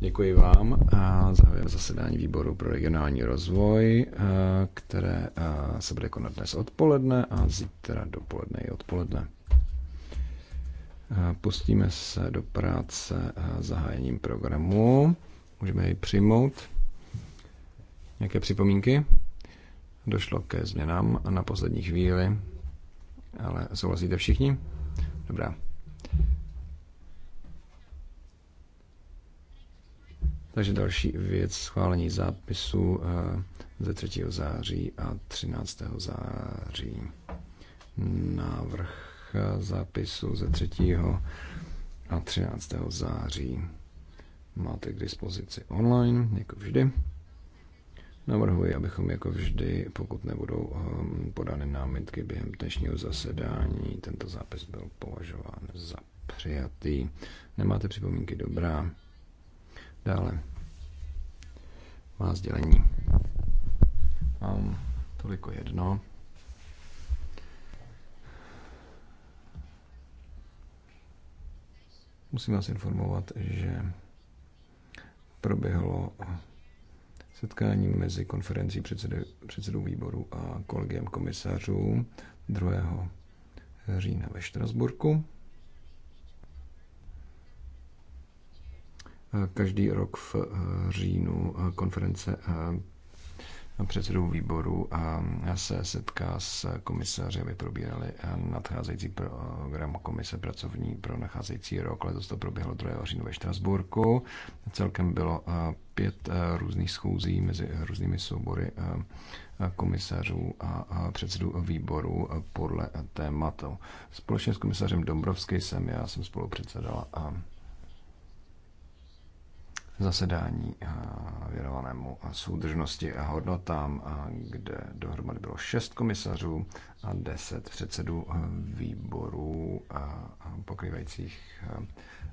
Děkuji vám a zahajuji zasedání výboru pro regionální rozvoj, eh, které eh, se bude konat dnes odpoledne a zítra dopoledne i odpoledne. Eh, pustíme se do práce zahájením programu. Můžeme ji přijmout. Nějaké připomínky? Došlo ke změnám na poslední chvíli, ale souhlasíte všichni? Dobrá. Takže další věc, schválení zápisu eh, ze 3. září a 13. září. Návrh eh, zápisu ze 3. a 13. září máte k dispozici online, jako vždy. Navrhuji, abychom jako vždy, pokud nebudou eh, podány námitky během dnešního zasedání, tento zápis byl považován za přijatý. Nemáte připomínky? Dobrá. Dále má sdělení. Mám toliko jedno. Musím vás informovat, že proběhlo setkání mezi konferencí předsedy, předsedů výboru a kolegiem komisařů 2. října ve Štrasburku. každý rok v eh, říjnu eh, konference eh, předsedů výboru a se setká s komisaři, aby probírali nadcházející program komise pracovní pro nacházející rok. Letos to proběhlo 2. října ve Štrasburku. Celkem bylo pět různých schůzí mezi různými soubory komisařů a předsedů výboru podle tématu. Společně s komisařem Dombrovským jsem já jsem spolu předsedala zasedání eh, věnovanému soudržnosti a hodnotám, eh, kde dohromady bylo šest komisařů a deset předsedů eh, výborů pokrývajících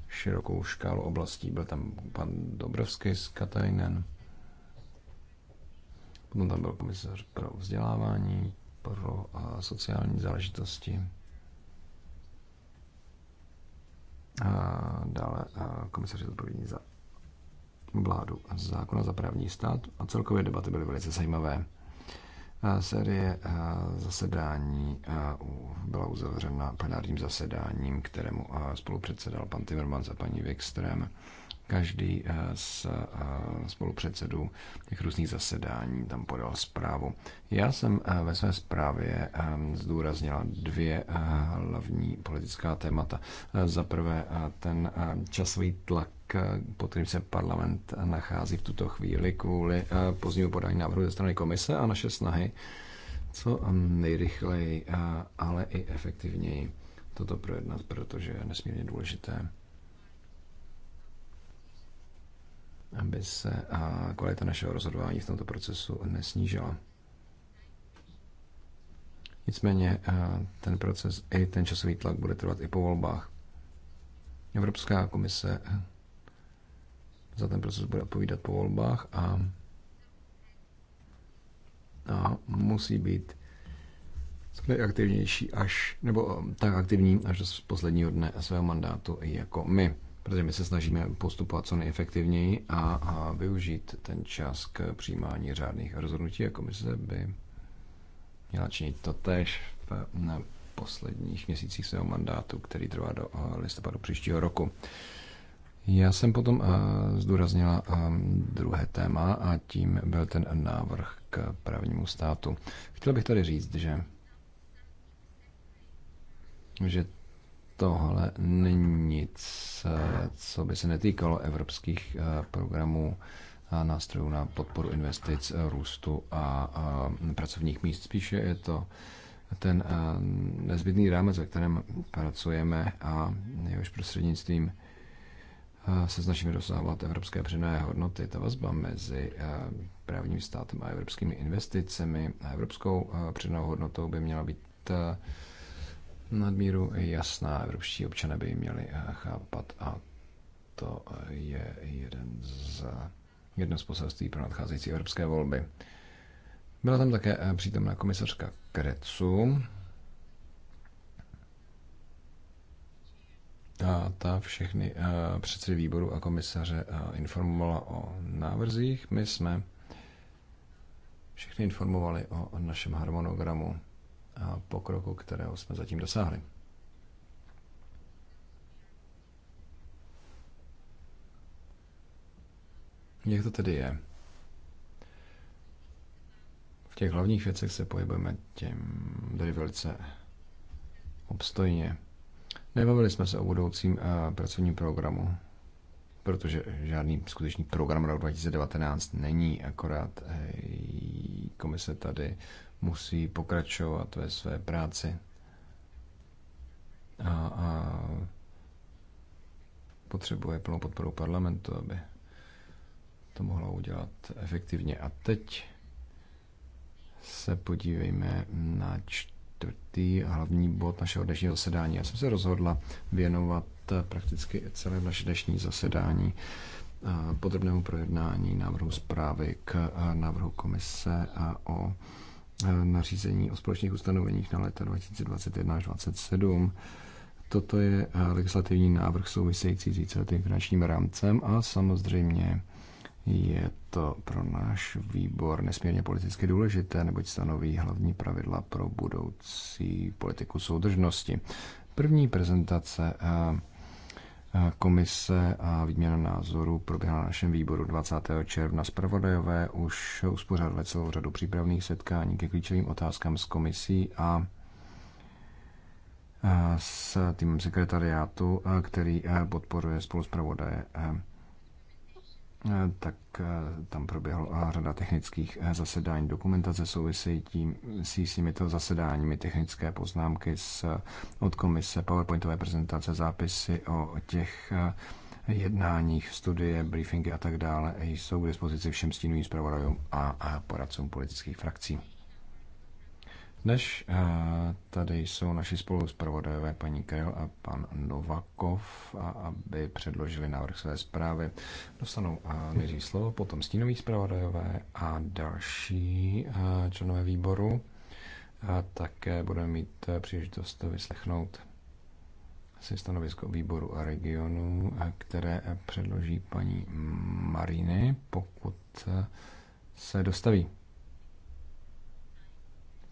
širokou škálu oblastí. Byl tam pan Dobrovský z Katajnen, potom tam byl komisař pro vzdělávání, pro sociální záležitosti. A dále komisař odpovědný za vládu zákona za právní stát a celkově debaty byly velice zajímavé. Série zasedání byla uzavřena plenárním zasedáním, kterému spolupředsedal pan Timmermans a paní Wikström. Každý eh, z eh, spolupředsedů těch různých zasedání tam podal zprávu. Já jsem eh, ve své zprávě zdůraznila dvě hlavní politická témata. Za prvé ten časový tlak tak pod kterým se parlament nachází v tuto chvíli kvůli pozdního podání návrhu ze strany komise a naše snahy co nejrychleji, ale i efektivněji toto projednat, protože je nesmírně důležité aby se a kvalita našeho rozhodování v tomto procesu nesnížila. Nicméně ten proces i ten časový tlak bude trvat i po volbách. Evropská komise za ten proces bude odpovídat po volbách a, a musí být co nejaktivnější až, nebo tak aktivní až do posledního dne svého mandátu jako my protože my se snažíme postupovat co nejefektivněji a, a využít ten čas k přijímání řádných rozhodnutí my se by měla činit to tež v na posledních měsících svého mandátu, který trvá do eh, listopadu příštího roku. Já jsem potom eh, zdůraznila eh, druhé téma a tím byl ten návrh k právnímu státu. Chtěl bych tady říct, že že tohle není nic, eh, co by se netýkalo evropských eh, programů a nástrojů na podporu investic, eh, růstu a, pracovních míst. Spíše je to ten nezbytný rámec, ve kterém pracujeme a jehož prostřednictvím se snažíme dosahovat evropské přidané hodnoty. Ta vazba mezi právním státem a evropskými investicemi a evropskou přidanou hodnotou by měla být nadmíru jasná. Evropští občané by měli eh, chápat a to eh, je jeden z, jedno z poselství pro nadcházející evropské volby. Byla tam také eh, přítomná komisařka Krecu. A ta všechny předsedy výboru a komisaře informovala o návrzích. My jsme všechny informovali o našem harmonogramu pokroku, kterého jsme zatím dosáhli. Jak to tedy je? V těch hlavních věcech se pohybujeme tím tedy velice obstojně. Nebavili jsme se o budoucím eh, pracovním programu protože žádný skutečný program rok 2019 není, akorát eh, komise tady musí pokračovat ve své práci. A, a potřebuje plnou podporu parlamentu, aby to mohla udělat efektivně. A teď se podívejme na čtvrtý hlavní bod našeho dnešního zasedání. Já jsem se rozhodla věnovat Eh, prakticky celé naše dnešní zasedání eh, podrobnému projednání návrhu zprávy k eh, návrhu komise a o nařízení o společných ustanoveních na léta 2021 až 2027. Toto je legislativní návrh související s víceletým finančním rámcem a samozřejmě je to pro náš výbor nesmírně politicky důležité, neboť stanoví hlavní pravidla pro budoucí politiku soudržnosti. První prezentace komise a výměna názoru proběhla na našem výboru 20. června. Spravodajové už uspořádali celou řadu přípravných setkání ke klíčovým otázkám s komisí a s týmem sekretariátu, který podporuje spoluzpravodaje. Eh, tak eh, tam proběhla eh, řada technických zasedání. Dokumentace souvisí tím, s těmito zasedáními technické poznámky z, od komise, PowerPointové prezentace, zápisy o těch jednáních, studie, briefingy a tak dále jsou k dispozici všem stínovým zpravodajům a poradcům politických frakcí. Než eh, tady jsou naši zpravodajové paní Krel a pan Novakov, a aby předložili návrh své zprávy, dostanou eh, nejdřív slovo, potom stínoví zpravodajové a další eh, členové výboru. A také budeme mít příležitost vyslechnout si stanovisko výboru a regionu, které předloží paní Mariny, pokud se dostaví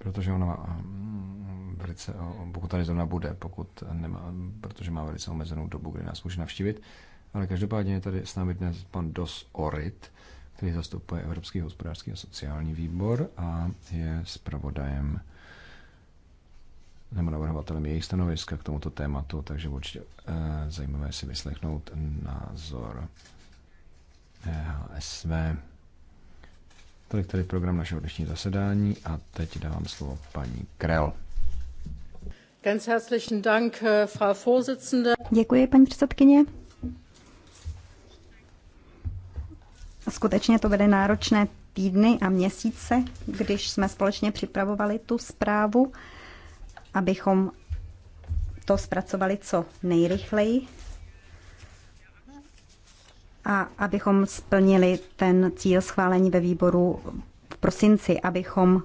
protože ona má mm, velice, pokud tady zrovna bude, pokud nemá, protože má velice omezenou dobu, kdy nás může navštívit. Ale každopádně je tady s námi dnes pan Dos Orit, který zastupuje Evropský hospodářský a sociální výbor a je zpravodajem nebo navrhovatelem jejich stanoviska k tomuto tématu, takže určitě eh, zajímavé si vyslechnout názor HSV. Eh, Tolik tedy program našeho dnešního zasedání a teď dávám slovo paní Krell. Äh, Děkuji, paní předsedkyně. Skutečně to vede náročné týdny a měsíce, když jsme společně připravovali tu zprávu, abychom to zpracovali co nejrychleji a abychom splnili ten cíl schválení ve výboru v prosinci, abychom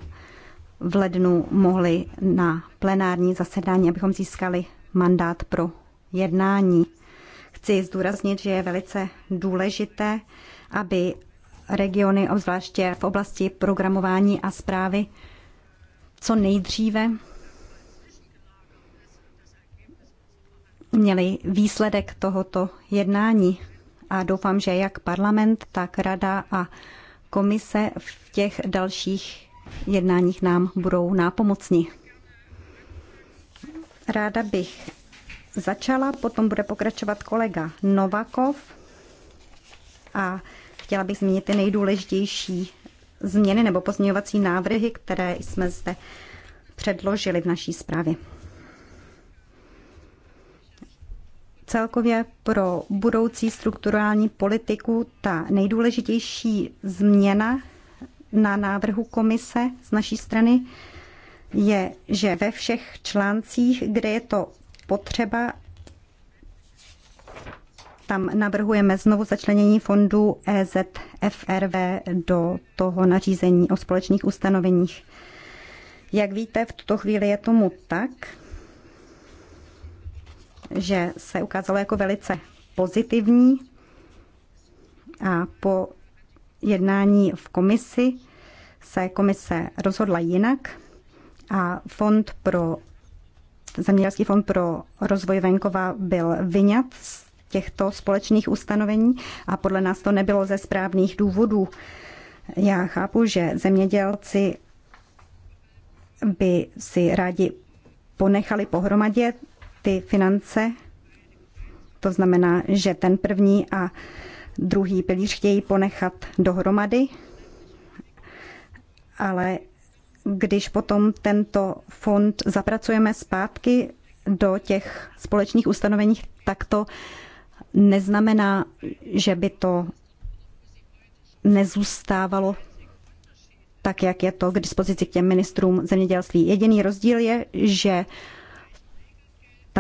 v lednu mohli na plenární zasedání, abychom získali mandát pro jednání. Chci zdůraznit, že je velice důležité, aby regiony, obzvláště v oblasti programování a zprávy, co nejdříve měli výsledek tohoto jednání a doufám, že jak parlament, tak rada a komise v těch dalších jednáních nám budou nápomocni. Ráda bych začala, potom bude pokračovat kolega Novakov a chtěla bych zmínit ty nejdůležitější změny nebo pozměňovací návrhy, které jsme zde předložili v naší zprávě. Celkově pro budoucí strukturální politiku ta nejdůležitější změna na návrhu komise z naší strany je, že ve všech článcích, kde je to potřeba, tam navrhujeme znovu začlenění fondu EZFRV do toho nařízení o společných ustanoveních. Jak víte, v tuto chvíli je tomu tak, že se ukázalo jako velice pozitivní a po jednání v komisi se komise rozhodla jinak a fond pro Zemědělský fond pro rozvoj venkova byl vyňat z těchto společných ustanovení a podle nás to nebylo ze správných důvodů. Já chápu, že zemědělci by si rádi ponechali pohromadě ty finance. To znamená, že ten první a druhý pilíř chtějí ponechat dohromady, ale když potom tento fond zapracujeme zpátky do těch společných ustanovení, tak to neznamená, že by to nezůstávalo tak, jak je to k dispozici k těm ministrům zemědělství. Jediný rozdíl je, že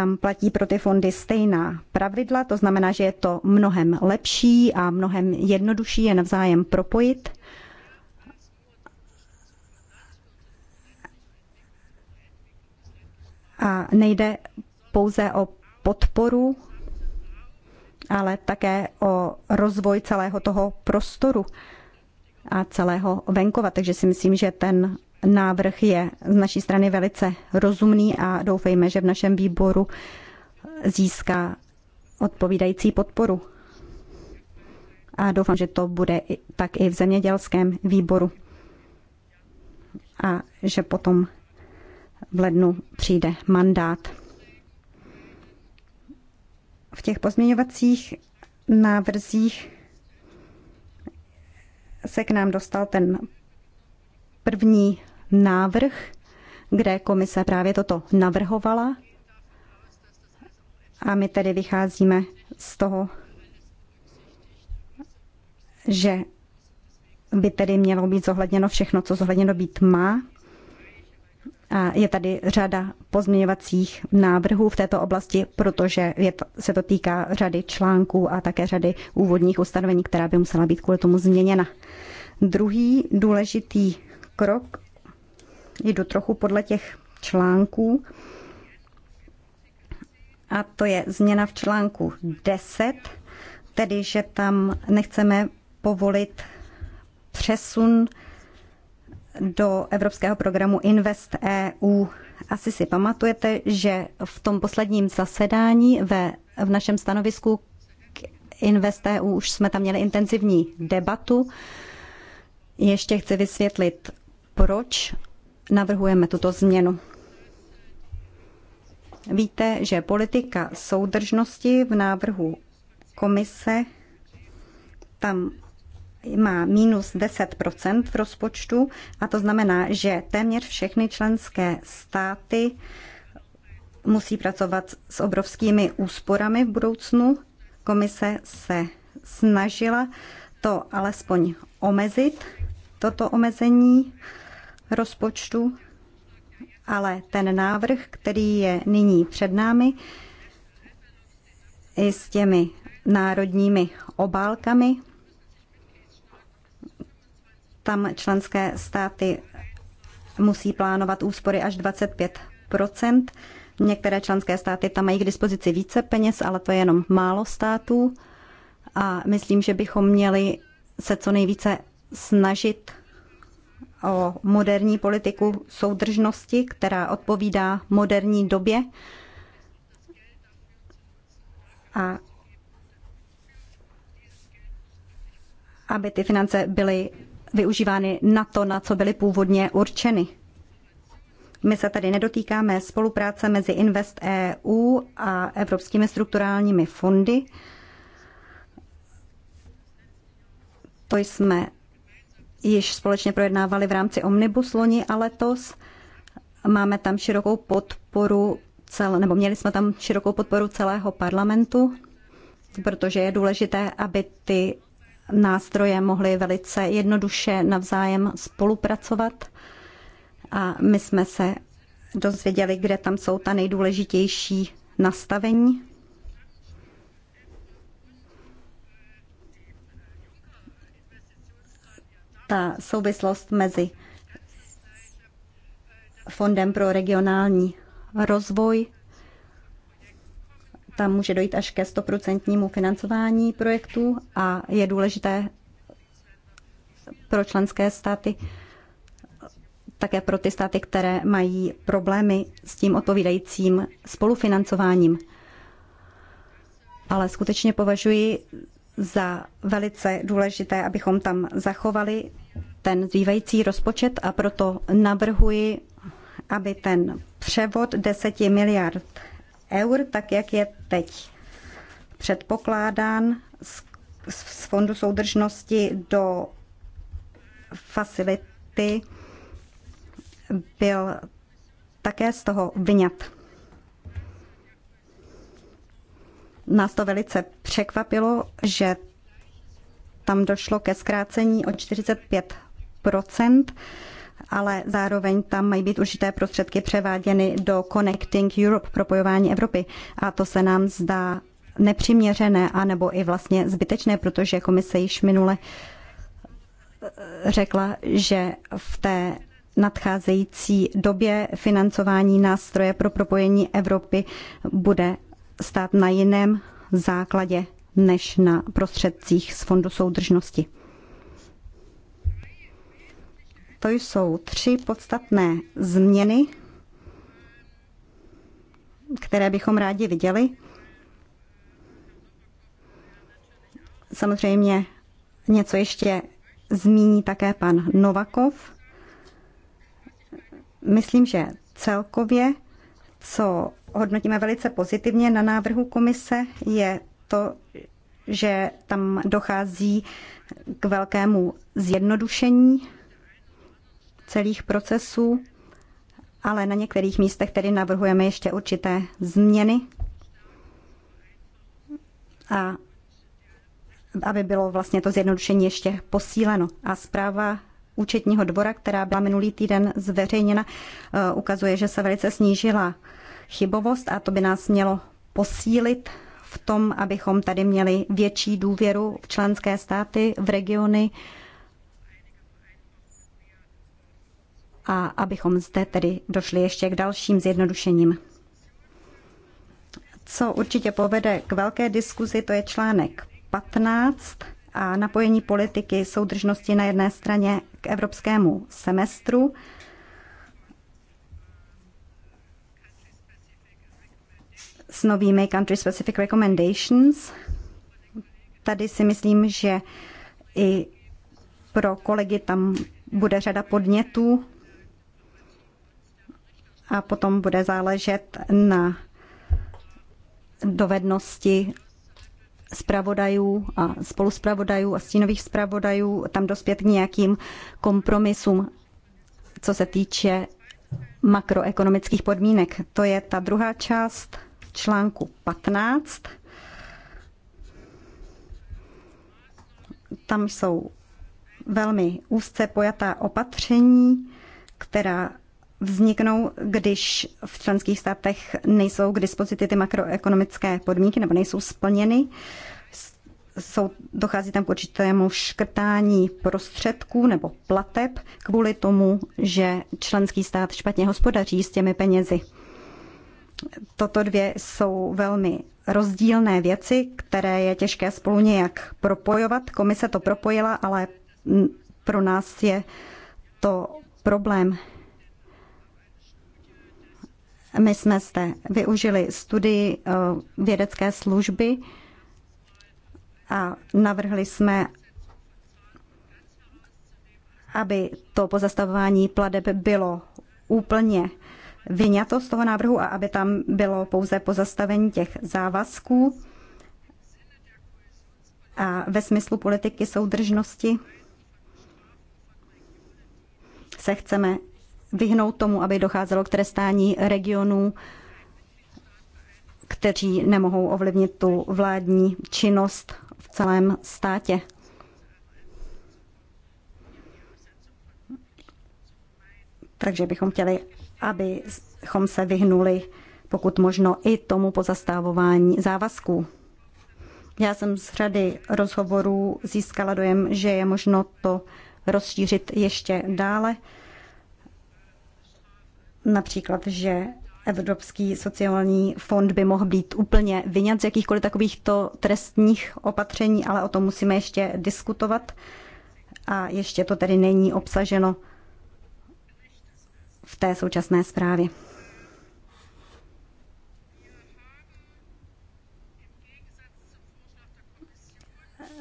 tam platí pro ty fondy stejná pravidla, to znamená, že je to mnohem lepší a mnohem jednodušší je navzájem propojit. A nejde pouze o podporu, ale také o rozvoj celého toho prostoru a celého venkova. Takže si myslím, že ten návrh je z naší strany velice rozumný a doufejme, že v našem výboru získá odpovídající podporu. A doufám, že to bude tak i v zemědělském výboru. A že potom v lednu přijde mandát. V těch pozměňovacích návrzích se k nám dostal ten první návrh, kde komise právě toto navrhovala. A my tedy vycházíme z toho, že by tedy mělo být zohledněno všechno, co zohledněno být má. A je tady řada pozměňovacích návrhů v této oblasti, protože je to, se to týká řady článků a také řady úvodních ustanovení, která by musela být kvůli tomu změněna. Druhý důležitý krok jdu trochu podle těch článků. A to je změna v článku 10, tedy že tam nechceme povolit přesun do evropského programu Invest EU. Asi si pamatujete, že v tom posledním zasedání ve, v našem stanovisku k Invest EU už jsme tam měli intenzivní debatu. Ještě chci vysvětlit, proč navrhujeme tuto změnu. Víte, že politika soudržnosti v návrhu komise tam má minus 10 v rozpočtu a to znamená, že téměř všechny členské státy musí pracovat s obrovskými úsporami v budoucnu. Komise se snažila to alespoň omezit, toto omezení rozpočtu, ale ten návrh, který je nyní před námi, i s těmi národními obálkami, tam členské státy musí plánovat úspory až 25 Některé členské státy tam mají k dispozici více peněz, ale to je jenom málo států. A myslím, že bychom měli se co nejvíce snažit o moderní politiku soudržnosti, která odpovídá moderní době. A aby ty finance byly využívány na to, na co byly původně určeny. My se tady nedotýkáme spolupráce mezi Invest EU a evropskými strukturálními fondy. To jsme již společně projednávali v rámci Omnibus loni a letos. Máme tam širokou podporu cel, nebo měli jsme tam širokou podporu celého parlamentu, protože je důležité, aby ty nástroje mohly velice jednoduše navzájem spolupracovat. A my jsme se dozvěděli, kde tam jsou ta nejdůležitější nastavení. ta souvislost mezi Fondem pro regionální rozvoj. Tam může dojít až ke 100% financování projektů a je důležité pro členské státy, také pro ty státy, které mají problémy s tím odpovídajícím spolufinancováním. Ale skutečně považuji za velice důležité, abychom tam zachovali ten zbývající rozpočet a proto navrhuji, aby ten převod 10 miliard eur, tak jak je teď předpokládán z, z Fondu soudržnosti do facility, byl také z toho vyňat. Nás to velice překvapilo, že tam došlo ke zkrácení o 45 ale zároveň tam mají být určité prostředky převáděny do Connecting Europe, propojování Evropy. A to se nám zdá nepřiměřené, anebo i vlastně zbytečné, protože komise již minule eh, řekla, že v té nadcházející době financování nástroje pro propojení Evropy bude stát na jiném základě než na prostředcích z Fondu soudržnosti. To jsou tři podstatné změny, které bychom rádi viděli. Samozřejmě něco ještě zmíní také pan Novakov. Myslím, že celkově, co hodnotíme velice pozitivně na návrhu komise, je to, že tam dochází k velkému zjednodušení celých procesů, ale na některých místech tedy navrhujeme ještě určité změny, a aby bylo vlastně to zjednodušení ještě posíleno. A zpráva účetního dvora, která byla minulý týden zveřejněna, eh, ukazuje, že se velice snížila chybovost a to by nás mělo posílit v tom, abychom tady měli větší důvěru v členské státy, v regiony, a abychom zde tedy došli ještě k dalším zjednodušením. Co určitě povede k velké diskuzi, to je článek 15 a napojení politiky soudržnosti na jedné straně k evropskému semestru. s novými country specific recommendations. Tady si myslím, že i pro kolegy tam bude řada podnětů a potom bude záležet na dovednosti zpravodajů a spoluspravodajů a stínových zpravodajů tam dospět k nějakým kompromisům, co se týče makroekonomických podmínek. To je ta druhá část článku 15. Tam jsou velmi úzce pojatá opatření, která vzniknou, když v členských státech nejsou k dispozici ty makroekonomické podmínky nebo nejsou splněny. Jsou, dochází tam k určitému škrtání prostředků nebo plateb kvůli tomu, že členský stát špatně hospodaří s těmi penězi. Toto dvě jsou velmi rozdílné věci, které je těžké spolu nějak propojovat. Komise to propojila, ale pro nás je to problém my jsme zde využili studii eh, vědecké služby a navrhli jsme, aby to pozastavování pladeb bylo úplně vyňato z toho návrhu a aby tam bylo pouze pozastavení těch závazků a ve smyslu politiky soudržnosti se chceme vyhnout tomu, aby docházelo k trestání regionů, kteří nemohou ovlivnit tu vládní činnost v celém státě. Takže bychom chtěli, abychom se vyhnuli pokud možno i tomu pozastávování závazků. Já jsem z řady rozhovorů získala dojem, že je možno to rozšířit ještě dále například, že Evropský sociální fond by mohl být úplně vyňat z jakýchkoliv takovýchto trestních opatření, ale o tom musíme ještě diskutovat. A ještě to tedy není obsaženo v té současné zprávě.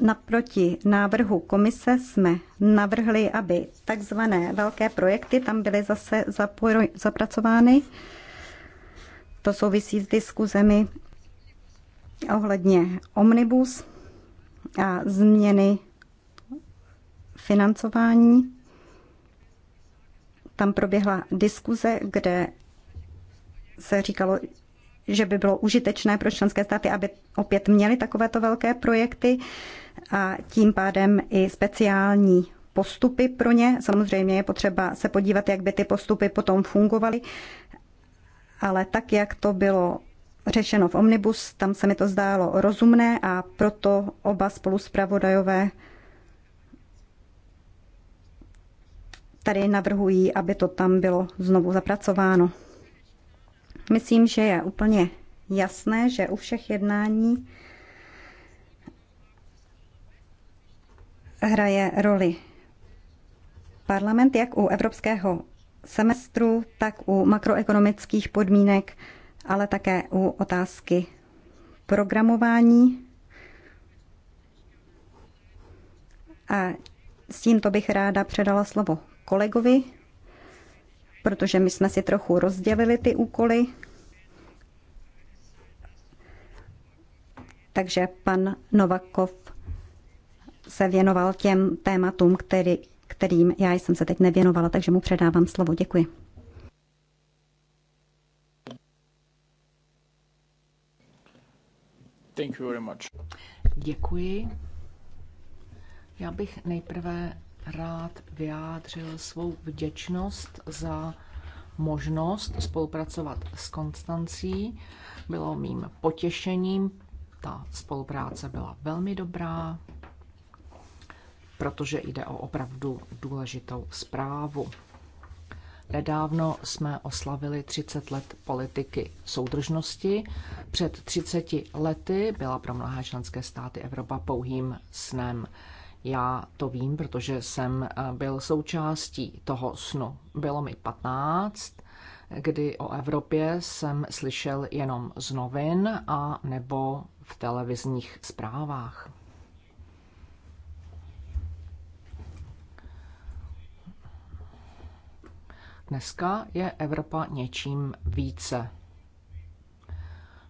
Naproti návrhu komise jsme navrhli, aby takzvané velké projekty tam byly zase zapracovány. To souvisí s diskuzemi ohledně omnibus a změny financování. Tam proběhla diskuze, kde se říkalo, že by bylo užitečné pro členské státy, aby opět měly takovéto velké projekty a tím pádem i speciální postupy pro ně. Samozřejmě je potřeba se podívat, jak by ty postupy potom fungovaly, ale tak, jak to bylo řešeno v Omnibus, tam se mi to zdálo rozumné a proto oba spoluspravodajové tady navrhují, aby to tam bylo znovu zapracováno. Myslím, že je úplně jasné, že u všech jednání hraje roli parlament jak u evropského semestru, tak u makroekonomických podmínek, ale také u otázky programování. A s tímto bych ráda předala slovo kolegovi, protože my jsme si trochu rozdělili ty úkoly. Takže pan Novakov se věnoval těm tématům, který, kterým já jsem se teď nevěnovala, takže mu předávám slovo. Děkuji. Thank you very much. Děkuji. Já bych nejprve rád vyjádřil svou vděčnost za možnost spolupracovat s Konstancí. Bylo mým potěšením, ta spolupráce byla velmi dobrá, protože jde o opravdu důležitou zprávu. Nedávno jsme oslavili 30 let politiky soudržnosti. Před 30 lety byla pro mnohé členské státy Evropa pouhým snem. Já to vím, protože jsem eh, byl součástí toho snu. Bylo mi 15, kdy o Evropě jsem slyšel jenom z novin a nebo v televizních zprávách. Dneska je Evropa něčím více.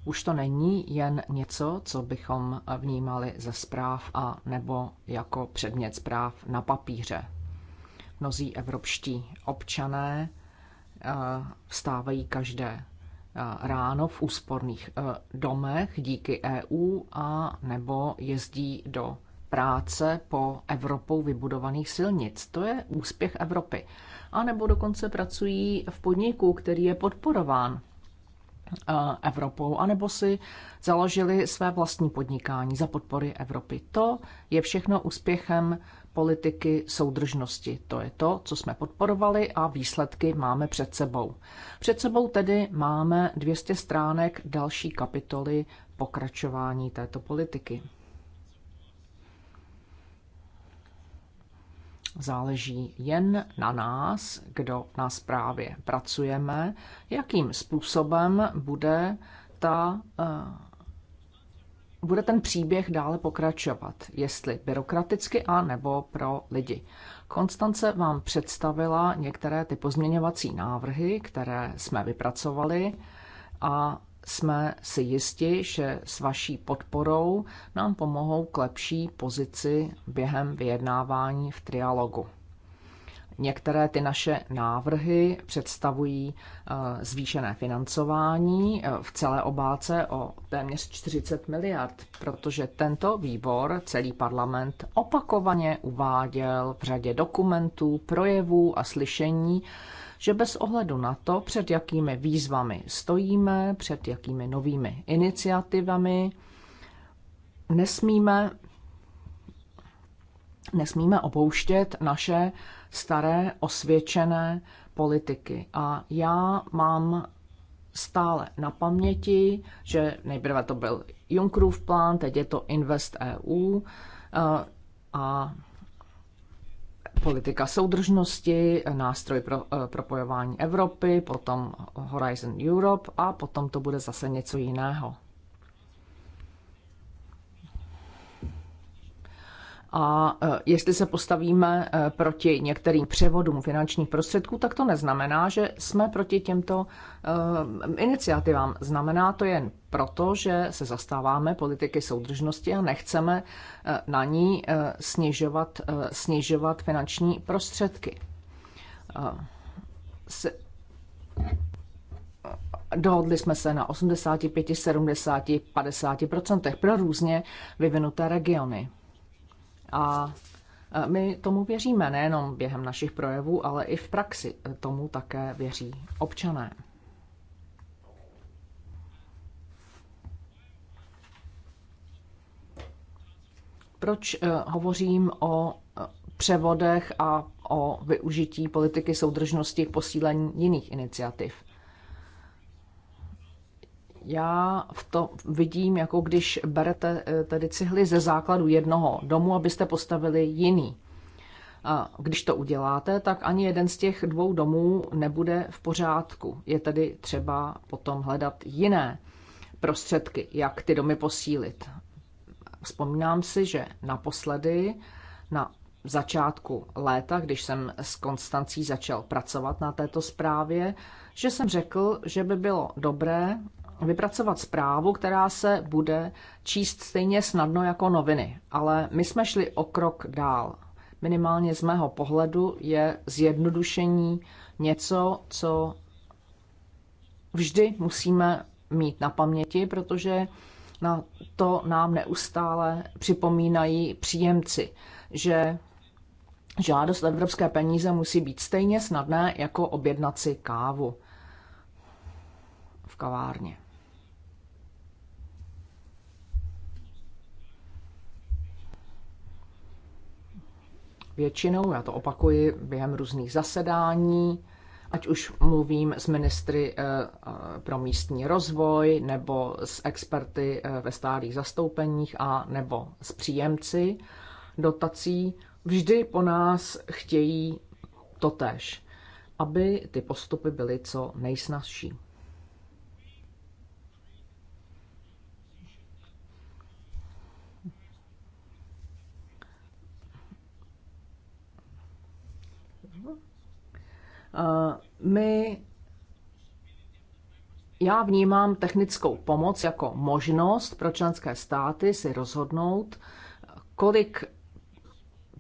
Už to není jen něco, co bychom vnímali ze zpráv a nebo jako předmět zpráv na papíře. Mnozí evropští občané eh, vstávají každé eh, ráno v úsporných eh, domech díky EU a nebo jezdí do práce po Evropou vybudovaných silnic. To je úspěch Evropy anebo dokonce pracují v podniku, který je podporován eh, Evropou, anebo si založili své vlastní podnikání za podpory Evropy. To je všechno úspěchem politiky soudržnosti. To je to, co jsme podporovali a výsledky máme před sebou. Před sebou tedy máme 200 stránek další kapitoly pokračování této politiky. Záleží jen na nás, kdo na zprávě pracujeme, jakým způsobem bude, ta, eh, bude ten příběh dále pokračovat, jestli byrokraticky a nebo pro lidi. Konstance vám představila některé ty pozměňovací návrhy, které jsme vypracovali a jsme si jisti, že s vaší podporou nám pomohou k lepší pozici během vyjednávání v trialogu. Některé ty naše návrhy představují eh, zvýšené financování eh, v celé obálce o téměř 40 miliard, protože tento výbor, celý parlament, opakovaně uváděl v řadě dokumentů, projevů a slyšení, že bez ohledu na to, před jakými výzvami stojíme, před jakými novými iniciativami, nesmíme, nesmíme opouštět naše staré osvědčené politiky. A já mám stále na paměti, že nejprve to byl Junckerův plán, teď je to Invest EU eh, a politika soudržnosti, nástroj pro eh, propojování Evropy, potom Horizon Europe a potom to bude zase něco jiného. A e, jestli se postavíme e, proti některým převodům finančních prostředků, tak to neznamená, že jsme proti těmto e, iniciativám. Znamená to jen proto, že se zastáváme politiky soudržnosti a nechceme na ní snižovat, snižovat finanční prostředky. Dohodli jsme se na 85, 70, 50 pro různě vyvinuté regiony. A my tomu věříme nejenom během našich projevů, ale i v praxi tomu také věří občané. Proč e, hovořím o e, převodech a o využití politiky soudržnosti k posílení jiných iniciativ? já v to vidím, jako když berete eh, tedy cihly ze základu jednoho domu, abyste postavili jiný. A když to uděláte, tak ani jeden z těch dvou domů nebude v pořádku. Je tedy třeba potom hledat jiné prostředky, jak ty domy posílit. Vzpomínám si, že naposledy na začátku léta, když jsem s Konstancí začal pracovat na této zprávě, že jsem řekl, že by bylo dobré vypracovat zprávu, která se bude číst stejně snadno jako noviny. Ale my jsme šli o krok dál. Minimálně z mého pohledu je zjednodušení něco, co vždy musíme mít na paměti, protože na to nám neustále připomínají příjemci, že žádost evropské peníze musí být stejně snadné jako objednat si kávu v kavárně. většinou, já to opakuji během různých zasedání, ať už mluvím s ministry eh, eh, pro místní rozvoj nebo s experty eh, ve stálých zastoupeních a nebo s příjemci dotací, vždy po nás chtějí totež, aby ty postupy byly co nejsnazší. Eh, my já vnímám technickou pomoc jako možnost pro členské státy si rozhodnout, kolik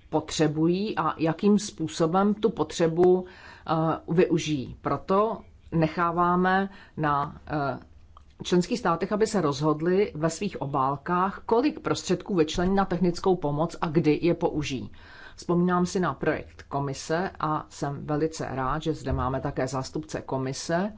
potřebují a jakým způsobem tu potřebu eh, využijí. Proto necháváme na eh, členských státech, aby se rozhodli ve svých obálkách, kolik prostředků vyčlení na technickou pomoc a kdy je použijí. Vzpomínám si na projekt komise a jsem velice rád, že zde máme také zástupce komise,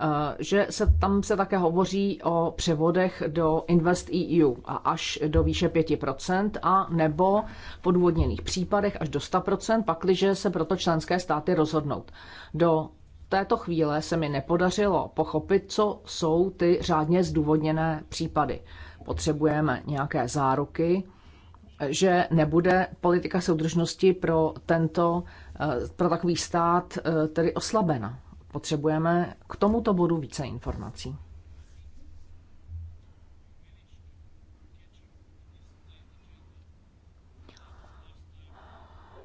eh, že se, tam se také hovoří o převodech do Invest EU a až do výše 5% a nebo v podvodněných případech až do 100%, pakliže se proto členské státy rozhodnout. Do této chvíle se mi nepodařilo pochopit, co jsou ty řádně zdůvodněné případy. Potřebujeme nějaké záruky, že nebude politika soudržnosti pro tento, eh, pro takový stát eh, tedy oslabena. Potřebujeme k tomuto bodu více informací.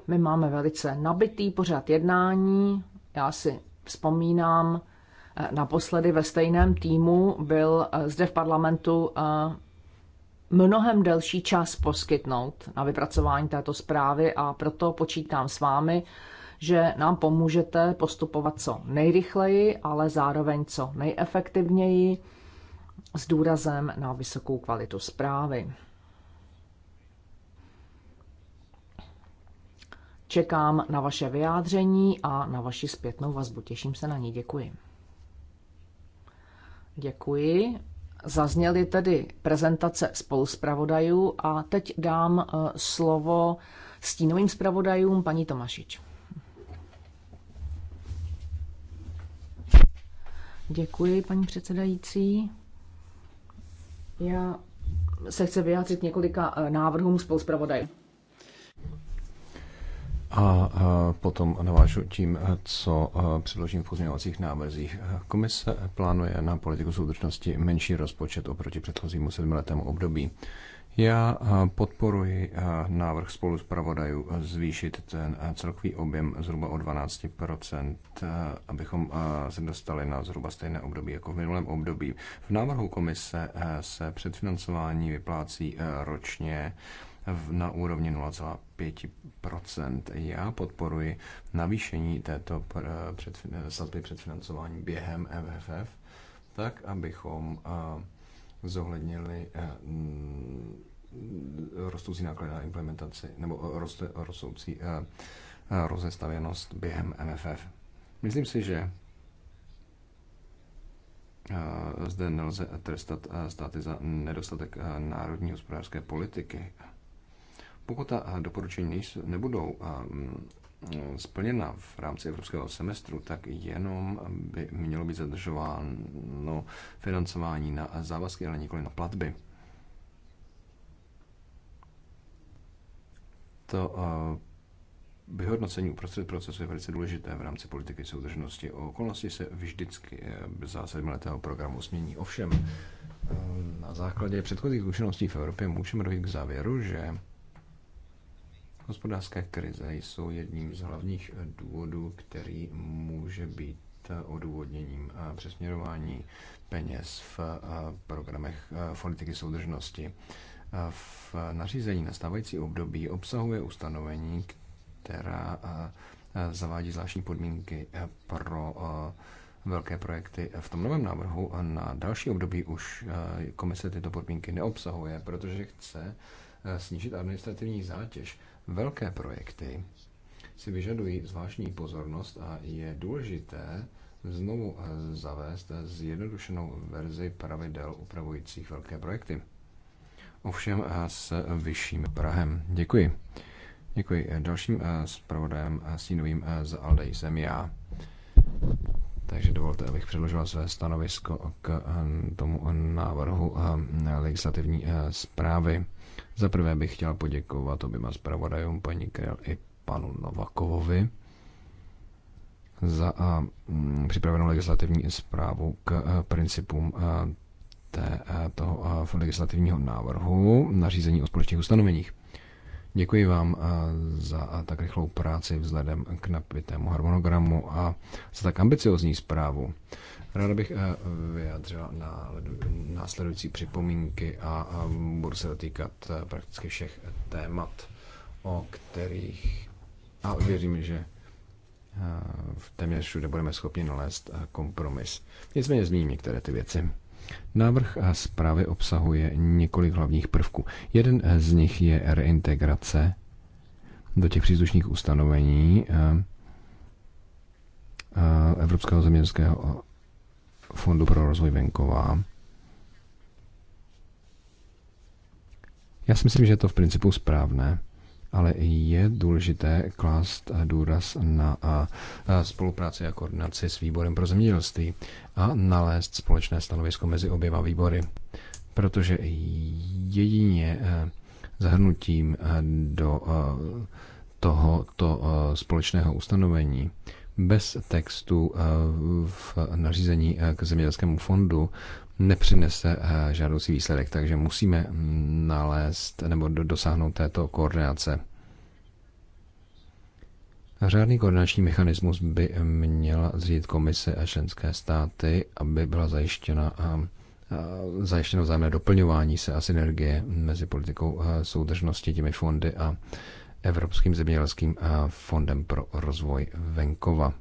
My máme velice nabitý pořad jednání. Já si vzpomínám, eh, naposledy ve stejném týmu byl zde v parlamentu mnohem delší čas poskytnout na vypracování této zprávy a proto počítám s vámi, že nám pomůžete postupovat co nejrychleji, ale zároveň co nejefektivněji s důrazem na vysokou kvalitu zprávy. Čekám na vaše vyjádření a na vaši zpětnou vazbu. Těším se na ní. Děkuji. Děkuji. Zazněly tedy prezentace spoluspravodajů a teď dám eh, slovo stínovým zpravodajům paní Tomašič. Děkuji, paní předsedající. Já se chci vyjádřit několika eh, návrhům spoluspravodajů. A potom navážu tím, co předložím v pozměňovacích návrzích. Komise plánuje na politiku soudržnosti menší rozpočet oproti předchozímu sedmiletému období. Já podporuji návrh spolu s pravodajů zvýšit ten celkový objem zhruba o 12%, abychom se dostali na zhruba stejné období jako v minulém období. V návrhu komise se předfinancování vyplácí ročně na úrovni 0,5%. Já podporuji navýšení této předfin- sazby předfinancování během MFF, tak abychom eh, zohlednili eh, rostoucí náklady na implementaci nebo eh, rostoucí rozestavěnost během MFF. Myslím si, že zde nelze trestat státy za nedostatek národní hospodářské politiky. Pokud ta eh, doporučení nebudou eh, mm, splněna v rámci evropského semestru, tak jenom eh, by mělo být zadržováno financování na závazky, ale nikoli na platby. To vyhodnocení uprostřed procesu je velice důležité v rámci politiky soudržnosti. O okolnosti se vždycky za sedmiletého programu změní. Ovšem, na základě předchozích zkušeností v Evropě můžeme dojít k závěru, že hospodářské krize jsou jedním z hlavních důvodů, který může být odůvodněním přesměrování peněz v programech politiky soudržnosti. V nařízení stávající období obsahuje ustanovení, která zavádí zvláštní podmínky pro velké projekty. V tom novém návrhu na další období už komise tyto podmínky neobsahuje, protože chce snížit administrativní zátěž Velké projekty si vyžadují zvláštní pozornost a je důležité znovu eh, zavést zjednodušenou verzi pravidel upravujících velké projekty. Ovšem eh, s vyšším Prahem. Děkuji. Děkuji. Eh, dalším zpravodajem sínovým z Aldej jsem já. Takže dovolte, abych předložila své stanovisko k tomu návrhu legislativní zprávy. Za prvé bych chtěl poděkovat oběma zpravodajům, paní Krel i panu Novakovovi, za a, m, mm, připravenou legislativní zprávu k a, e, principům a, e, té, a, e, toho a, legislativního návrhu nařízení o společných ustanoveních. Děkuji vám eh, za eh, tak rychlou práci vzhledem k napitému harmonogramu a za tak ambiciozní zprávu. Ráda bych eh, vyjádřila následující připomínky a budu se dotýkat prakticky všech témat, o kterých a věřím, že v téměř všude budeme schopni nalézt kompromis. Nicméně zmíním některé ty věci. Návrh zprávy obsahuje několik hlavních prvků. Jeden z nich je reintegrace do těch příslušných ustanovení eh, eh, Evropského zeměnského fondu pro rozvoj venková. Já si myslím, že je to v principu správné ale je důležité klást eh, důraz na eh, eh, spolupráci a koordinaci s výborem pro zemědělství a nalézt společné stanovisko mezi oběma výbory. Protože jedině zahrnutím do tohoto společného ustanovení bez textu v nařízení k zemědělskému fondu nepřinese eh, žádoucí výsledek, takže musíme mm, nalézt nebo dosáhnout této koordinace. Řádný koordinační mechanismus by měla zřídit komise a členské státy, aby byla zajištěna a eh, eh, zajištěno vzájemné doplňování se a synergie mezi politikou soudržnosti, těmi fondy a Evropským zemědělským fondem pro rozvoj venkova.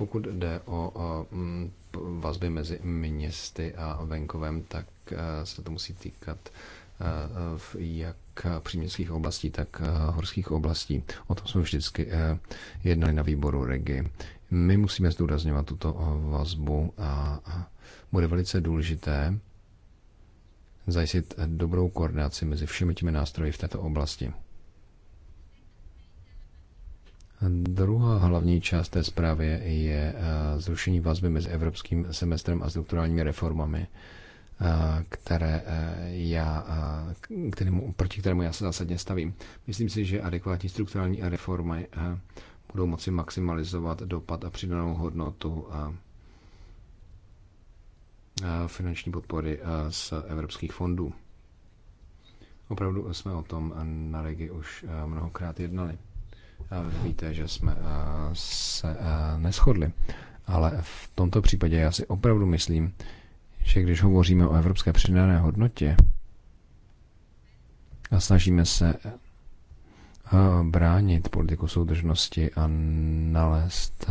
Pokud jde o mm, vazby mezi městy a venkovem, tak eh, se to musí týkat eh, jak příměstských oblastí, tak eh, horských oblastí. O tom jsme vždycky jednali na výboru Regi. My musíme zdůrazňovat tuto vazbu a bude velice důležité zajistit dobrou koordinaci mezi všemi těmi nástroji v této oblasti. Druhá hlavní část té zprávy je eh, zrušení vazby mezi evropským semestrem a strukturálními reformami, eh, které eh, já, kterému, proti kterému já se zásadně stavím. Myslím si, že adekvátní strukturální reformy budou moci maximalizovat dopad a přidanou hodnotu finanční podpory z evropských fondů. Opravdu jsme o tom na Regi už mnohokrát jednali. Víte, že jsme se neschodli. Ale v tomto případě já si opravdu myslím, že když hovoříme o evropské přidané hodnotě a snažíme se bránit politiku soudržnosti a nalézt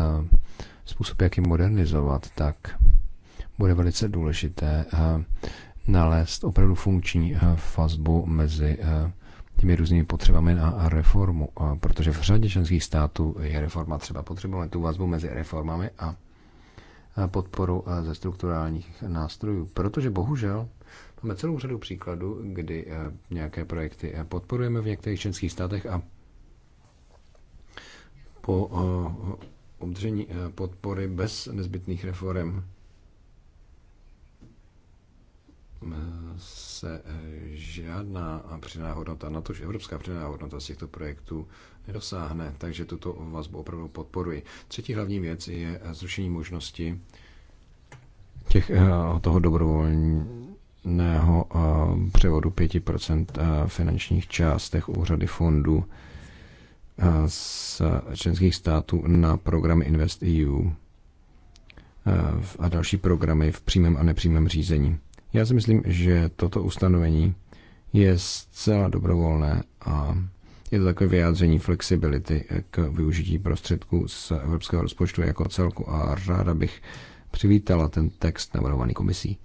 způsob, jak ji modernizovat, tak bude velice důležité nalézt opravdu funkční fazbu mezi těmi různými potřebami na reformu, protože v řadě členských států je reforma třeba. Potřebujeme tu vazbu mezi reformami a podporu ze strukturálních nástrojů, protože bohužel máme celou řadu příkladů, kdy e, nějaké projekty e, podporujeme v některých členských státech a po e, obdržení podpory bez nezbytných reform se eh, žádná přidaná hodnota, na tož evropská přidaná hodnota z těchto projektů nedosáhne, takže tuto vazbu opravdu podporuji. Třetí hlavní věc je eh, zrušení možnosti těch, eh, toho dobrovolného převodu 5% finančních částech úřady fondů z členských států na programy InvestEU a další programy v přímém a nepřímém řízení. Já si myslím, že toto ustanovení je zcela dobrovolné a je to takové vyjádření flexibility k využití prostředků z evropského rozpočtu jako celku a ráda bych přivítala ten text navrhovaný komisí.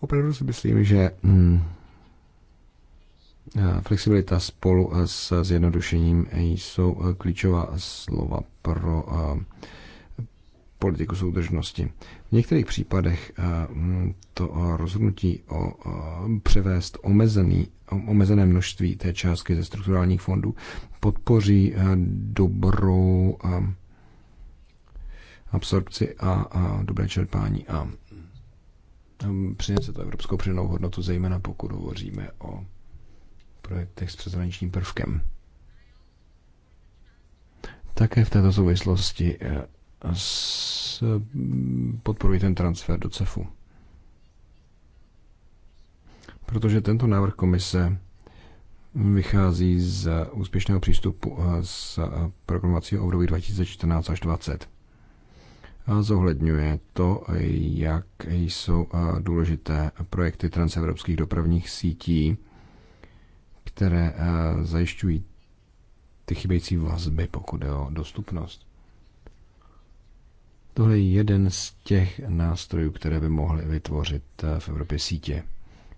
Opravdu si myslím, že hmm, flexibilita spolu s zjednodušením jsou klíčová slova pro uh, politiku soudržnosti. V některých případech eh, hm, to eh, rozhodnutí o eh, převést omezený, omezené množství té částky ze strukturálních fondů podpoří dobrou absorpci a dobré čerpání a hm, přinese to evropskou přidanou hodnotu, zejména pokud hovoříme o projektech s přeshraničním prvkem. Také v této souvislosti podporují ten transfer do CEFu. Protože tento návrh komise vychází z úspěšného přístupu eh, z eh, programovacího období 2014 až 2020 a zohledňuje to, jak jsou eh, důležité projekty transevropských dopravních sítí, které zajišťují ty chybějící vazby, pokud je o dostupnost. Tohle je jeden z těch nástrojů, které by mohly vytvořit eh, v Evropě sítě.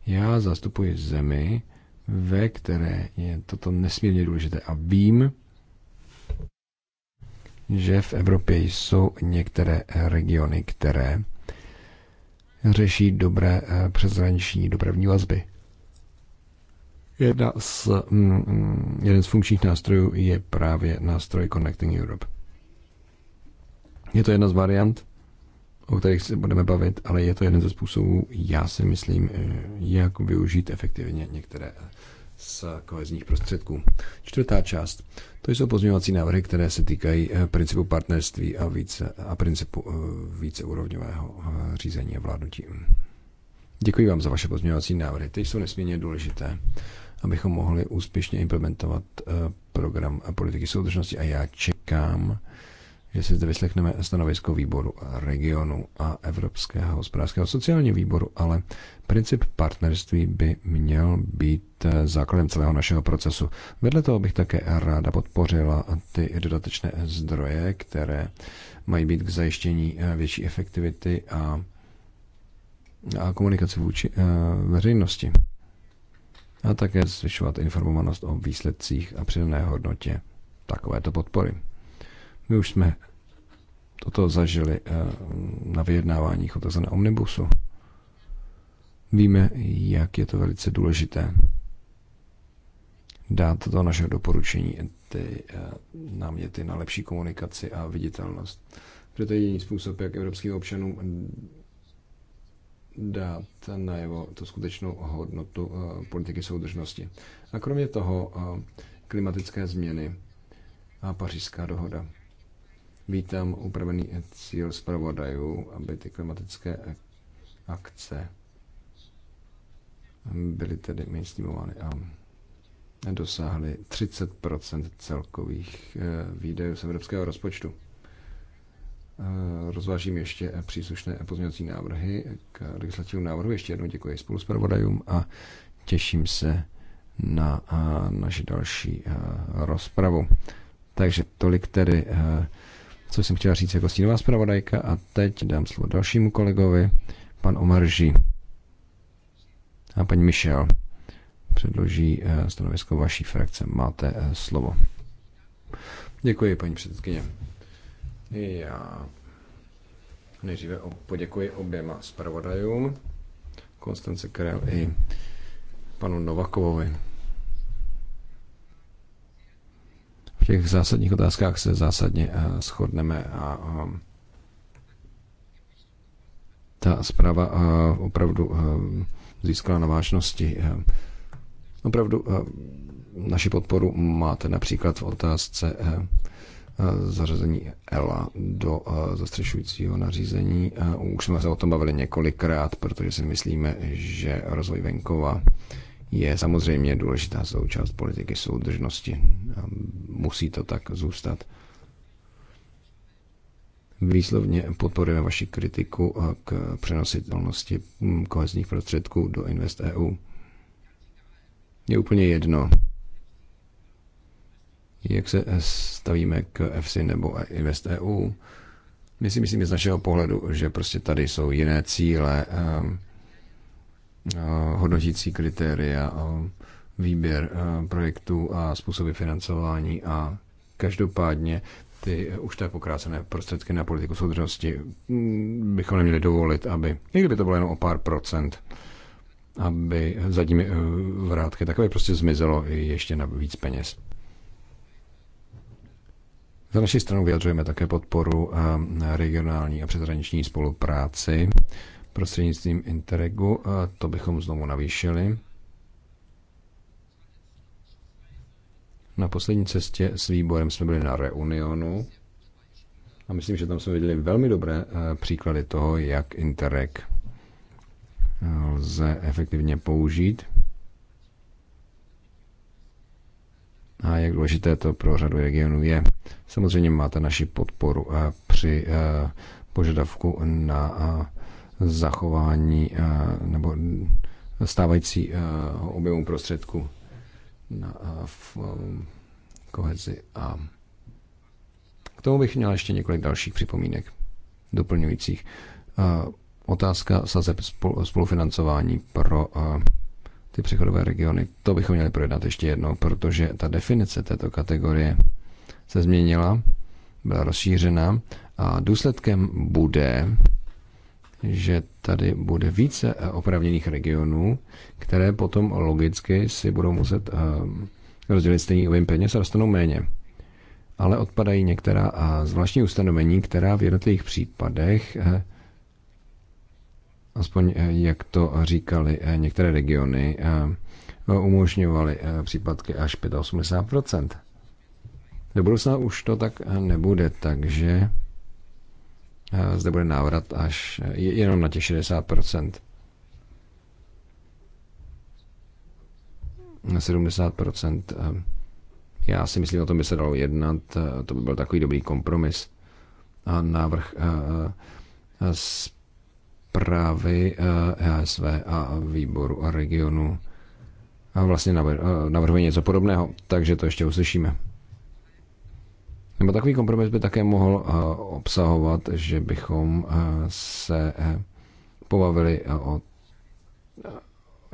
Já zastupuji zemi, ve které je toto nesmírně důležité a vím, že v Evropě jsou některé regiony, které řeší dobré eh, přeshraniční dopravní vazby. Jedna z, mm, mm, jeden z funkčních nástrojů je právě nástroj Connecting Europe. Je to jedna z variant, o kterých se budeme bavit, ale je to jeden ze způsobů, já si myslím, eh, jak využít efektivně některé z kohezních prostředků. Čtvrtá část. To jsou pozměňovací návrhy, které se týkají eh, principu partnerství a, více, a principu eh, víceúrovňového řízení a vládnutí. Děkuji vám za vaše pozměňovací návrhy. Ty jsou nesmírně důležité, abychom mohli úspěšně implementovat program politiky soudržnosti a já čekám jestli zde vyslechneme stanovisko výboru regionu a Evropského hospodářského sociálního výboru, ale princip partnerství by měl být eh, základem celého našeho procesu. Vedle toho bych také ráda podpořila ty dodatečné zdroje, které mají být k zajištění eh, větší efektivity a, a komunikaci vůči eh, veřejnosti a také zvyšovat informovanost o výsledcích a přidané hodnotě takovéto podpory. My už jsme toto zažili eh, na vyjednáváních o tzv. omnibusu. Víme, jak je to velice důležité dát do našeho doporučení ty eh, náměty na lepší komunikaci a viditelnost. Protože to je jediný způsob, jak evropským občanům dát najevo tu skutečnou hodnotu eh, politiky soudržnosti. A kromě toho klimatické změny a pařížská dohoda. Vítám upravený cíl zpravodajů, aby ty klimatické akce byly tedy mainstreamovány a dosáhly 30 celkových eh, výdajů z evropského rozpočtu. Eh, rozvážím ještě příslušné pozměňovací návrhy k legislativnímu návrhu. Ještě jednou děkuji spolu zpravodajům a těším se na eh, naši další rozpravu. Takže tolik tedy co jsem chtěla říct jako stínová zpravodajka a teď dám slovo dalšímu kolegovi, pan Omarží a paní Michel předloží eh, stanovisko vaší frakce. Máte eh, slovo. Děkuji, paní předsedkyně. Já nejdříve poděkuji oběma zpravodajům, Konstance Karel i panu Novakovovi. V těch zásadních otázkách se zásadně eh, shodneme a eh, ta zpráva eh, opravdu získala na vážnosti. Opravdu naši podporu máte například v otázce zařazení ELA do zastřešujícího nařízení. Už jsme se o tom bavili několikrát, protože si myslíme, že rozvoj venkova je samozřejmě důležitá součást politiky soudržnosti. A musí to tak zůstat. Výslovně podporujeme vaši kritiku k přenositelnosti kohezních prostředků do Invest EU. Je úplně jedno, jak se stavíme k EFSI nebo Invest EU. My si myslím z našeho pohledu, že prostě tady jsou jiné cíle, um, Eh, hodnotící kritéria, výběr eh, projektů a způsoby financování a každopádně ty už té pokrácené prostředky na politiku soudržnosti mm, bychom neměli dovolit, aby, i kdyby to bylo jenom o pár procent, aby zadními eh, vrátky takové prostě zmizelo i ještě na víc peněz. Za naší stranu vyjadřujeme také podporu regionální a přeshraniční spolupráci prostřednictvím Interregu. To bychom znovu navýšili. Na poslední cestě s výborem jsme byli na reunionu a myslím, že tam jsme viděli velmi dobré e, příklady toho, jak Interreg e, lze efektivně použít a jak důležité to pro řadu regionů je. Samozřejmě máte naši podporu e, při požadavku na zachování eh, nebo stávající eh, objemu prostředku na, eh, v kohezi. A k tomu bych měl ještě několik dalších připomínek, doplňujících. Otázka sazeb spolufinancování pro ty přechodové regiony, to bychom měli projednat ještě jednou, protože ta definice této kategorie se změnila, byla rozšířena a důsledkem bude že tady bude více eh, opravněných regionů, které potom logicky si budou muset ehm, rozdělit stejný objem peněz a dostanou méně. Ale odpadají některá zvláštní ustanovení, která v jednotlivých případech, eh, aspoň eh, jak to říkali některé regiony, umožňovaly případky až 85 do budoucna už to tak nebude, takže zde bude návrat až jenom na těch 60%. 70%. Ehm, já si myslím, o tom by se dalo jednat, eh, to by byl takový dobrý kompromis. A návrh eh, eh, zprávy HSV e a výboru a regionu a vlastně navrhuje něco podobného, takže to ještě uslyšíme. Nebo takový kompromis by také mohl eh, obsahovat, že bychom eh, se eh, pobavili o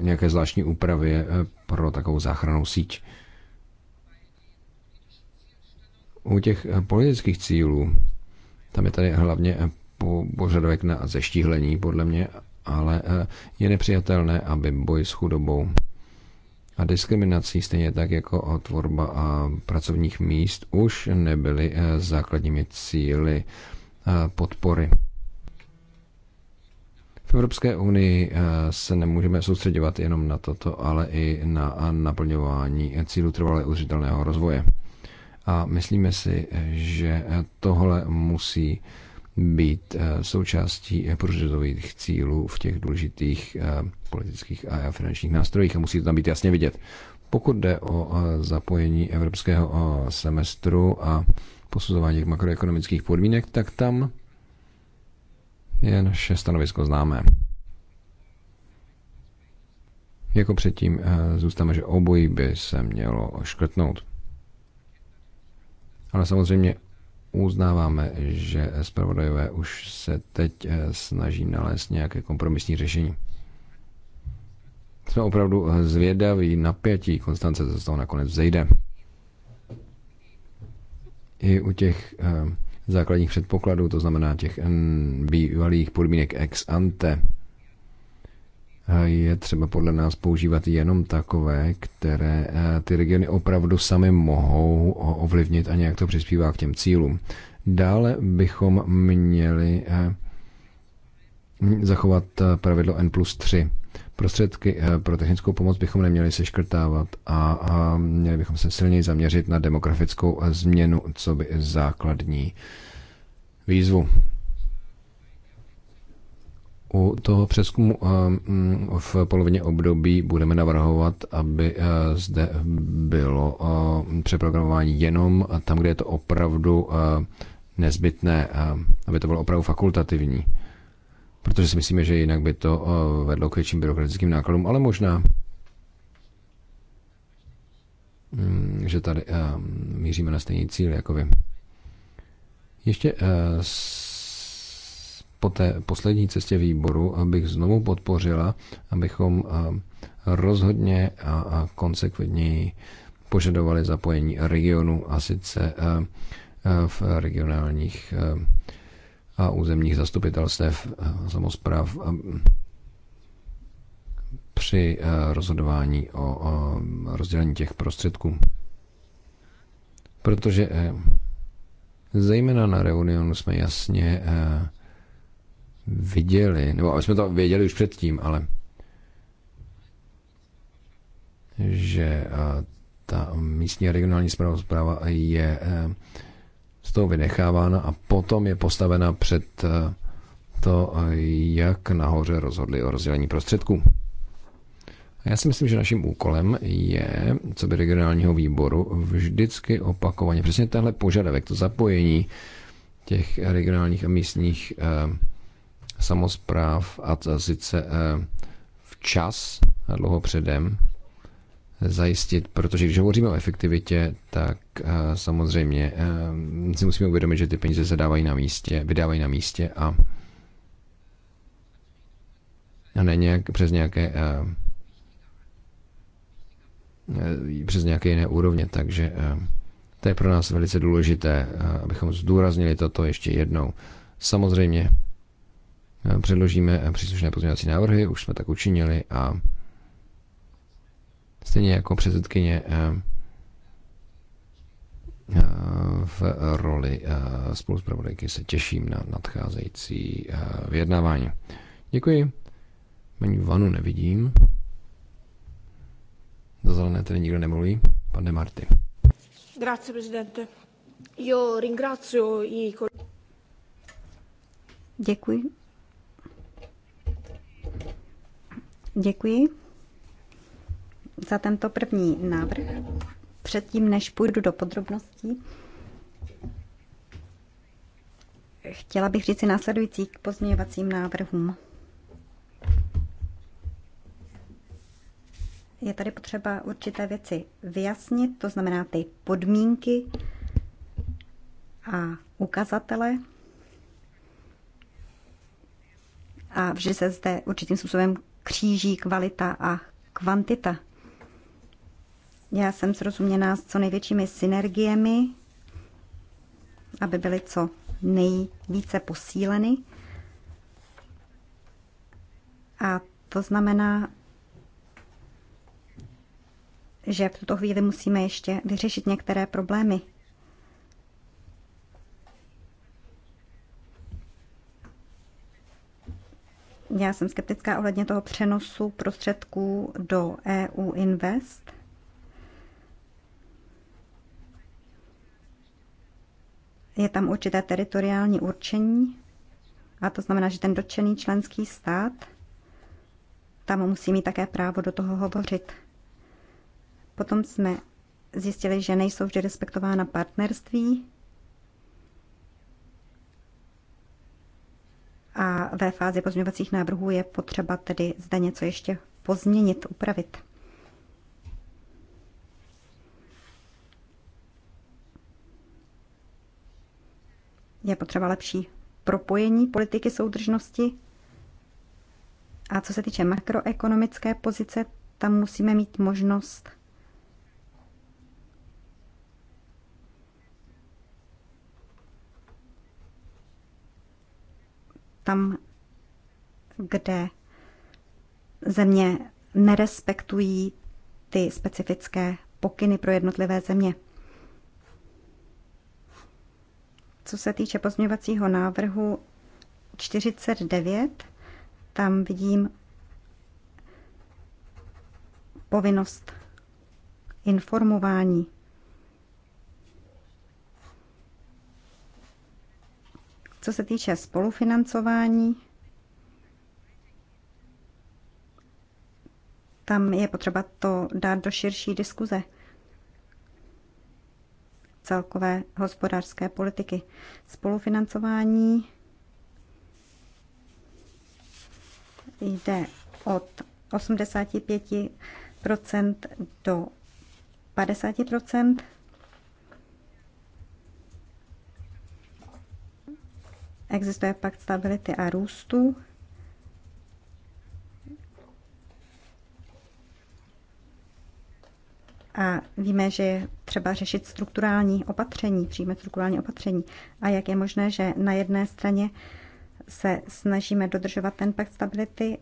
nějaké zvláštní úpravě pro takovou záchranou síť. U těch politických cílů, tam je tady hlavně požadavek na zeštíhlení, podle mě, ale je nepřijatelné, aby boj s chudobou a diskriminací, stejně tak jako tvorba a pracovních míst, už nebyly eh, základními cíly eh, podpory. V Evropské unii eh, se nemůžeme soustředovat jenom na toto, ale i na naplňování cílů trvalého udržitelného rozvoje. A myslíme si, že tohle musí být eh, součástí eh, prořezových cílů v těch důležitých eh, politických a finančních nástrojích a musí to tam být jasně vidět. Pokud jde o zapojení evropského semestru a posuzování těch makroekonomických podmínek, tak tam je naše stanovisko známé. Jako předtím zůstáme, že obojí by se mělo škrtnout. Ale samozřejmě uznáváme, že zpravodajové už se teď eh, snaží nalézt nějaké kompromisní řešení. Jsme opravdu eh, zvědaví, napětí, Konstance, se z toho nakonec vzejde. I u těch eh, základních předpokladů, to znamená těch bývalých podmínek ex ante, je třeba podle nás používat jenom takové, které eh, ty regiony opravdu sami mohou ovlivnit a nějak to přispívá k těm cílům. Dále bychom měli eh, zachovat eh, pravidlo N plus 3. Prostředky pro technickou pomoc bychom neměli seškrtávat a měli bychom se silněji zaměřit na demografickou změnu, co by základní výzvu. U toho přeskumu mm, v polovině období budeme navrhovat, aby e, zde bylo e, přeprogramování jenom tam, kde je to opravdu e, nezbytné, aby to bylo opravdu fakultativní. Protože si myslíme, že jinak by to vedlo k větším byrokratickým nákladům, ale možná, mm, že tady míříme na stejný cíl jako vy. Ještě po té poslední cestě výboru, abych znovu podpořila, abychom eh, rozhodně a konsekventněji požadovali zapojení regionu a sice eh, eh, v regionálních a územních zastupitelstv, samozpráv při rozhodování o rozdělení těch prostředků. Protože zejména na Reunionu jsme jasně viděli, nebo my jsme to věděli už předtím, ale že eh, ta místní a regionální zpráva je z eh, toho vynechávána a potom je postavena před eh, to, jak nahoře rozhodli o rozdělení prostředků. A já si myslím, že naším úkolem je, co by regionálního výboru, vždycky opakovaně přesně tenhle požadavek, to zapojení těch regionálních a místních eh, samozpráv a sice eh, včas a dlouho předem zajistit, protože když hovoříme o efektivitě, tak eh, samozřejmě eh, si musíme uvědomit, že ty peníze se dávají na místě, vydávají na místě a a ne nějak, přes nějaké přes nějaké jiné úrovně, takže to je pro nás velice důležité, abychom zdůraznili toto ještě jednou. Samozřejmě Eh, předložíme eh, příslušné pozměňovací návrhy, už jsme tak učinili a stejně jako předsedkyně eh, v roli spoluzpravodajky se těším na nadcházející vyjednávání. Děkuji. Mení vanu nevidím. Za zelené tedy nikdo nemluví. Pane Marty. Grazie, prezidente. Io ringrazio i Děkuji, Děkuji za tento první návrh. Předtím, než půjdu do podrobností, chtěla bych říci následující k pozměňovacím návrhům. Je tady potřeba určité věci vyjasnit, to znamená ty podmínky a ukazatele. A vždy se zde určitým způsobem kříží kvalita a kvantita. Já jsem srozuměná s co největšími synergiemi, aby byly co nejvíce posíleny. A to znamená, že v tuto chvíli musíme ještě vyřešit některé problémy. Já jsem skeptická ohledně toho přenosu prostředků do EU Invest. Je tam určité teritoriální určení, a to znamená, že ten dotčený členský stát tam musí mít také právo do toho hovořit. Potom jsme zjistili, že nejsou vždy respektována partnerství, a ve fázi pozměňovacích návrhů je potřeba tedy zde něco ještě pozměnit, upravit. Je potřeba lepší propojení politiky soudržnosti. A co se týče makroekonomické pozice, tam musíme mít možnost tam, kde země nerespektují ty specifické pokyny pro jednotlivé země. Co se týče pozměňovacího návrhu 49, tam vidím povinnost informování. Co se týče spolufinancování, tam je potřeba to dát do širší diskuze celkové hospodářské politiky. Spolufinancování jde od 85 do 50 Existuje pakt stability a růstu. A víme, že je třeba řešit strukturální opatření, přijímat strukturální opatření. A jak je možné, že na jedné straně se snažíme dodržovat ten pakt stability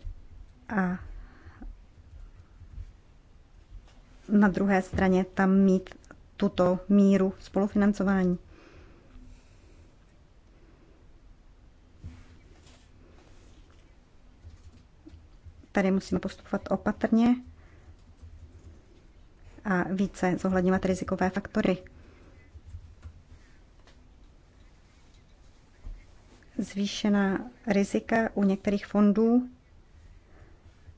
a na druhé straně tam mít tuto míru spolufinancování. Tady musíme postupovat opatrně a více zohledňovat rizikové faktory. Zvýšená rizika u některých fondů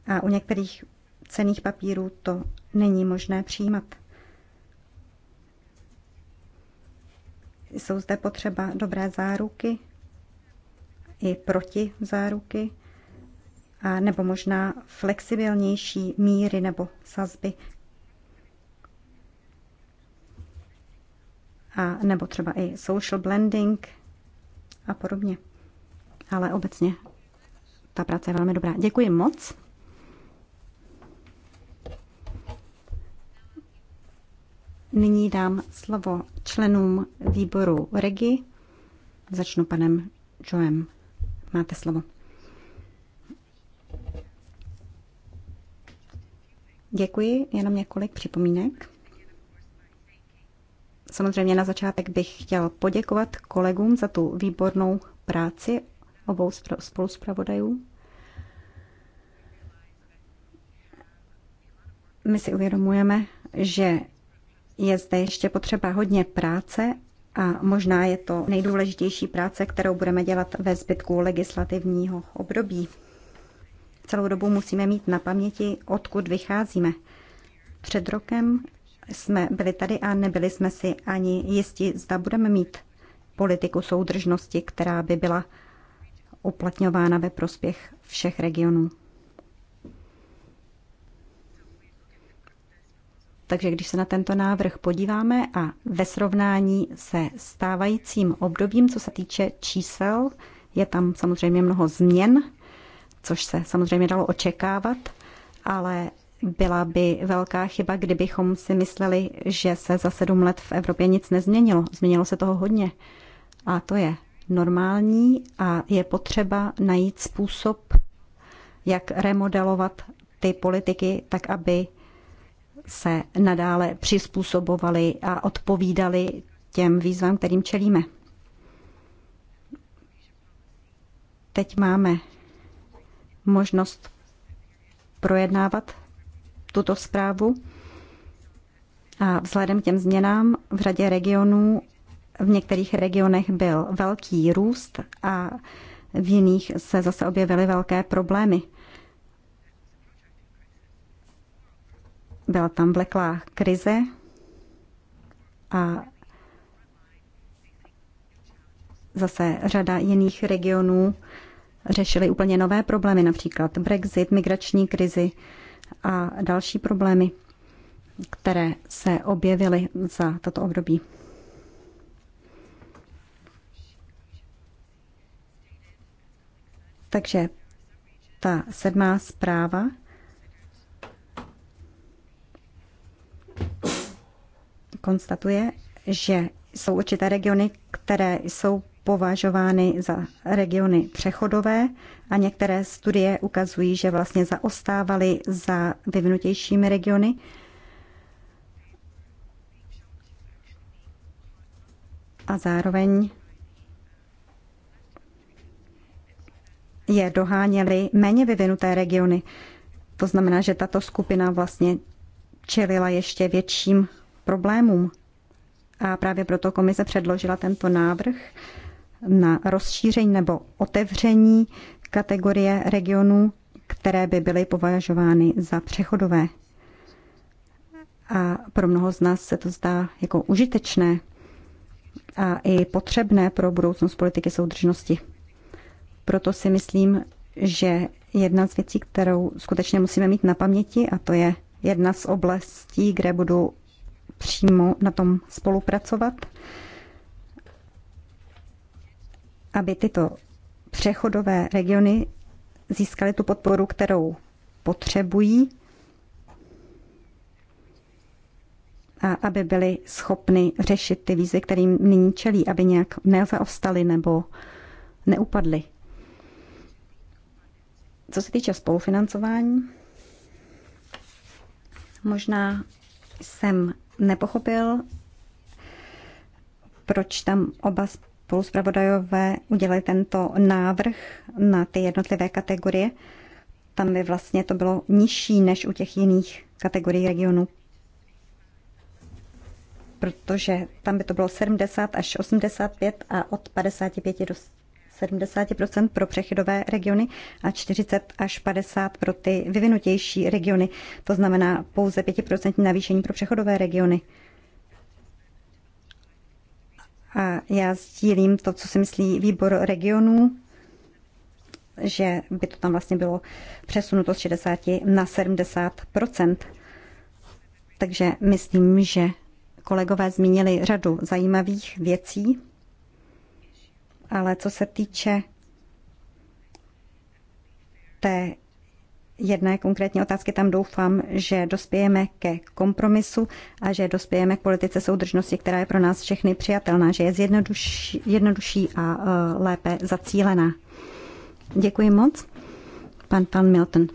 a u některých cených papírů to není možné přijímat. Jsou zde potřeba dobré záruky i proti záruky nebo možná flexibilnější míry nebo sazby. A nebo třeba i social blending a podobně. Ale obecně ta práce je velmi dobrá. Děkuji moc. Nyní dám slovo členům výboru REGI. Začnu panem Joem. Máte slovo. Děkuji, jenom několik připomínek. Samozřejmě na začátek bych chtěl poděkovat kolegům za tu výbornou práci obou spoluspravodajů. My si uvědomujeme, že je zde ještě potřeba hodně práce a možná je to nejdůležitější práce, kterou budeme dělat ve zbytku legislativního období celou dobu musíme mít na paměti, odkud vycházíme. Před rokem jsme byli tady a nebyli jsme si ani jisti, zda budeme mít politiku soudržnosti, která by byla uplatňována ve prospěch všech regionů. Takže když se na tento návrh podíváme a ve srovnání se stávajícím obdobím, co se týče čísel, je tam samozřejmě mnoho změn, což se samozřejmě dalo očekávat, ale byla by velká chyba, kdybychom si mysleli, že se za sedm let v Evropě nic nezměnilo. Změnilo se toho hodně. A to je normální a je potřeba najít způsob, jak remodelovat ty politiky tak, aby se nadále přizpůsobovali a odpovídali těm výzvám, kterým čelíme. Teď máme možnost projednávat tuto zprávu. A vzhledem k těm změnám v řadě regionů, v některých regionech byl velký růst a v jiných se zase objevily velké problémy. Byla tam vleklá krize a zase řada jiných regionů řešili úplně nové problémy, například Brexit, migrační krizi a další problémy, které se objevily za toto období. Takže ta sedmá zpráva konstatuje, že jsou určité regiony, které jsou považovány za regiony přechodové a některé studie ukazují, že vlastně zaostávaly za vyvinutějšími regiony. A zároveň je doháněly méně vyvinuté regiony. To znamená, že tato skupina vlastně čelila ještě větším problémům. A právě proto komise předložila tento návrh, na rozšíření nebo otevření kategorie regionů, které by byly považovány za přechodové. A pro mnoho z nás se to zdá jako užitečné a i potřebné pro budoucnost politiky soudržnosti. Proto si myslím, že jedna z věcí, kterou skutečně musíme mít na paměti, a to je jedna z oblastí, kde budu přímo na tom spolupracovat, aby tyto přechodové regiony získaly tu podporu, kterou potřebují a aby byly schopny řešit ty výzvy, kterým nyní čelí, aby nějak nezaostali nebo neupadly. Co se týče spolufinancování, možná jsem nepochopil, proč tam oba spoluspravodajové udělali tento návrh na ty jednotlivé kategorie, tam by vlastně to bylo nižší než u těch jiných kategorií regionů. Protože tam by to bylo 70 až 85 a od 55 do 70 pro přechydové regiony a 40 až 50 pro ty vyvinutější regiony. To znamená pouze 5 navýšení pro přechodové regiony. A já sdílím to, co si myslí výbor regionů, že by to tam vlastně bylo přesunuto z 60 na 70 Takže myslím, že kolegové zmínili řadu zajímavých věcí, ale co se týče té jedné konkrétní otázky. Tam doufám, že dospějeme ke kompromisu a že dospějeme k politice soudržnosti, která je pro nás všechny přijatelná, že je jednodušší, jednodušší a uh, lépe zacílená. Děkuji moc. Pan pan Milton.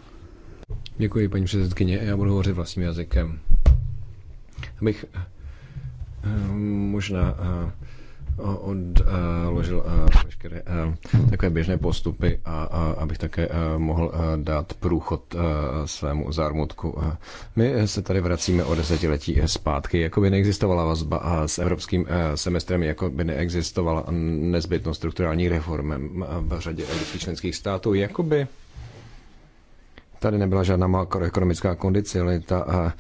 Děkuji, paní předsedkyně. Já budu hovořit vlastním jazykem. Abych e, e, možná uh, odložil eh, eh, veškeré eh, takové běžné postupy a, a abych také mohl dát průchod svému zármutku. My se tady vracíme o desetiletí zpátky, jako by neexistovala vazba s evropským semestrem, jako by neexistovala nezbytnost strukturální reform v řadě evropských členských států, jako by tady nebyla žádná makroekonomická kondicionalita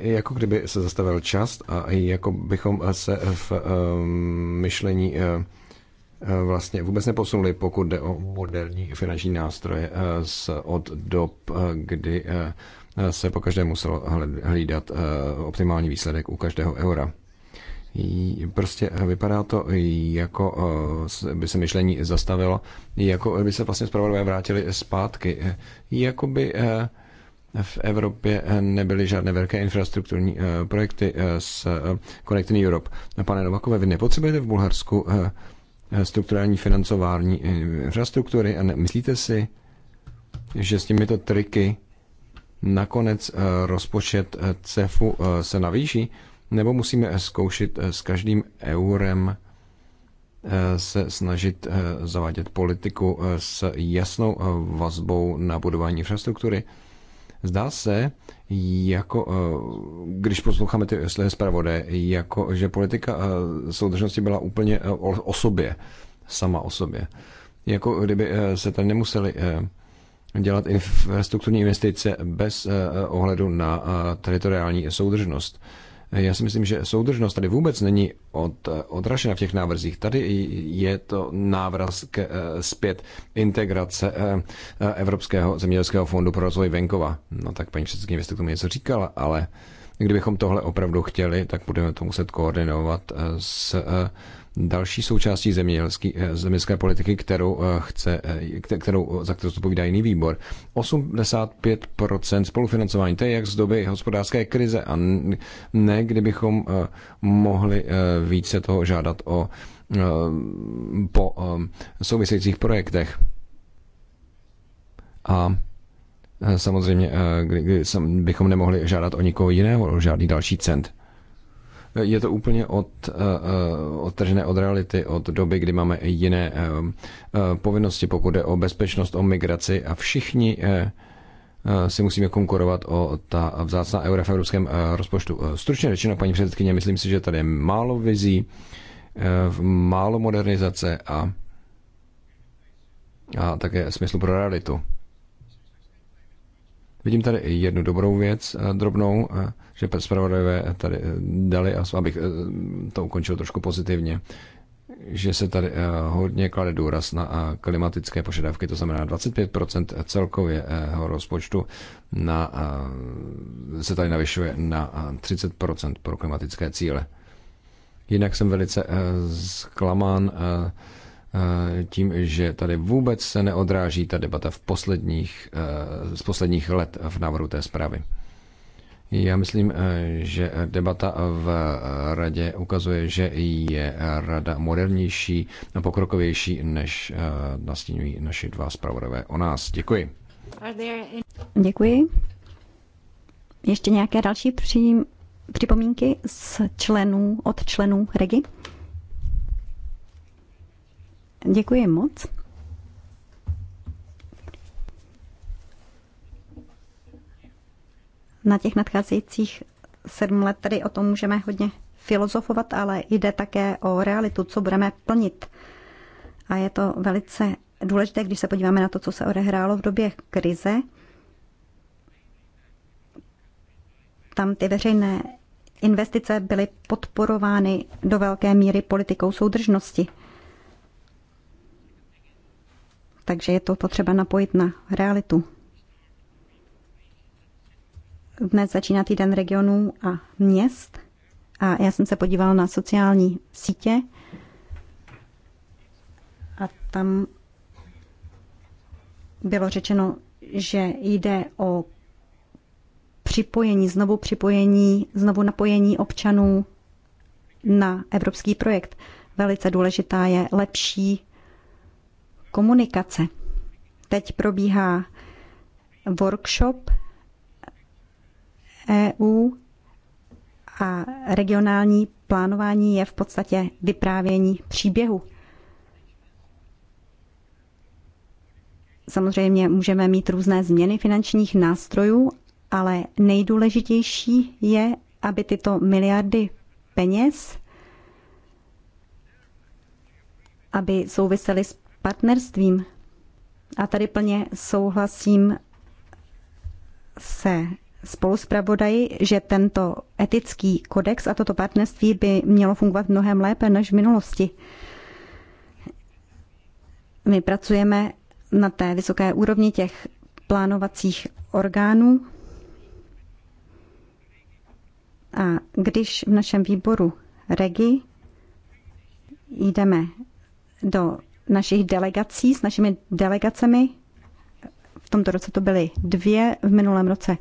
jako kdyby se zastavil čas a jako bychom se v eh, myšlení eh, eh, vlastně vůbec neposunuli, pokud jde o moderní finanční nástroje z od dob, kdy se po každém muselo hlídat optimální výsledek u každého eura. Prostě vypadá to, jako by se myšlení zastavilo, jako by se vlastně zpravodové vrátili zpátky, jako by v Evropě eh, nebyly žádné velké infrastrukturní eh, projekty eh, s Connecting Europe. Pane Novakové, vy nepotřebujete v Bulharsku strukturální financování infrastruktury a myslíte si, že s těmito triky nakonec rozpočet CEFu se navýší? Nebo musíme zkoušet s každým eurem se snažit zavádět politiku s jasnou vazbou na budování infrastruktury? Zdá se, jako, eh, když posloucháme ty zpravodé, jako, že politika eh, soudržnosti byla úplně eh, o, o sobě, sama o sobě. Jako kdyby se tady nemuseli dělat infrastrukturní investice bez ohledu na teritoriální soudržnost. Já si myslím, že soudržnost tady vůbec není od, eh, odražena v těch návrzích. Tady je to návraz k, eh, zpět integrace eh, Evropského zemědělského fondu pro rozvoj venkova. No tak paní předsedkyně, vy jste k tomu něco říkala, ale uh, Kdybychom tohle opravdu chtěli, tak budeme to muset koordinovat eh, s eh, další součástí eh, zemědělské politiky, kterou chce, kterou, za kterou zodpovídá jiný výbor. 85% spolufinancování, to je jak z doby hospodářské krize a ne, kdybychom mohli více toho žádat o, po souvisejících projektech. A Eh, samozřejmě eh, kdy bychom nemohli žádat o nikoho jiného, o žádný další cent. Eh, je to úplně od, odtržené od reality, od doby, kdy máme jiné povinnosti, pokud jde o bezpečnost, o migraci a všichni si musíme konkurovat o ta vzácná eura v evropském rozpočtu. Stručně řečeno, paní předsedkyně, myslím si, že tady je málo vizí, málo modernizace a, a také smyslu pro realitu. Vidím tady jednu dobrou věc, eh, drobnou, eh, že zpravodajové tady eh, dali, abych to ukončil trošku pozitivně, že se tady hodně klade důraz na klimatické požadavky, to znamená 25% celkového rozpočtu na, se tady navyšuje na 30% pro klimatické cíle. Jinak jsem velice zklamán Eh, tím, že tady vůbec se neodráží ta debata v posledních, eh, z posledních let v návrhu té zprávy. Já myslím, eh, že debata v radě ukazuje, že je rada modernější a pokrokovější, než nastínují naši dva zpravodové o nás. Děkuji. Děkuji. Ještě nějaké další při... připomínky z členů, od členů Regi? Děkuji moc. Na těch nadcházejících sedm let tady o tom můžeme hodně filozofovat, ale jde také o realitu, co budeme plnit. A je to velice důležité, když se podíváme na to, co se odehrálo v době krize. Tam ty veřejné investice byly podporovány do velké míry politikou soudržnosti. Takže je to potřeba napojit na realitu. Dnes začíná týden regionů a měst a já jsem se podíval na sociální sítě a tam bylo řečeno, že jde o připojení, znovu připojení, znovu napojení občanů na evropský projekt. Velice důležitá je lepší komunikace. Teď probíhá workshop EU a regionální plánování je v podstatě vyprávění příběhu. Samozřejmě můžeme mít různé změny finančních nástrojů, ale nejdůležitější je, aby tyto miliardy peněz aby souvisely s partnerstvím. A tady plně souhlasím se spoluspravodají, že tento etický kodex a toto partnerství by mělo fungovat mnohem lépe než v minulosti. My pracujeme na té vysoké úrovni těch plánovacích orgánů. A když v našem výboru REGI jdeme do našich delegací, s našimi delegacemi. V tomto roce to byly dvě, v minulém roce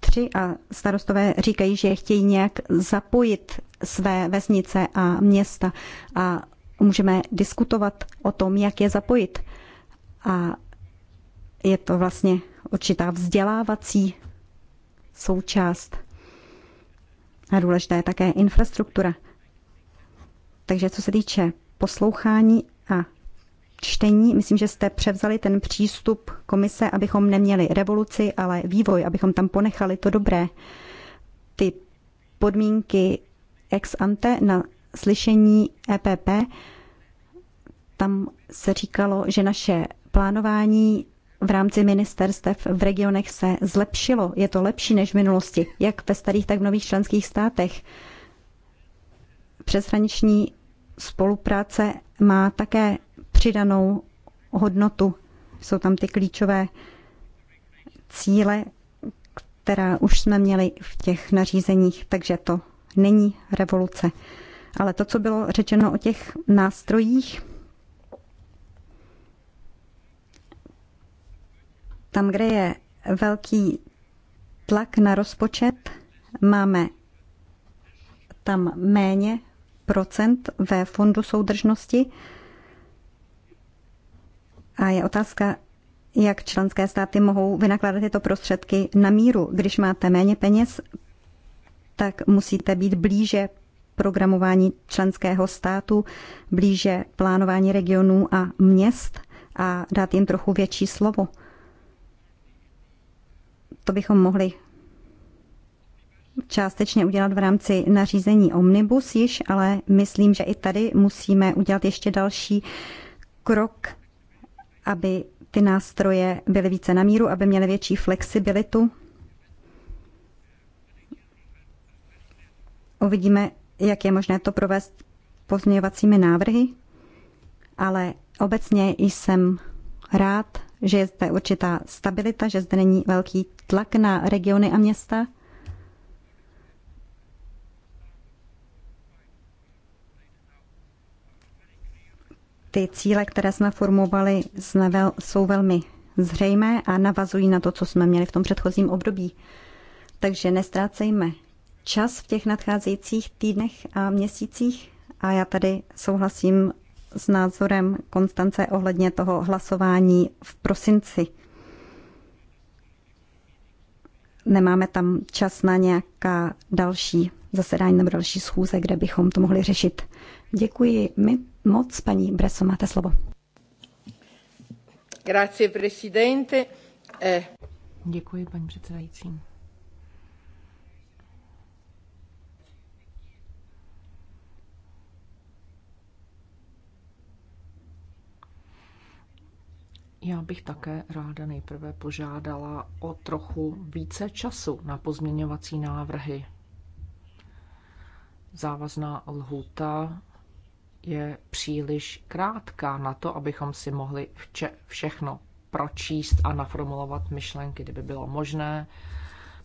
tři a starostové říkají, že chtějí nějak zapojit své vesnice a města a můžeme diskutovat o tom, jak je zapojit. A je to vlastně určitá vzdělávací součást. A důležitá je také infrastruktura. Takže co se týče poslouchání čtení, myslím, že jste převzali ten přístup komise, abychom neměli revoluci, ale vývoj, abychom tam ponechali to dobré. Ty podmínky ex ante na slyšení EPP, tam se říkalo, že naše plánování v rámci ministerstev v regionech se zlepšilo. Je to lepší než v minulosti, jak ve starých, tak v nových členských státech. Přeshraniční spolupráce má také přidanou hodnotu. Jsou tam ty klíčové cíle, která už jsme měli v těch nařízeních, takže to není revoluce. Ale to, co bylo řečeno o těch nástrojích, tam, kde je velký tlak na rozpočet, máme tam méně procent ve fondu soudržnosti, a je otázka, jak členské státy mohou vynakládat tyto prostředky na míru. Když máte méně peněz, tak musíte být blíže programování členského státu, blíže plánování regionů a měst a dát jim trochu větší slovo. To bychom mohli částečně udělat v rámci nařízení Omnibus již, ale myslím, že i tady musíme udělat ještě další krok aby ty nástroje byly více na míru, aby měly větší flexibilitu. Uvidíme, jak je možné to provést pozměňovacími návrhy, ale obecně jsem rád, že je zde určitá stabilita, že zde není velký tlak na regiony a města ty cíle, které jsme formovali, jsou velmi zřejmé a navazují na to, co jsme měli v tom předchozím období. Takže nestrácejme čas v těch nadcházejících týdnech a měsících a já tady souhlasím s názorem Konstance ohledně toho hlasování v prosinci. Nemáme tam čas na nějaká další zasedání nebo další schůze, kde bychom to mohli řešit. Děkuji. My moc. Paní Breso, máte slovo. Grazie, presidente. Eh. Děkuji, paní předsedající. Já bych také ráda nejprve požádala o trochu více času na pozměňovací návrhy. Závazná lhůta je příliš krátká na to, abychom si mohli vče- všechno pročíst a naformulovat myšlenky. Kdyby bylo možné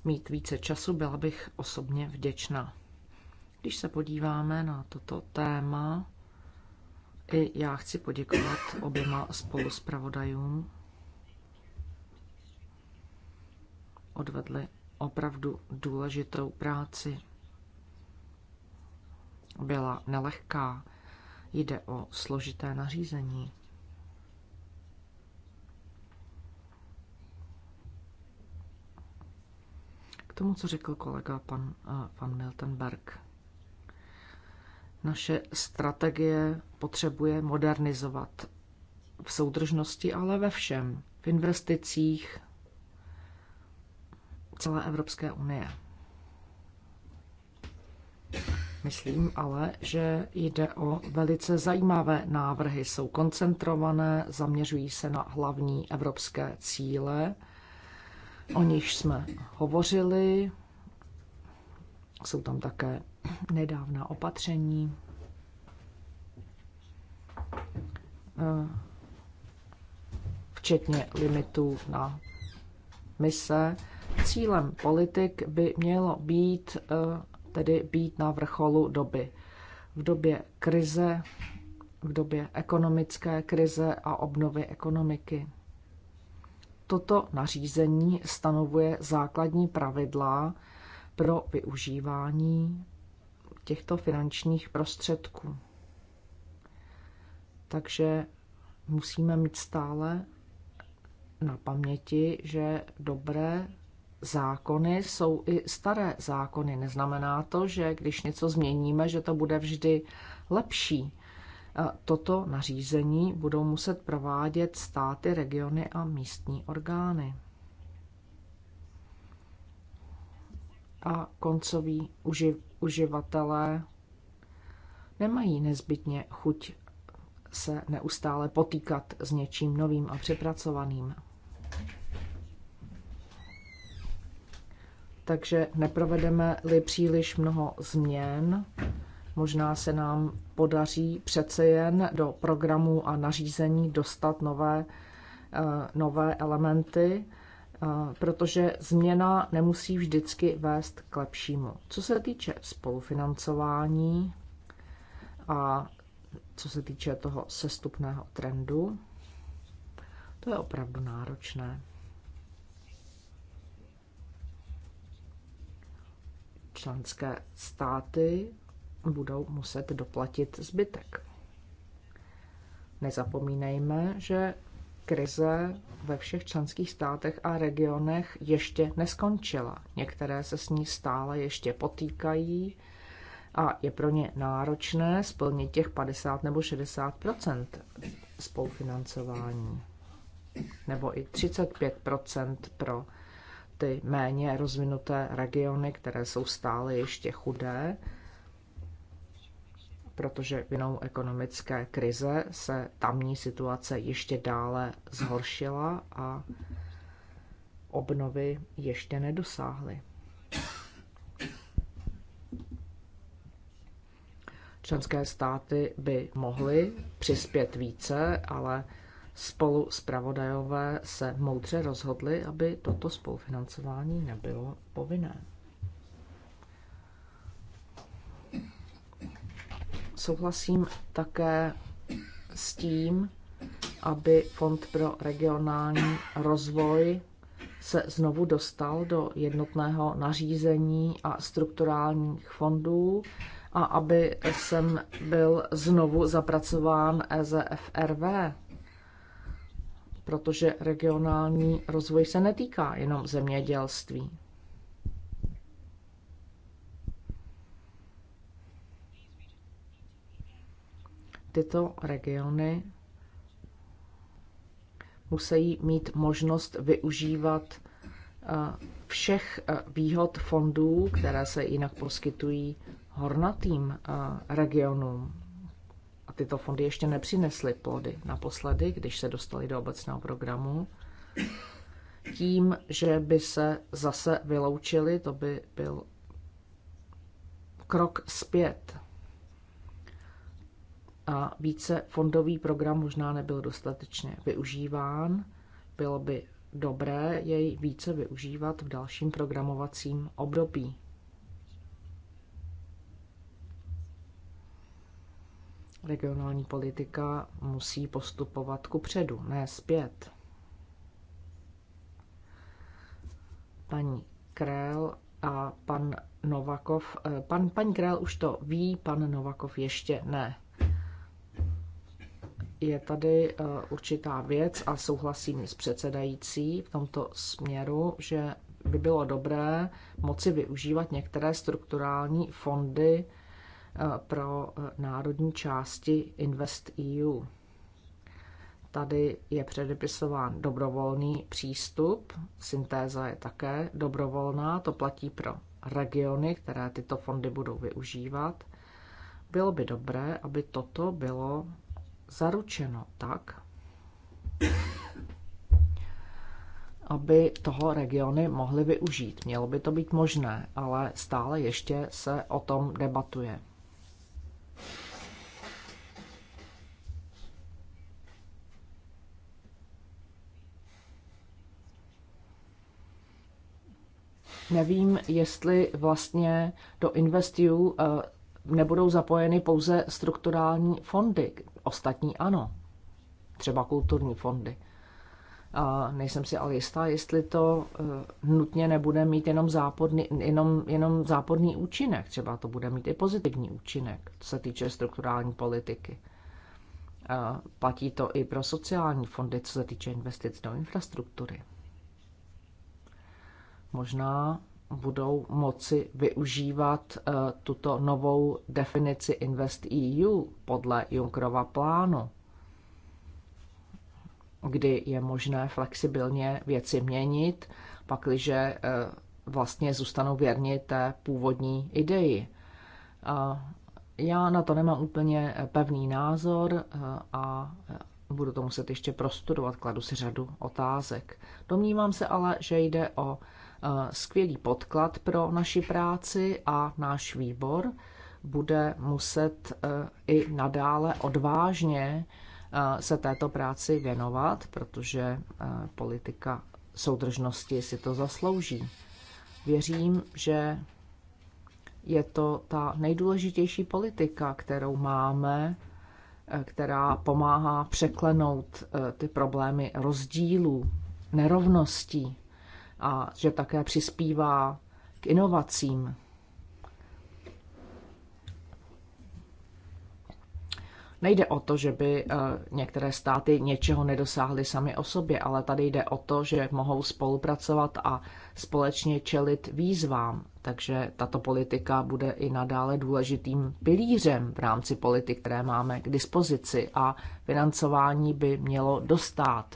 mít více času, byla bych osobně vděčná. Když se podíváme na toto téma, i já chci poděkovat oběma spoluspravodajům. Odvedli opravdu důležitou práci. Byla nelehká Jde o složité nařízení. K tomu, co řekl kolega pan, eh, pan Miltenberg. Naše strategie potřebuje modernizovat v soudržnosti, ale ve všem. V investicích celé Evropské unie. Myslím ale, že jde o velice zajímavé návrhy. Jsou koncentrované, zaměřují se na hlavní evropské cíle, o nich jsme hovořili. Jsou tam také nedávná opatření. Eh, včetně limitů na mise. Cílem politik by mělo být eh, tedy být na vrcholu doby. V době krize, v době ekonomické krize a obnovy ekonomiky. Toto nařízení stanovuje základní pravidla pro využívání těchto finančních prostředků. Takže musíme mít stále na paměti, že dobré zákony jsou i staré zákony. Neznamená to, že když něco změníme, že to bude vždy lepší. Toto nařízení budou muset provádět státy, regiony a místní orgány. A koncoví uži- uživatelé nemají nezbytně chuť se neustále potýkat s něčím novým a přepracovaným. takže neprovedeme-li příliš mnoho změn, možná se nám podaří přece jen do programů a nařízení dostat nové, eh, nové elementy, eh, protože změna nemusí vždycky vést k lepšímu. Co se týče spolufinancování a co se týče toho sestupného trendu, to je opravdu náročné. členské státy budou muset doplatit zbytek. Nezapomínejme, že krize ve všech členských státech a regionech ještě neskončila. Některé se s ní stále ještě potýkají a je pro ně náročné splnit těch 50 nebo 60 spolufinancování, nebo i 35 pro ty méně rozvinuté regiony, které jsou stále ještě chudé, protože vinou ekonomické krize se tamní situace ještě dále zhoršila a obnovy ještě nedosáhly. Členské státy by mohly přispět více, ale spolu zpravodajové se moudře rozhodli, aby toto spolufinancování nebylo povinné. Souhlasím také s tím, aby Fond pro regionální rozvoj se znovu dostal do jednotného nařízení a strukturálních fondů a aby jsem byl znovu zapracován EZFRV protože regionální rozvoj se netýká jenom zemědělství. Tyto regiony musí mít možnost využívat eh, všech eh, výhod fondů, které se jinak poskytují hornatým eh, regionům tyto fondy ještě nepřinesly plody. Naposledy, když se dostali do obecného programu, tím, že by se zase vyloučili, to by byl krok zpět. A více fondový program možná nebyl dostatečně využíván. Bylo by dobré jej více využívat v dalším programovacím období. Regionální politika musí postupovat ku předu, ne zpět. Paní Krell a pan Novakov. Eh, pan, paní Král už to ví, pan Novakov ještě ne. Je tady eh, určitá věc a souhlasím s předsedající v tomto směru, že by bylo dobré moci využívat některé strukturální fondy pro eh, národní části Invest EU. Tady je předepisován dobrovolný přístup, syntéza je také dobrovolná, to platí pro regiony, které tyto fondy budou využívat. Bylo by dobré, aby toto bylo zaručeno tak, aby toho regiony mohly využít. Mělo by to být možné, ale stále ještě se o tom debatuje. Nevím, jestli vlastně do InvestEU eh, nebudou zapojeny pouze strukturální fondy, ostatní ano, třeba kulturní fondy. A nejsem si ale jistá, jestli to eh, nutně nebude mít jenom záporný, jenom, jenom záporný účinek. Třeba to bude mít i pozitivní účinek, co se týče strukturální politiky. A platí to i pro sociální fondy, co se týče investic do infrastruktury. Možná budou moci využívat eh, tuto novou definici Invest EU podle Junckerova plánu, kdy je možné flexibilně věci měnit, pakliže eh, vlastně zůstanou věrni té původní ideji. Já na to nemám úplně eh, pevný názor a budu to muset ještě prostudovat, kladu si řadu otázek. Domnívám se ale, že jde o Eh, skvělý podklad pro naši práci a náš výbor bude muset eh, i nadále odvážně eh, se této práci věnovat, protože politika soudržnosti si to zaslouží. Věřím, že je to ta nejdůležitější politika, kterou máme, která pomáhá překlenout ty problémy rozdílů, nerovností a že také přispívá k inovacím. Nejde o to, že by eh, některé státy něčeho nedosáhly sami o sobě, ale tady jde o to, že mohou spolupracovat a společně čelit výzvám. Takže tato politika bude i nadále důležitým pilířem v rámci politik, které máme k dispozici a financování by mělo dostat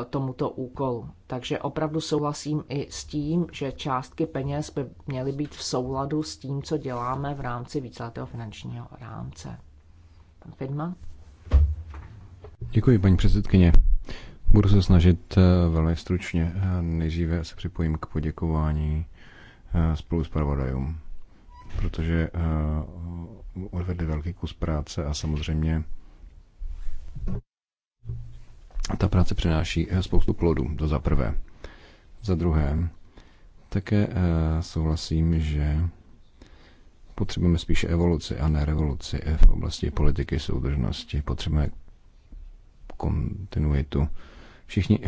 Eh, tomuto úkolu. Takže opravdu souhlasím i s tím, že částky peněz by měly být v souladu s tím, co děláme v rámci víceletého finančního rámce. Pan Fidma? Děkuji, paní předsedkyně. Budu se snažit eh, velmi stručně. Eh, nejdříve se připojím k poděkování spolu s pravodajům, protože odvedli velký kus práce a samozřejmě ta práce přináší eh, spoustu plodů, to za prvé. Za druhé, také eh, souhlasím, že potřebujeme spíše evoluci a ne revoluci eh, v oblasti politiky soudržnosti. Potřebujeme kontinuitu. Všichni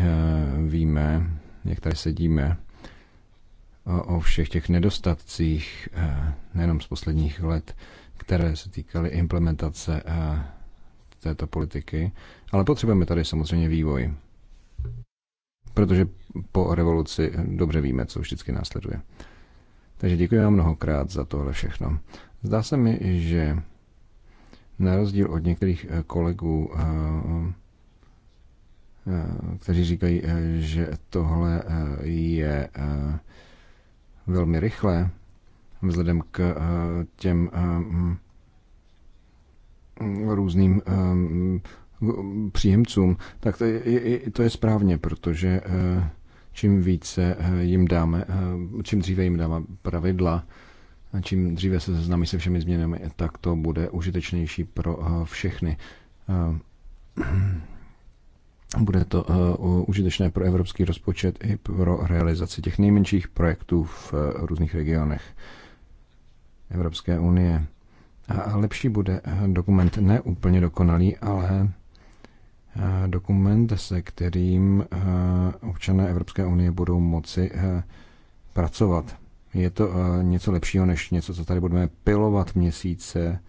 víme, jak tady sedíme, o všech těch nedostatcích, nejenom z posledních let, které se týkaly implementace této politiky, ale potřebujeme tady samozřejmě vývoj. Protože po revoluci dobře víme, co vždycky následuje. Takže děkuji vám mnohokrát za tohle všechno. Zdá se mi, že na rozdíl od některých eh, kolegů, eh, eh, kteří říkají, že tohle je velmi rychlé, vzhledem k těm různým ehm, příjemcům, tak to je, to je správně, protože eh, čím více eh, jim dáme, eh, čím dříve jim dáme pravidla, čím dříve se seznámí se všemi změnami, tak to bude užitečnější pro všechny. Bude to užitečné pro evropský rozpočet i pro realizaci těch nejmenších projektů v různých regionech Evropské unie. A lepší bude dokument ne úplně dokonalý, ale eh, dokument, se kterým eh, občané Evropské unie budou moci eh, pracovat. Je to něco lepšího než něco, co tady budeme pilovat měsíce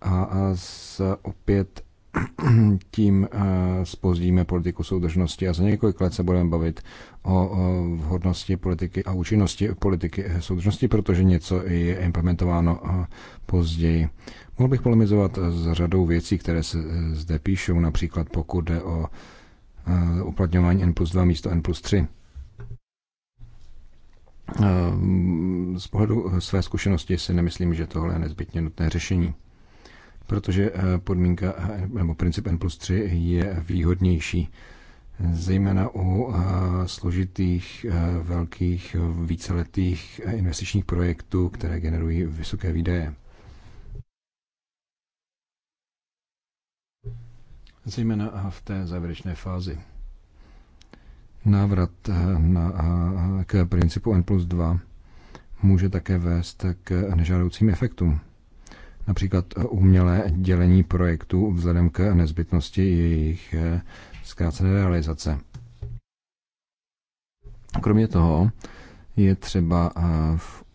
a s opět tím eh, spozdíme politiku soudržnosti a za několik let se budeme bavit o vhodnosti politiky a účinnosti politiky soudržnosti, protože něco je implementováno eh, později. Mohl bych polemizovat s řadou věcí, které se eh, zde píšou, například pokud jde o uplatňování N plus 2 místo N plus 3. Z pohledu své zkušenosti si nemyslím, že tohle je nezbytně nutné řešení protože eh, podmínka eh, nebo princip N plus 3 je výhodnější, zejména u eh, složitých, velkých, víceletých investičních projektů, které generují vysoké výdaje. Zejména v té závěrečné fázi. Návrat na, k principu N plus 2 může také vést k nežádoucím efektům Například eh, umělé dělení projektů vzhledem k nezbytnosti jejich eh, zkrácené realizace. Kromě toho je třeba eh,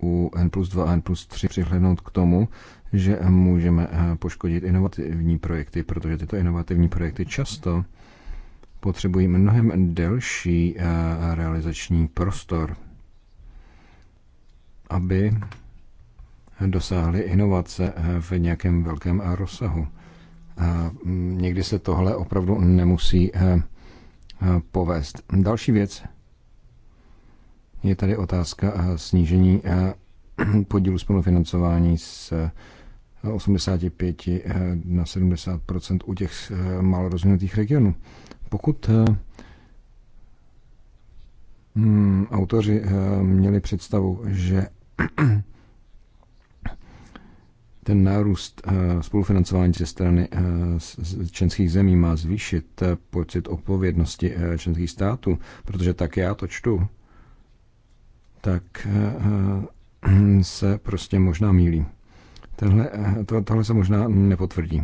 u N plus 2 a N plus 3 přihlednout k tomu, že můžeme poškodit inovativní projekty, protože tyto inovativní projekty často potřebují mnohem delší realizační prostor, aby dosáhly inovace eh, v nějakém velkém eh, rozsahu. Eh, někdy se tohle opravdu nemusí povést. Další věc je tady otázka snížení podílu spolufinancování z 85 na 70 u těch malorozvinutých regionů. Pokud hmm, autoři měli představu, že Ten nárůst eh, spolufinancování ze strany eh, členských zemí má zvýšit eh, pocit odpovědnosti členských států, protože tak já to čtu, tak se prostě možná mílí. Tenhle, to, tohle se možná nepotvrdí.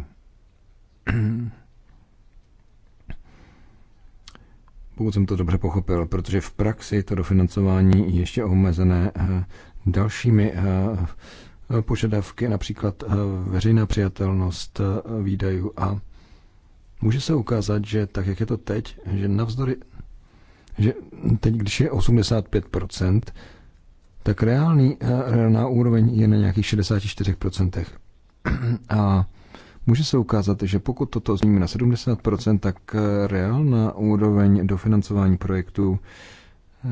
Pokud jsem to dobře pochopil, protože v praxi to dofinancování ještě omezené dalšími požadavky, například eh, veřejná přijatelnost eh, výdajů a může se ukázat, že tak, jak je to teď, že navzdory, že teď, když je 85%, tak reálný, eh, reálná úroveň je na nějakých 64%. A může se ukázat, že pokud toto zníme na 70%, tak reálná úroveň dofinancování projektů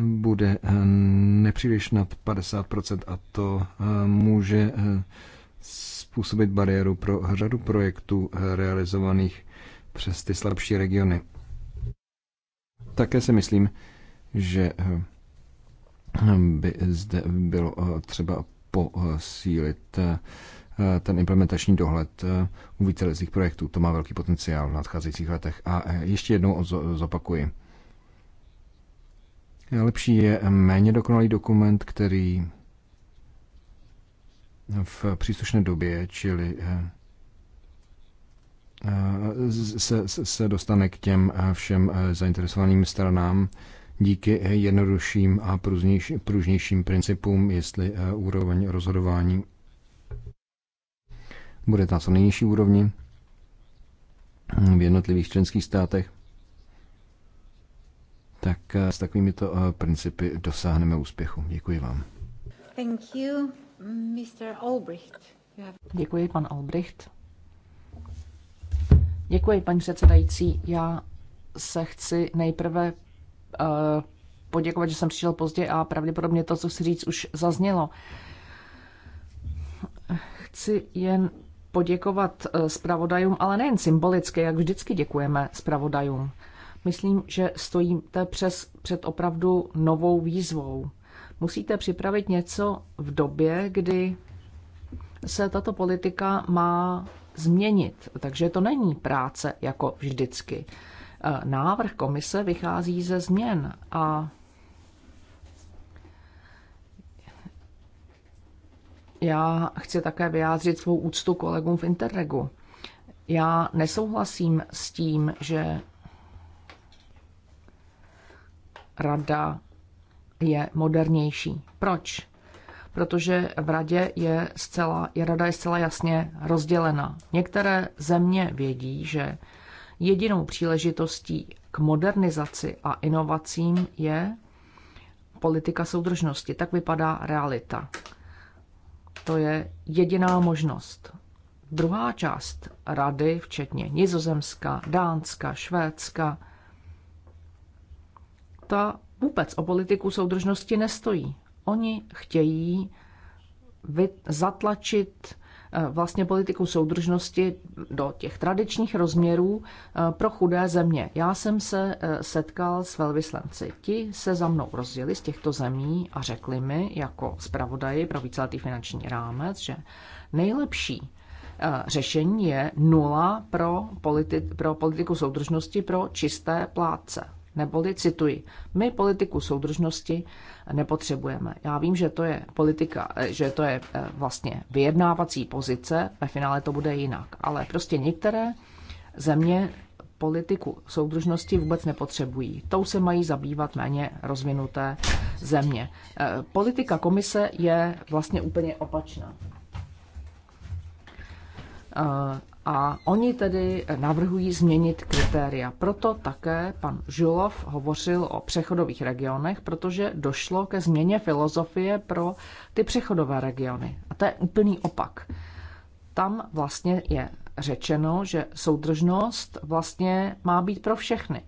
bude eh, nepříliš nad 50% a to eh, může eh, způsobit bariéru pro řadu projektů realizovaných přes ty slabší regiony. Také si myslím, že by zde bylo třeba posílit ten implementační dohled u více projektů. To má velký potenciál v nadcházejících letech. A ještě jednou zopakuji Lepší je méně dokonalý dokument, který v příslušné době, čili eh, eh, se, se dostane k těm eh, všem zainteresovaným stranám díky jednodušším a pružnější, pružnějším principům, jestli úroveň rozhodování bude na co nejnižší úrovni v jednotlivých členských státech tak eh, s takovými to eh, principy dosáhneme úspěchu. Děkuji vám. Thank you, Mr. Albrecht. Have... Děkuji, pan Albrecht. Děkuji, paní předsedající. Já se chci nejprve uh, poděkovat, že jsem přišel pozdě a pravděpodobně to, co si říct, už zaznělo. Chci jen poděkovat zpravodajům, ale nejen symbolicky, jak vždycky děkujeme zpravodajům. Uh, Myslím, že stojíte přes, před opravdu novou výzvou. Musíte připravit něco v době, kdy se tato politika má změnit. Takže to není práce jako vždycky. E, návrh komise vychází ze změn a já chci také vyjádřit svou úctu kolegům v Interregu. Já nesouhlasím s tím, že rada je modernější. Proč? Protože v radě je zcela, je rada je zcela jasně rozdělena. Některé země vědí, že jedinou příležitostí k modernizaci a inovacím je politika soudržnosti. Tak vypadá realita. To je jediná možnost. Druhá část rady, včetně Nizozemska, Dánska, Švédska, ta vůbec o politiku soudržnosti nestojí. Oni chtějí zatlačit eh, vlastně politiku soudržnosti do těch tradičních rozměrů eh, pro chudé země. Já jsem se eh, setkal s velvyslanci. Ti se za mnou rozdělili z těchto zemí a řekli mi jako zpravodaji pro víceletý finanční rámec, že nejlepší řešení je nula pro, politi- pro politiku soudržnosti pro čisté plátce neboli cituji, my politiku soudržnosti nepotřebujeme. Já vím, že to je politika, eh, že to je eh, vlastně vyjednávací pozice, ve finále to bude jinak, ale prostě některé země politiku soudržnosti vůbec nepotřebují. Tou se mají zabývat méně rozvinuté země. Eh, politika komise je vlastně úplně opačná a oni tedy navrhují změnit kritéria. Proto také pan Žulov hovořil o přechodových regionech, protože došlo ke změně filozofie pro ty přechodové regiony. A to je úplný opak. Tam vlastně je řečeno, že soudržnost vlastně má být pro všechny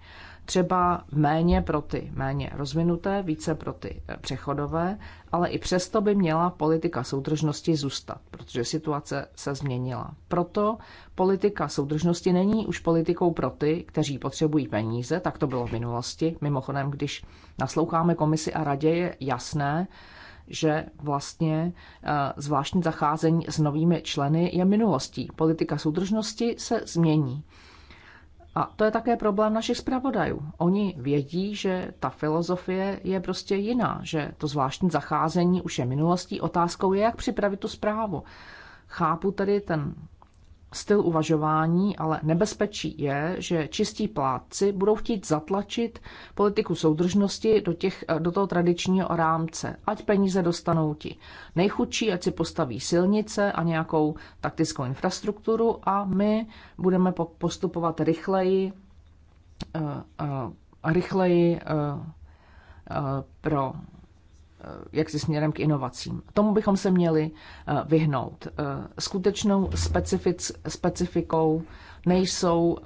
třeba méně pro ty méně rozvinuté, více pro ty eh, přechodové, ale i přesto by měla politika soudržnosti zůstat, protože situace se změnila. Proto politika soudržnosti není už politikou pro ty, kteří potřebují peníze, tak to bylo v minulosti. Mimochodem, když nasloucháme komisi a radě, je jasné, že vlastně eh, zvláštní zacházení s novými členy je minulostí. Politika soudržnosti se změní. A to je také problém našich zpravodajů. Oni vědí, že ta filozofie je prostě jiná, že to zvláštní zacházení už je minulostí. Otázkou je, jak připravit tu zprávu. Chápu tedy ten styl uvažování, ale nebezpečí je, že čistí plátci budou chtít zatlačit politiku soudržnosti do, těch, do toho tradičního rámce. Ať peníze dostanou ti nejchudší, ať si postaví silnice a nějakou taktickou infrastrukturu a my budeme postupovat rychleji, eh, eh, rychleji eh, pro Eh, jak si směrem k inovacím. Tomu bychom se měli eh, vyhnout. Eh, skutečnou specific, specifikou nejsou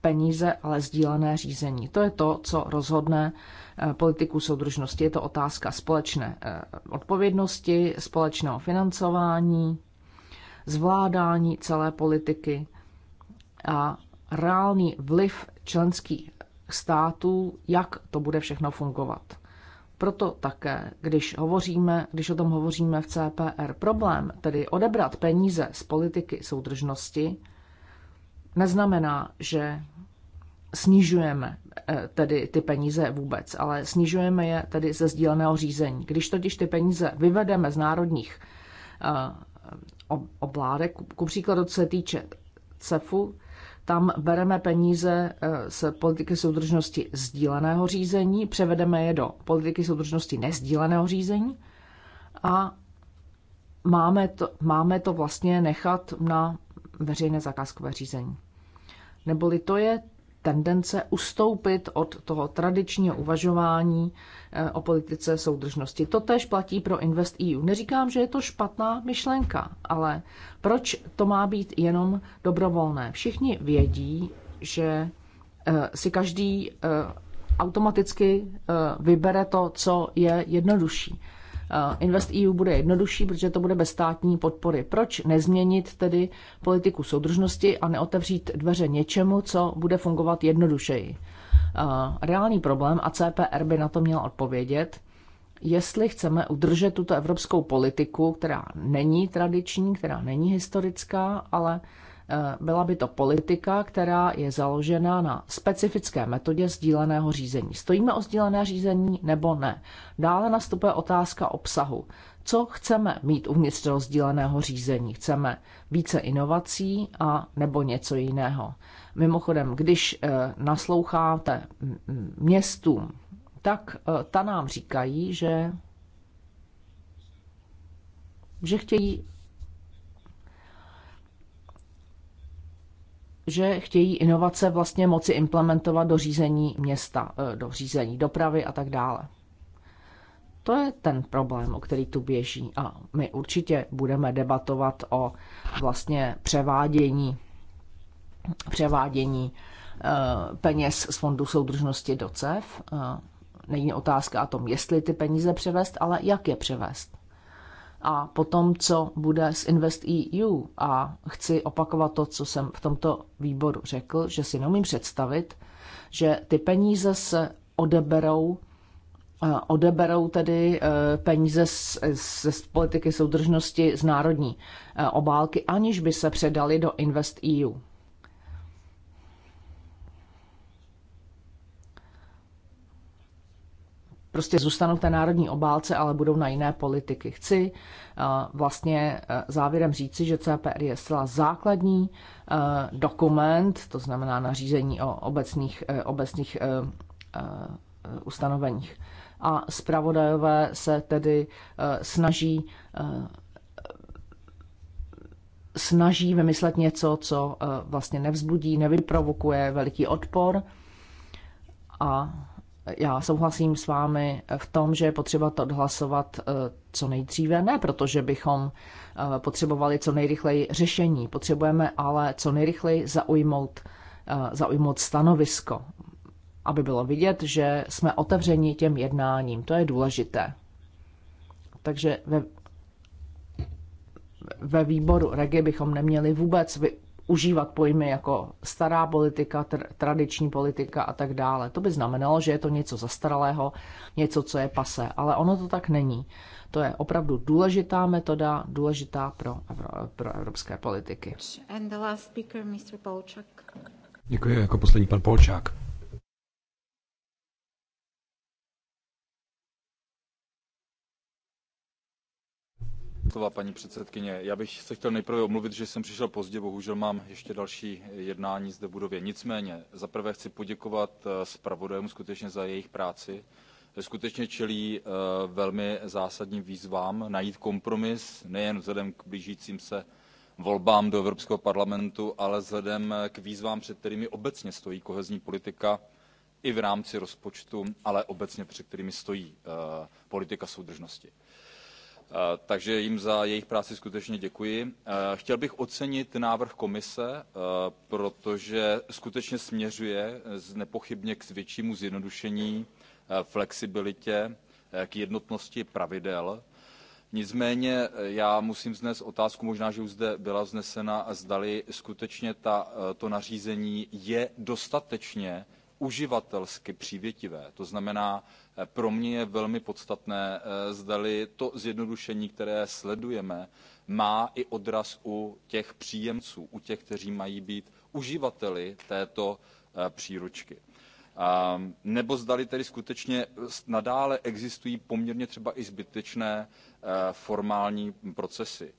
peníze, ale sdílené řízení. To je to, co rozhodne politiku soudržnosti. Je to otázka společné odpovědnosti, společného financování, zvládání celé politiky a reálný vliv členských států, jak to bude všechno fungovat. Proto také, když, hovoříme, když o tom hovoříme v CPR, problém, tedy odebrat peníze z politiky soudržnosti, neznamená, že snižujeme eh, tedy ty peníze vůbec, ale snižujeme je tedy ze sdíleného řízení. Když totiž ty peníze vyvedeme z národních eh, obládek, ku příkladu, co se týče CEFu, tam bereme peníze eh, z politiky soudržnosti sdíleného řízení, převedeme je do politiky soudržnosti nezdíleného řízení a máme to, máme to vlastně nechat na veřejné zakázkové řízení. Neboli to je tendence ustoupit od toho tradičního uvažování eh, o politice soudržnosti. To tež platí pro Invest EU. Neříkám, že je to špatná myšlenka, ale proč to má být jenom dobrovolné? Všichni vědí, že eh, si každý eh, automaticky vybere to, co je jednodušší. EU eh, e bude jednodušší, protože to bude bez státní podpory. Proč nezměnit tedy politiku soudržnosti a neotevřít dveře něčemu, co bude fungovat jednodušeji? Eh, reálný problém, a CPR by na to měl odpovědět, jestli chceme udržet tuto evropskou politiku, která není tradiční, která není historická, ale Eh, byla by to politika, která je založena na specifické metodě sdíleného řízení. Stojíme o sdílené řízení nebo ne? Dále nastupuje otázka obsahu. Co chceme mít uvnitř toho sdíleného řízení? Chceme více inovací a nebo něco jiného? Mimochodem, když eh, nasloucháte městům, tak eh, ta nám říkají, že že chtějí že chtějí inovace vlastně moci implementovat do řízení města, eh, do řízení dopravy a tak dále. To je ten problém, o který tu běží. A my určitě budeme debatovat o vlastně převádění, převádění eh, peněz z Fondu soudržnosti do CEF. Eh, není otázka o tom, jestli ty peníze převést, ale jak je převést a potom, co bude s Invest EU. A chci opakovat to, co jsem v tomto výboru řekl, že si neumím představit, že ty peníze se odeberou eh, odeberou tedy eh, peníze z, z, politiky soudržnosti z národní eh, obálky, aniž by se předali do Invest EU. prostě zůstanou v té národní obálce, ale budou na jiné politiky. Chci eh, vlastně eh, závěrem říci, že CPR je zcela základní eh, dokument, to znamená nařízení o obecných, obecných ustanoveních. A zpravodajové se tedy snaží snaží vymyslet něco, co vlastně nevzbudí, nevyprovokuje veliký odpor a já souhlasím s vámi v tom, že je potřeba to odhlasovat eh, co nejdříve, ne protože bychom eh, potřebovali co nejrychleji řešení, potřebujeme ale co nejrychleji zaujmout, eh, zaujmout stanovisko, aby bylo vidět, že jsme otevřeni těm jednáním. To je důležité. Takže ve, ve výboru regi bychom neměli vůbec vy, užívat pojmy jako stará politika, tr- tradiční politika a tak dále. To by znamenalo, že je to něco zastaralého, něco, co je pase, ale ono to tak není. To je opravdu důležitá metoda, důležitá pro, evro- pro evropské politiky. And the last speaker, Mr. Děkuji, jako poslední pan Polčák. paní předsedající já bych se chtěl nejprve omluvit že jsem přišel pozdě bohužel mám ještě další jednání zde v budově. nicméně za prvé chci poděkovat eh, zpravodajům za jejich práci skutečně čelí eh, velmi zásadním výzvám najít kompromis nejen vzhledem k blížícím se volbám do evropského parlamentu ale vzhledem eh, k výzvám před kterými obecně stojí kohezní politika i v rámci rozpočtu ale obecně před kterými stojí politika soudržnosti. Eh, takže jim za jejich práci skutečně děkuji. Eh, chtěl bych ocenit návrh komise eh, protože skutečně směřuje nepochybně k většímu zjednodušení flexibilitě k jednotnosti pravidel nicméně já musím vznést otázku možná že už zde byla vznesena zdali skutečně to nařízení je dostatečně uživatelsky přívětivé to znamená pro mě je velmi podstatné eh, zdali to zjednodušení které sledujeme má i odraz u těch příjemců u těch kteří mají být uživateli této eh, příručky ehm, nebo zdali tedy skutečně nadále existují poměrně třeba i zbytečné eh, formální procesy.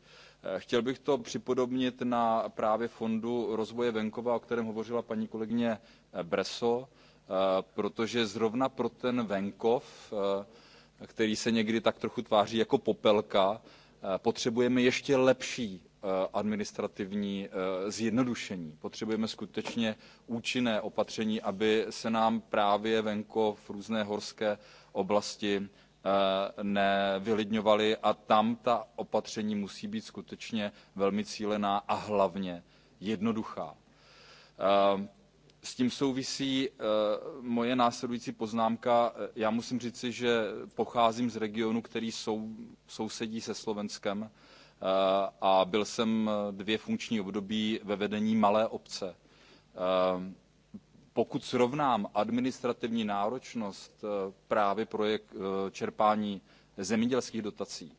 chtěl bych to připodobnit na právě fondu rozvoje venkova o kterém hovořila paní kolegyně Bresso. Eh, protože zrovna pro ten venkov eh, který se někdy tak trochu tváří jako popelka eh, potřebujeme ještě lepší administrativní zjednodušení potřebujeme skutečně účinné opatření aby se nám právě venkov různé horské oblasti nevylidňovaly a tam ta opatření musí být skutečně velmi cílená a hlavně jednoduchá s tím souvisí eh, moje následující poznámka eh, já musím říci že pocházím z regionu který sousedí se slovenskem eh, a byl jsem dvě funkční období ve vedení malé obce. pokud srovnám administrativní náročnost právě projekt čerpání zemědělských dotací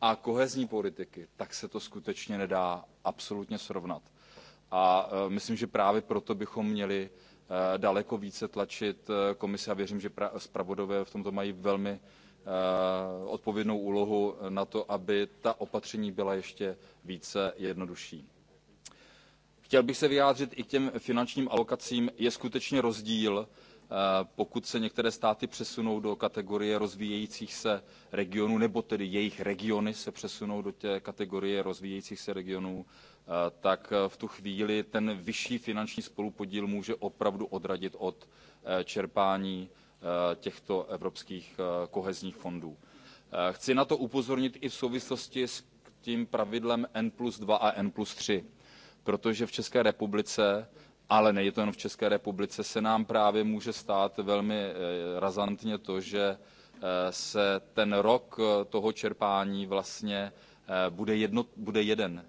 a kohezní politiky tak se to skutečně nedá absolutně srovnat a eh, myslím že právě proto bychom měli eh, daleko více tlačit eh, komisi a věřím že zpravodajové v tomto mají velmi odpovědnou úlohu na to aby ta opatření byla ještě více jednodušší. chtěl bych se vyjádřit i k těm finančním alokacím. je skutečně rozdíl pokud se některé státy přesunou do kategorie rozvíjejících se regionů nebo tedy jejich regiony se přesunou do té kategorie rozvíjejících se regionů Eh, tak eh, v tu chvíli ten vyšší finanční spolupodíl může opravdu odradit od eh, čerpání těchto evropských kohezních fondů. chci na to upozornit i v souvislosti s tím pravidlem n two a n three protože v české republice ale nejde to jen v české republice se nám právě může stát velmi razantně to že se ten rok toho čerpání vlastně Eh, bude, jedno, bude jeden.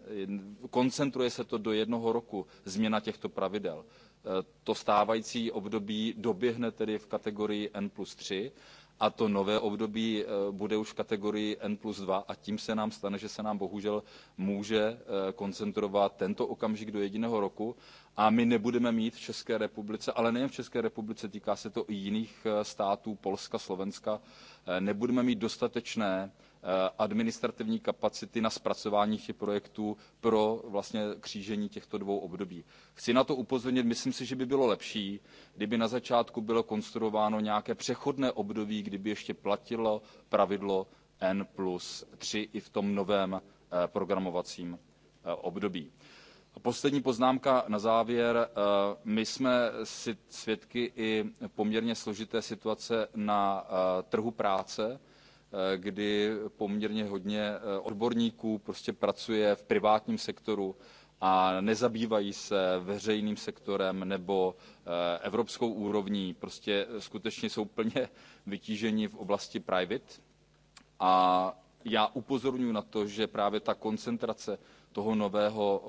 koncentruje se to do jednoho roku změna těchto pravidel. Eh, to stávající období doběhne tedy v kategorii n three a to nové období eh, bude už v kategorii n two a tím se nám stane že se nám bohužel může koncentrovat tento okamžik do jediného roku a my nebudeme mít v české republice ale nejen v české republice týká se to i jiných států polska slovenska nebudeme mít dostatečné Eh, administrativní kapacity na zpracování těch projektů pro vlastně křížení těchto dvou období. chci na to upozornit myslím si že by bylo lepší kdyby na začátku bylo konstruováno nějaké přechodné období kdy by ještě platilo pravidlo n three i v tom novém eh, programovacím eh, období. poslední poznámka na závěr my jsme svědky i poměrně složité situace na trhu práce Eh, kdy poměrně hodně eh, odborníků prostě pracuje v privátním sektoru a nezabývají se veřejným sektorem nebo eh, evropskou úrovní prostě skutečně jsou plně vytíženi v oblasti private a já upozorňuji na to že právě ta koncentrace toho nového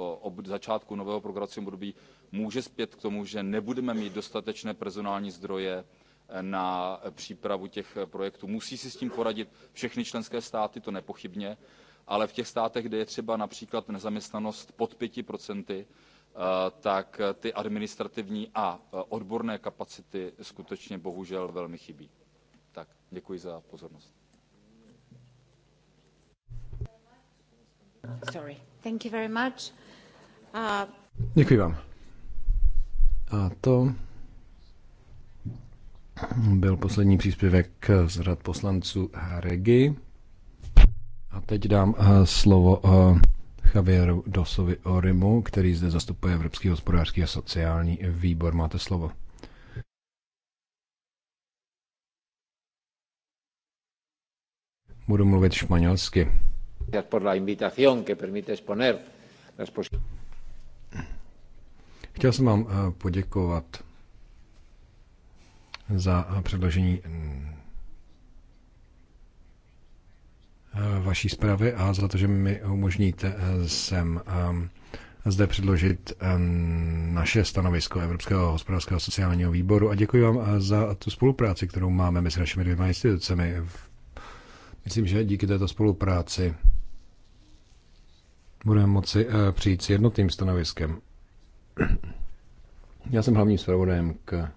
začátku nového programovacího období může spět k tomu že nebudeme mít dostatečné personální zdroje na přípravu těch projektů. musí si s tím poradit všechny členské státy to nepochybně ale v těch státech kde je třeba například nezaměstnanost pod five eh, tak ty administrativní a eh, odborné kapacity skutečně bohužel velmi chybí. Tak, děkuji za pozornost. Sorry. Thank you very much. Uh... Děkuji vám. A to byl poslední příspěvek z rad poslanců Regi. A teď dám eh, slovo eh, Javieru Dosovi Orimu, který zde zastupuje Evropský hospodářský a sociální výbor. Máte slovo. Budu mluvit španělsky. Chtěl jsem vám eh, poděkovat za předložení mm, eh, vaší zprávy a za to, že mi umožníte eh, sem ehm, zde předložit ehm, naše stanovisko Evropského hospodářského sociálního výboru a děkuji vám eh, za tu spolupráci, kterou máme mezi našimi dvěma institucemi. Myslím, že díky této spolupráci budeme moci přijít s jednotným stanoviskem. Já jsem hlavním zpravodajem k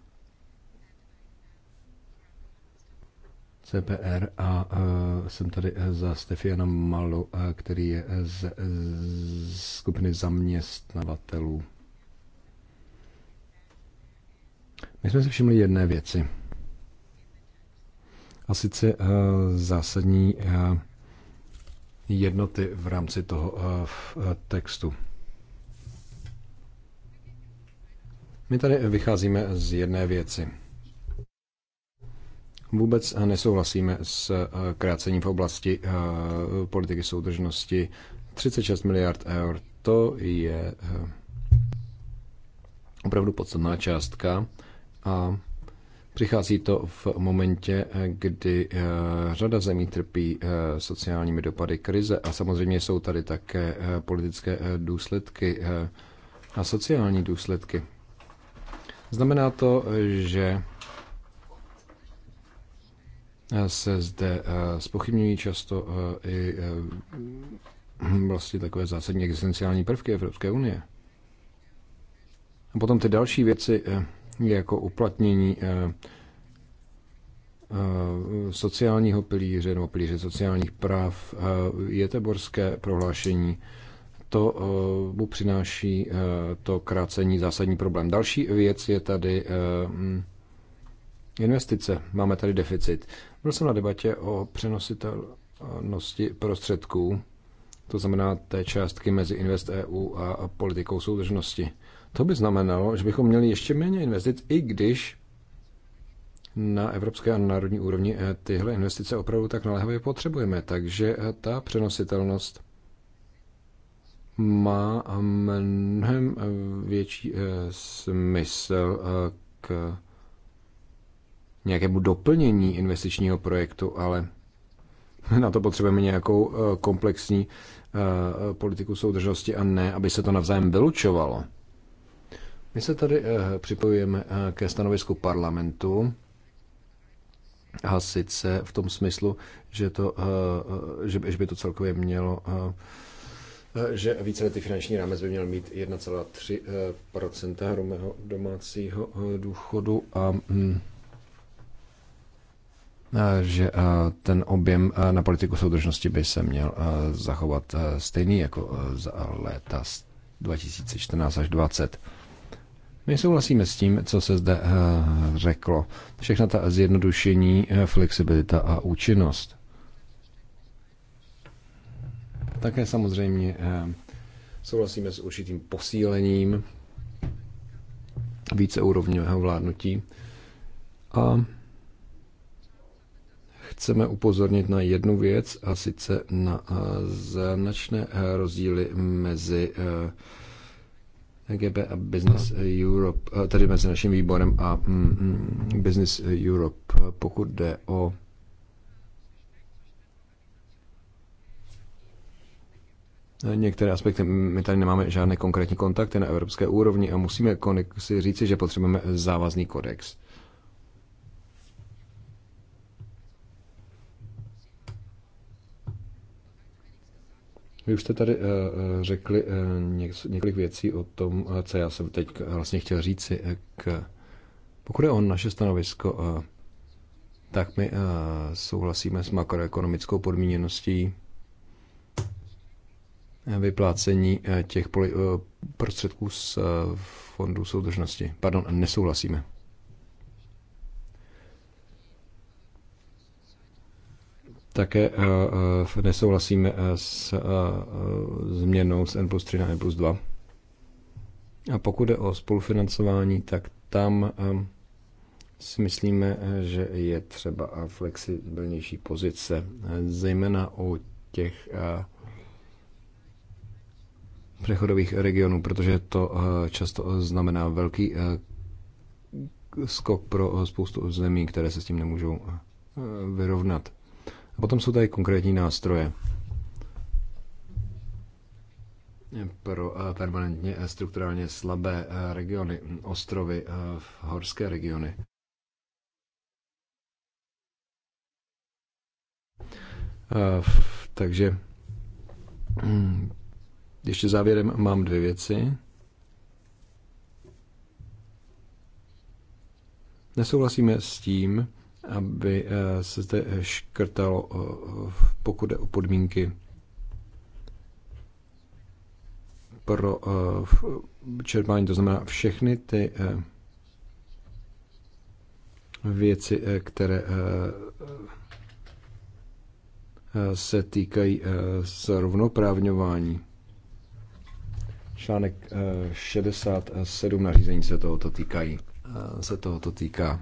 CPR a e, jsem tady e, za Stefiana Malu, e, který je z, z skupiny zaměstnavatelů. My jsme si všimli jedné věci. A sice zásadní jednoty v rámci toho v textu. My tady vycházíme z jedné věci – Vůbec nesouhlasíme s eh, krácením v oblasti eh, politiky soudržnosti. 36 miliard eur, to je eh, opravdu podstatná částka a Přichází to v momentě, kdy řada zemí trpí sociálními dopady krize a samozřejmě jsou tady také politické důsledky a sociální důsledky. Znamená to, že Eh, se zde eh, spochybňují často eh, i hm, vlastně takové zásadní existenciální prvky Evropské unie. A potom ty další věci, jako uplatnění sociálního pilíře nebo pilíře sociálních práv, jeteborské prohlášení, to mu přináší to krácení zásadní problém. Další věc je tady hm, investice. Máme tady deficit. Byl jsem na debatě o přenositelnosti prostředků, to znamená té částky mezi Invest EU a politikou soudržnosti. To by znamenalo, že bychom měli ještě méně investic, i když na evropské a národní úrovni eh, tyhle investice opravdu tak naléhavě potřebujeme. Takže eh, ta přenositelnost má mnohem eh, větší smysl k nějakému doplnění investičního projektu, ale na to potřebujeme nějakou eh, komplexní eh, politiku soudržnosti a ne, aby se to navzájem vylučovalo. My se tady eh, připojujeme ke stanovisku parlamentu a sice v tom smyslu, že, to, že by to celkově mělo že víceletý finanční rámec by měl mít 1,3 hrubého domácího důchodu a mm, Eh, že eh, ten objem eh, na politiku soudržnosti by se měl zachovat stejný jako za léta 2014 až 2020. My souhlasíme s tím, co se zde řeklo. Všechna ta zjednodušení, flexibilita a účinnost. Také samozřejmě souhlasíme s určitým posílením více úrovňového vládnutí. A chceme upozornit na jednu věc, a sice na eh, značné eh, rozdíly mezi EGB eh, a Business Europe, tedy mezi naším výborem a mm, mm, Business Europe, pokud jde o některé aspekty. My tady nemáme žádné konkrétní kontakty na evropské úrovni a musíme si říci, že potřebujeme závazný kodex. Vy už jste tady eh, eh, řekli eh, několik věcí o tom, co já jsem teď vlastně chtěl říci. K, pokud je on naše stanovisko, tak my souhlasíme s makroekonomickou podmíněností vyplácení těch prostředků z fondu soudržnosti. Pardon, nesouhlasíme. Také eh, eh, nesouhlasíme eh, s změnou z N plus 3 na N plus 2. A pokud jde o spolufinancování, tak tam ehm, si myslíme, že je třeba flexibilnější pozice, zejména u těch přechodových regionů, protože to často znamená velký skok pro spoustu zemí, které se s tím nemůžou vyrovnat. A potom jsou tady konkrétní nástroje pro eh, permanentně eh, strukturálně slabé eh, regiony, ostrovy, horské regiony. Takže hm, ještě závěrem mám dvě věci. Nesouhlasíme s tím, aby eh, se zde eh, škrtalo, eh, pokud jde o podmínky pro čerpání, to znamená všechny ty věci, které se týkají zrovnoprávňování. Článek 67 nařízení se tohoto týkají. Se tohoto týká.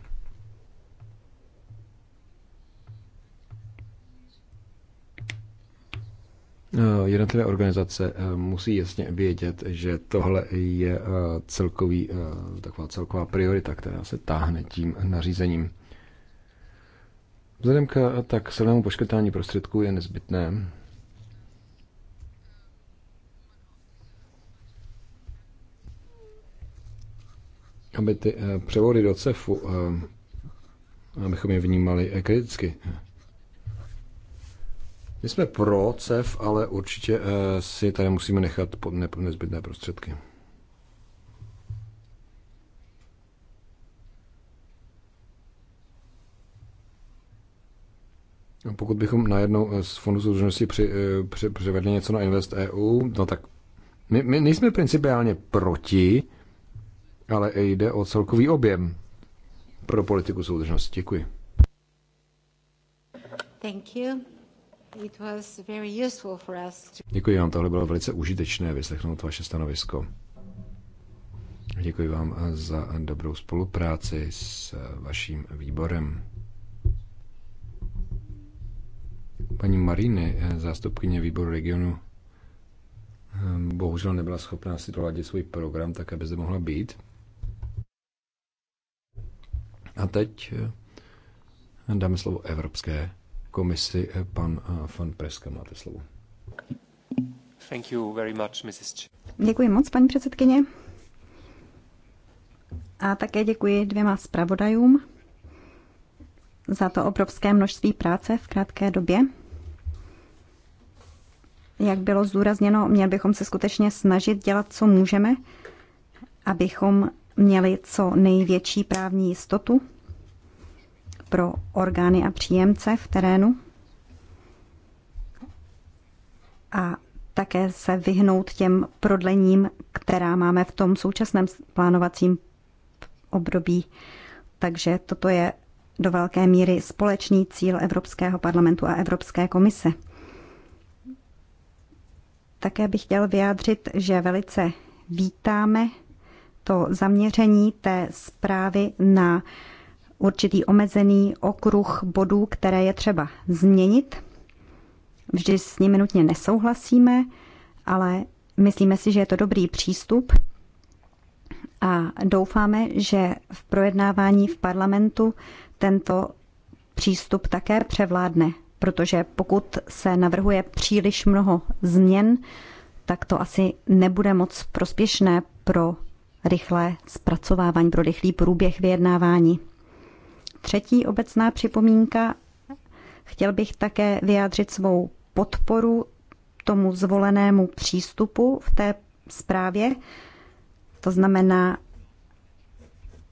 Eh, jednotlivé organizace eh, musí jasně vědět, že tohle je eh, celkový, taková celková priorita, která se táhne tím nařízením. Vzhledem k tak silnému poškrtání prostředků je nezbytné, aby ty převody do CEFu, abychom je vnímali kriticky, my jsme pro CEF, ale určitě eh, si tady musíme nechat nezbytné prostředky. Pokud bychom najednou eh, z Fondu soudržnosti při, eh, při, přivedli něco na Invest EU, no tak my, my nejsme principiálně proti, ale jde o celkový objem pro politiku soudržnosti. Děkuji. Thank you. Děkuji vám, tohle bylo velice užitečné vyslechnout vaše stanovisko. Děkuji vám za dobrou spolupráci s vaším výborem. Paní Maríny, zástupkyně výboru regionu, bohužel nebyla schopná si doladit svůj program tak, aby zde mohla být. A teď eh, dáme slovo Evropské komisi. Eh, pan eh, van Preska, máte slovo. Thank you very much, Mrs. Děkuji moc, paní předsedkyně. A také děkuji dvěma zpravodajům za to obrovské množství práce v krátké době. Jak bylo zdůrazněno, měli bychom se skutečně snažit dělat, co můžeme, abychom měli co největší právní jistotu pro orgány a příjemce v terénu a také se vyhnout těm prodlením, která máme v tom současném plánovacím období. Takže toto je do velké míry společný cíl Evropského parlamentu a Evropské komise. Také bych chtěl vyjádřit, že velice vítáme to zaměření té zprávy na určitý omezený okruh bodů, které je třeba změnit. Vždy s nimi nutně nesouhlasíme, ale myslíme si, že je to dobrý přístup a doufáme, že v projednávání v parlamentu tento přístup také převládne, protože pokud se navrhuje příliš mnoho změn, tak to asi nebude moc prospěšné pro rychlé zpracovávání, pro rychlý průběh vyjednávání třetí obecná připomínka. Chtěl bych také vyjádřit svou podporu tomu zvolenému přístupu v té zprávě. To znamená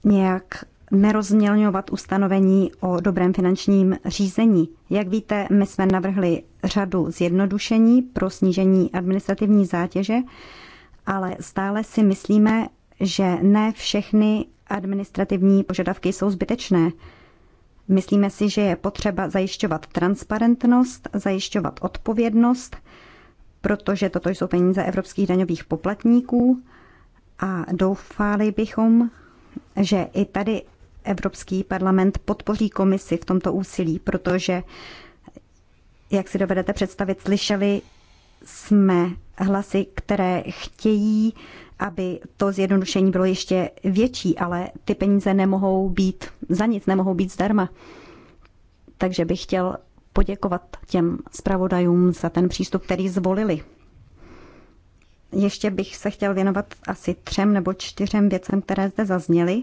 nějak nerozmělňovat ustanovení o dobrém finančním řízení. Jak víte, my jsme navrhli řadu zjednodušení pro snížení administrativní zátěže, ale stále si myslíme, že ne všechny administrativní požadavky jsou zbytečné. Myslíme si, že je potřeba zajišťovat transparentnost, zajišťovat odpovědnost, protože toto jsou peníze evropských daňových poplatníků a doufali bychom, že i tady Evropský parlament podpoří komisi v tomto úsilí, protože, jak si dovedete představit, slyšeli jsme hlasy, které chtějí aby to zjednodušení bylo ještě větší, ale ty peníze nemohou být za nic, nemohou být zdarma. Takže bych chtěl poděkovat těm zpravodajům za ten přístup, který zvolili. Ještě bych se chtěl věnovat asi třem nebo čtyřem věcem, které zde zazněly.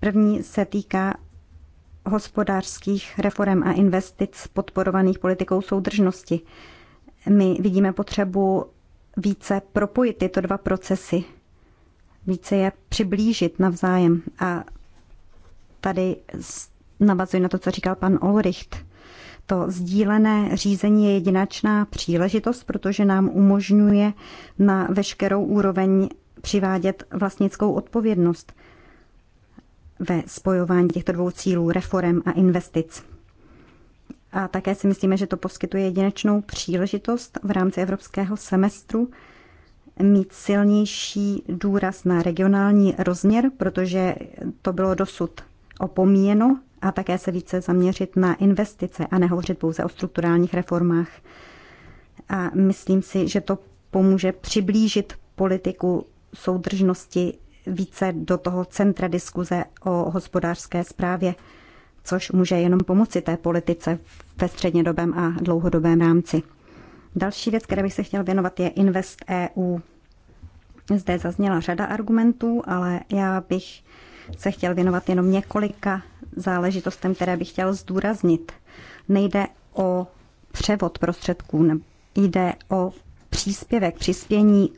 První se týká hospodářských reform a investic podporovaných politikou soudržnosti. My vidíme potřebu více propojit tyto dva procesy, více je přiblížit navzájem. A tady navazuji na to, co říkal pan Olricht. To sdílené řízení je jedinačná příležitost, protože nám umožňuje na veškerou úroveň přivádět vlastnickou odpovědnost ve spojování těchto dvou cílů reform a investic. A také si myslíme, že to poskytuje jedinečnou příležitost v rámci evropského semestru mít silnější důraz na regionální rozměr, protože to bylo dosud opomíjeno a také se více zaměřit na investice a nehovořit pouze o strukturálních reformách. A myslím si, že to pomůže přiblížit politiku soudržnosti více do toho centra diskuze o hospodářské správě což může jenom pomoci té politice ve střednědobém a dlouhodobém rámci. Další věc, které bych se chtěl věnovat, je Invest EU. Zde zazněla řada argumentů, ale já bych se chtěl věnovat jenom několika záležitostem, které bych chtěl zdůraznit. Nejde o převod prostředků, jde o příspěvek, přispění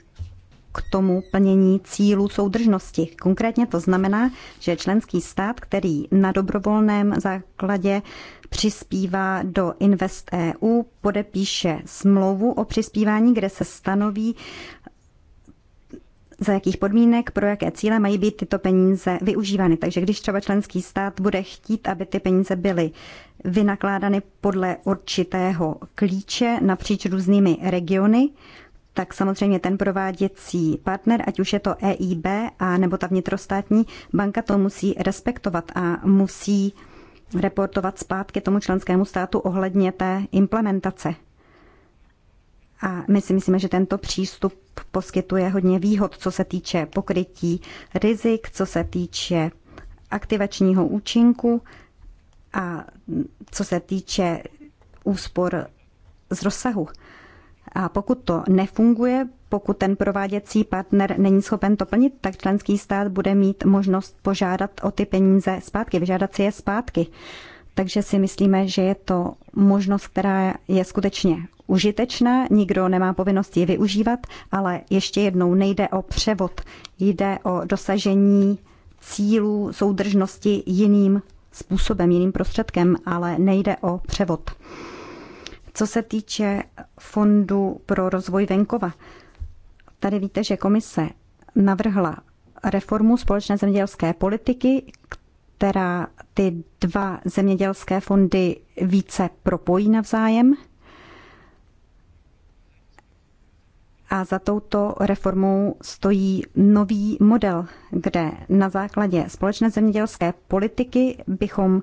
k tomu plnění cílů soudržnosti. Konkrétně to znamená, že členský stát, který na dobrovolném základě přispívá do Invest EU, podepíše smlouvu o přispívání, kde se stanoví za jakých podmínek, pro jaké cíle mají být tyto peníze využívány. Takže když třeba členský stát bude chtít, aby ty peníze byly vynakládány podle určitého klíče napříč různými regiony, tak samozřejmě ten prováděcí partner, ať už je to EIB a nebo ta vnitrostátní banka, to musí respektovat a musí reportovat zpátky tomu členskému státu ohledně té implementace. A my si myslíme, že tento přístup poskytuje hodně výhod, co se týče pokrytí rizik, co se týče aktivačního účinku a co se týče úspor z rozsahu. A pokud to nefunguje, pokud ten prováděcí partner není schopen to plnit, tak členský stát bude mít možnost požádat o ty peníze zpátky, vyžádat si je zpátky. Takže si myslíme, že je to možnost, která je skutečně užitečná, nikdo nemá povinnost ji využívat, ale ještě jednou nejde o převod, jde o dosažení cílů soudržnosti jiným způsobem, jiným prostředkem, ale nejde o převod. Co se týče Fondu pro rozvoj venkova, tady víte, že komise navrhla reformu společné zemědělské politiky, která ty dva zemědělské fondy více propojí navzájem. A za touto reformou stojí nový model, kde na základě společné zemědělské politiky bychom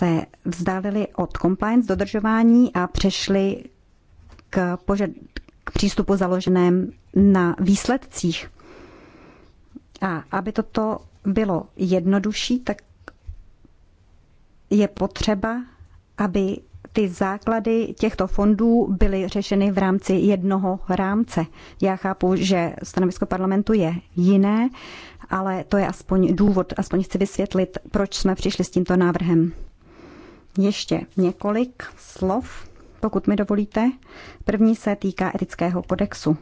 se vzdálili od compliance dodržování a přešli k, požad, k přístupu založeném na výsledcích. A aby toto bylo jednodušší, tak je potřeba, aby ty základy těchto fondů byly řešeny v rámci jednoho rámce. Já chápu, že stanovisko parlamentu je jiné, ale to je aspoň důvod, aspoň chci vysvětlit, proč jsme přišli s tímto návrhem. Ještě několik slov, pokud mi dovolíte. První se týká etického kodexu.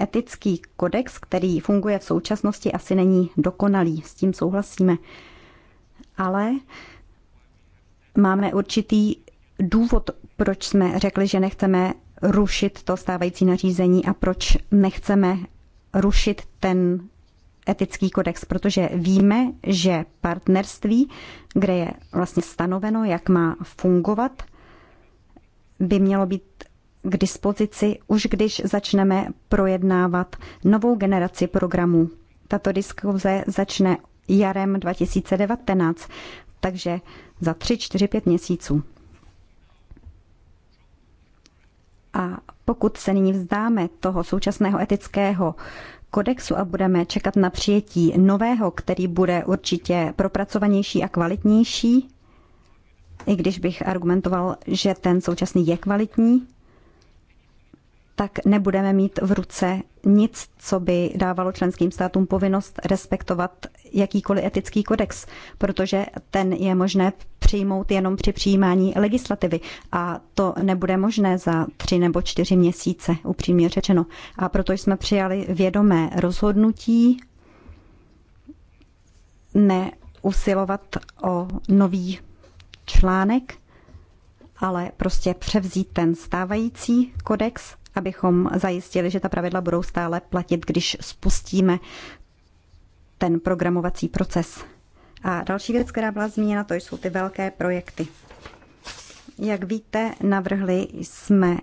Etický kodex, který funguje v současnosti, asi není dokonalý, s tím souhlasíme. Ale máme určitý důvod, proč jsme řekli, že nechceme rušit to stávající nařízení a proč nechceme rušit ten etický kodex, protože víme, že partnerství, kde je vlastně stanoveno, jak má fungovat, by mělo být k dispozici, už když začneme projednávat novou generaci programů. Tato diskuze začne jarem 2019, takže za 3, 4, 5 měsíců. A pokud se nyní vzdáme toho současného etického kodexu a budeme čekat na přijetí nového, který bude určitě propracovanější a kvalitnější, i když bych argumentoval, že ten současný je kvalitní, tak nebudeme mít v ruce nic, co by dávalo členským státům povinnost respektovat jakýkoliv etický kodex, protože ten je možné přijmout jenom při přijímání legislativy a to nebude možné za tři nebo čtyři měsíce, upřímně řečeno. A proto jsme přijali vědomé rozhodnutí neusilovat o nový článek, ale prostě převzít ten stávající kodex, abychom zajistili, že ta pravidla budou stále platit, když spustíme ten programovací proces. A další věc, která byla zmíněna, to jsou ty velké projekty. Jak víte, navrhli jsme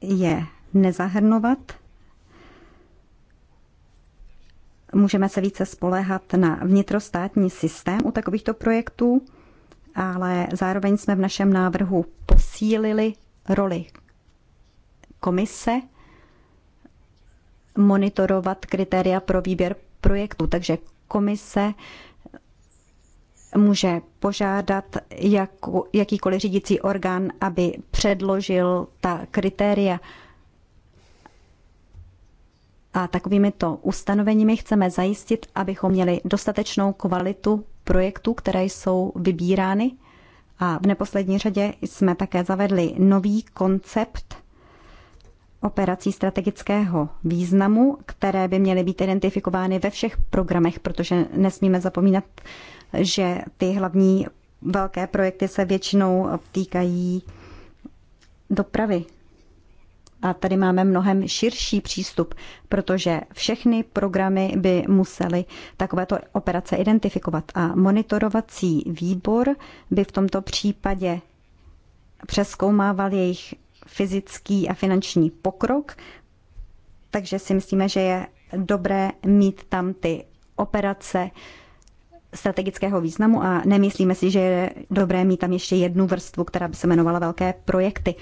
je nezahrnovat. Můžeme se více spoléhat na vnitrostátní systém u takovýchto projektů, ale zároveň jsme v našem návrhu posílili roli komise monitorovat kritéria pro výběr projektu. Takže komise může požádat jak, jakýkoliv řídící orgán, aby předložil ta kritéria. A takovými to ustanoveními chceme zajistit, abychom měli dostatečnou kvalitu projektů, které jsou vybírány. A v neposlední řadě jsme také zavedli nový koncept operací strategického významu, které by měly být identifikovány ve všech programech, protože nesmíme zapomínat, že ty hlavní velké projekty se většinou týkají dopravy. A tady máme mnohem širší přístup, protože všechny programy by musely takovéto operace identifikovat. A monitorovací výbor by v tomto případě přeskoumával jejich fyzický a finanční pokrok, takže si myslíme, že je dobré mít tam ty operace strategického významu a nemyslíme si, že je dobré mít tam ještě jednu vrstvu, která by se jmenovala velké projekty.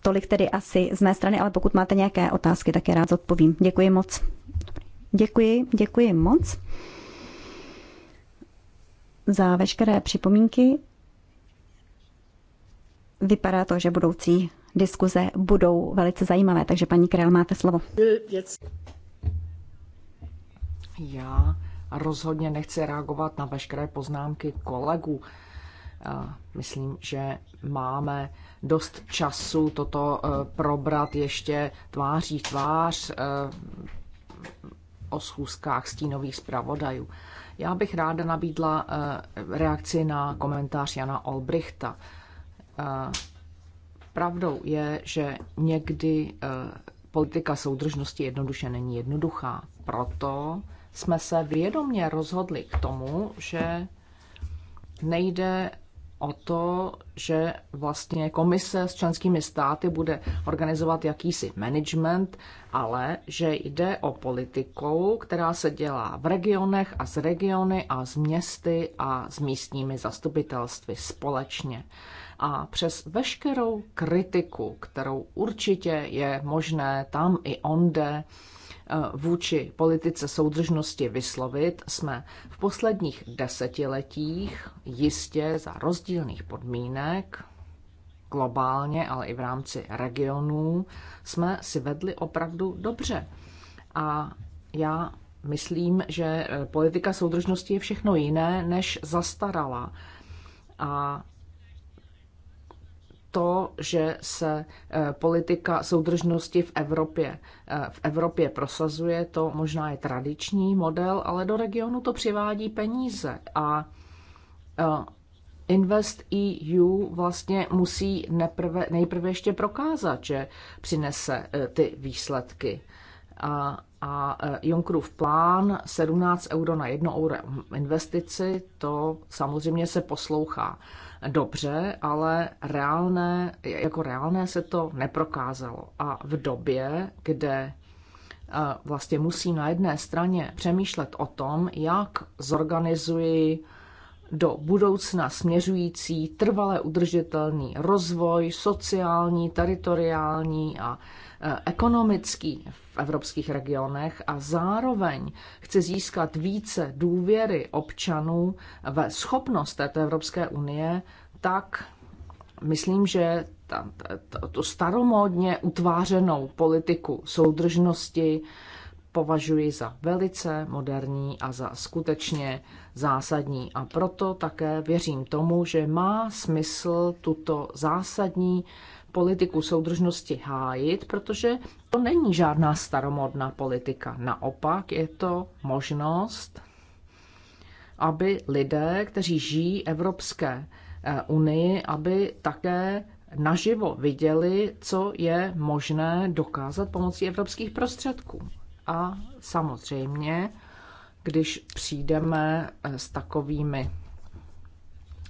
Tolik tedy asi z mé strany, ale pokud máte nějaké otázky, tak je rád odpovím. Děkuji moc. Děkuji, děkuji moc za veškeré připomínky. Vypadá to, že budoucí diskuze budou velice zajímavé. Takže paní Král, máte slovo. Já rozhodně nechci reagovat na veškeré poznámky kolegů. Myslím, že máme dost času toto e, probrat ještě tváří v tvář e, o schůzkách stínových zpravodajů. Já bych ráda nabídla e, reakci na komentář Jana Olbrichta. Pravdou je, že někdy eh, politika soudržnosti jednoduše není jednoduchá. Proto jsme se vědomě rozhodli k tomu, že nejde o to, že vlastně komise s členskými státy bude organizovat jakýsi management, ale že jde o politiku, která se dělá v regionech a z regiony a z městy a s místními zastupitelstvy společně. A přes veškerou kritiku, kterou určitě je možné tam i onde eh, vůči politice soudržnosti vyslovit, jsme v posledních desetiletích jistě za rozdílných podmínek globálně, ale i v rámci regionů, jsme si vedli opravdu dobře. A já myslím, že eh, politika soudržnosti je všechno jiné než zastarala. A to, že se eh, politika soudržnosti v Evropě, eh, v Evropě prosazuje. To možná je tradiční model, ale do regionu to přivádí peníze a eh, Invest EU vlastně musí neprve, nejprve ještě prokázat, že přinese ty výsledky. A, a Junckerův plán 17 euro na 1 euro investici, to samozřejmě se poslouchá dobře, ale reálné, jako reálné se to neprokázalo. A v době, kde eh, vlastně musí na jedné straně přemýšlet o tom, jak zorganizuji do budoucna směřující trvale udržitelný rozvoj sociální, teritoriální a eh, ekonomický v v evropských regionech a zároveň chce získat více důvěry občanů ve schopnost této Evropské unie, tak myslím, že tu staromódně utvářenou politiku soudržnosti považuji za velice moderní a za skutečně zásadní. A proto také věřím tomu, že má smysl tuto zásadní politiku soudržnosti hájit, protože to není žádná staromodná politika. Naopak je to možnost, aby lidé, kteří žijí Evropské eh, unii, aby také naživo viděli, co je možné dokázat pomocí evropských prostředků. A samozřejmě, když přijdeme eh, s takovými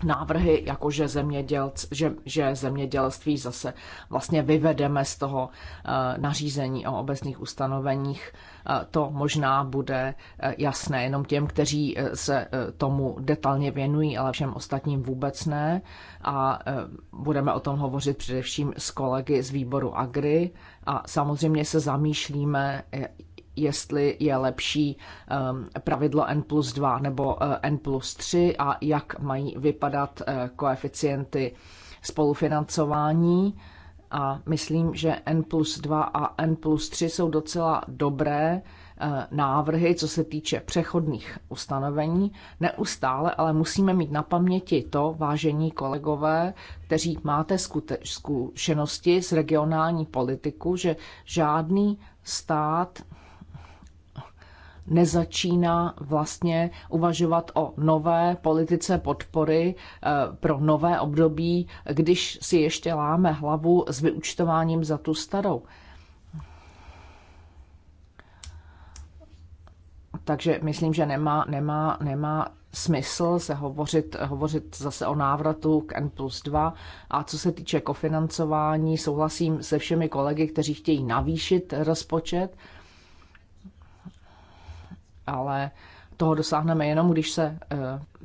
návrhy, jako že, zemědělc, že, že zemědělství zase vlastně vyvedeme z toho eh, nařízení o obecných ustanoveních. Eh, to možná bude eh, jasné jenom těm, kteří se tomu detailně věnují, ale všem ostatním vůbec ne. A budeme o tom hovořit především s kolegy z výboru Agri a samozřejmě se zamýšlíme, jestli je lepší ehm, pravidlo N plus 2 nebo eh, N plus 3 a jak mají vypadat eh, koeficienty spolufinancování. A myslím, že N plus 2 a N plus 3 jsou docela dobré eh, návrhy, co se týče přechodných ustanovení. Neustále, ale musíme mít na paměti to, vážení kolegové, kteří máte zkušenosti s regionální politiku, že žádný stát nezačíná vlastně uvažovat o nové politice podpory eh, pro nové období, když si ještě láme hlavu s vyučtováním za tu starou. Takže myslím, že nemá, nemá, nemá smysl se hovořit, hovořit zase o návratu k N plus 2. A co se týče kofinancování, souhlasím se všemi kolegy, kteří chtějí navýšit rozpočet ale toho dosáhneme jenom, když se eh,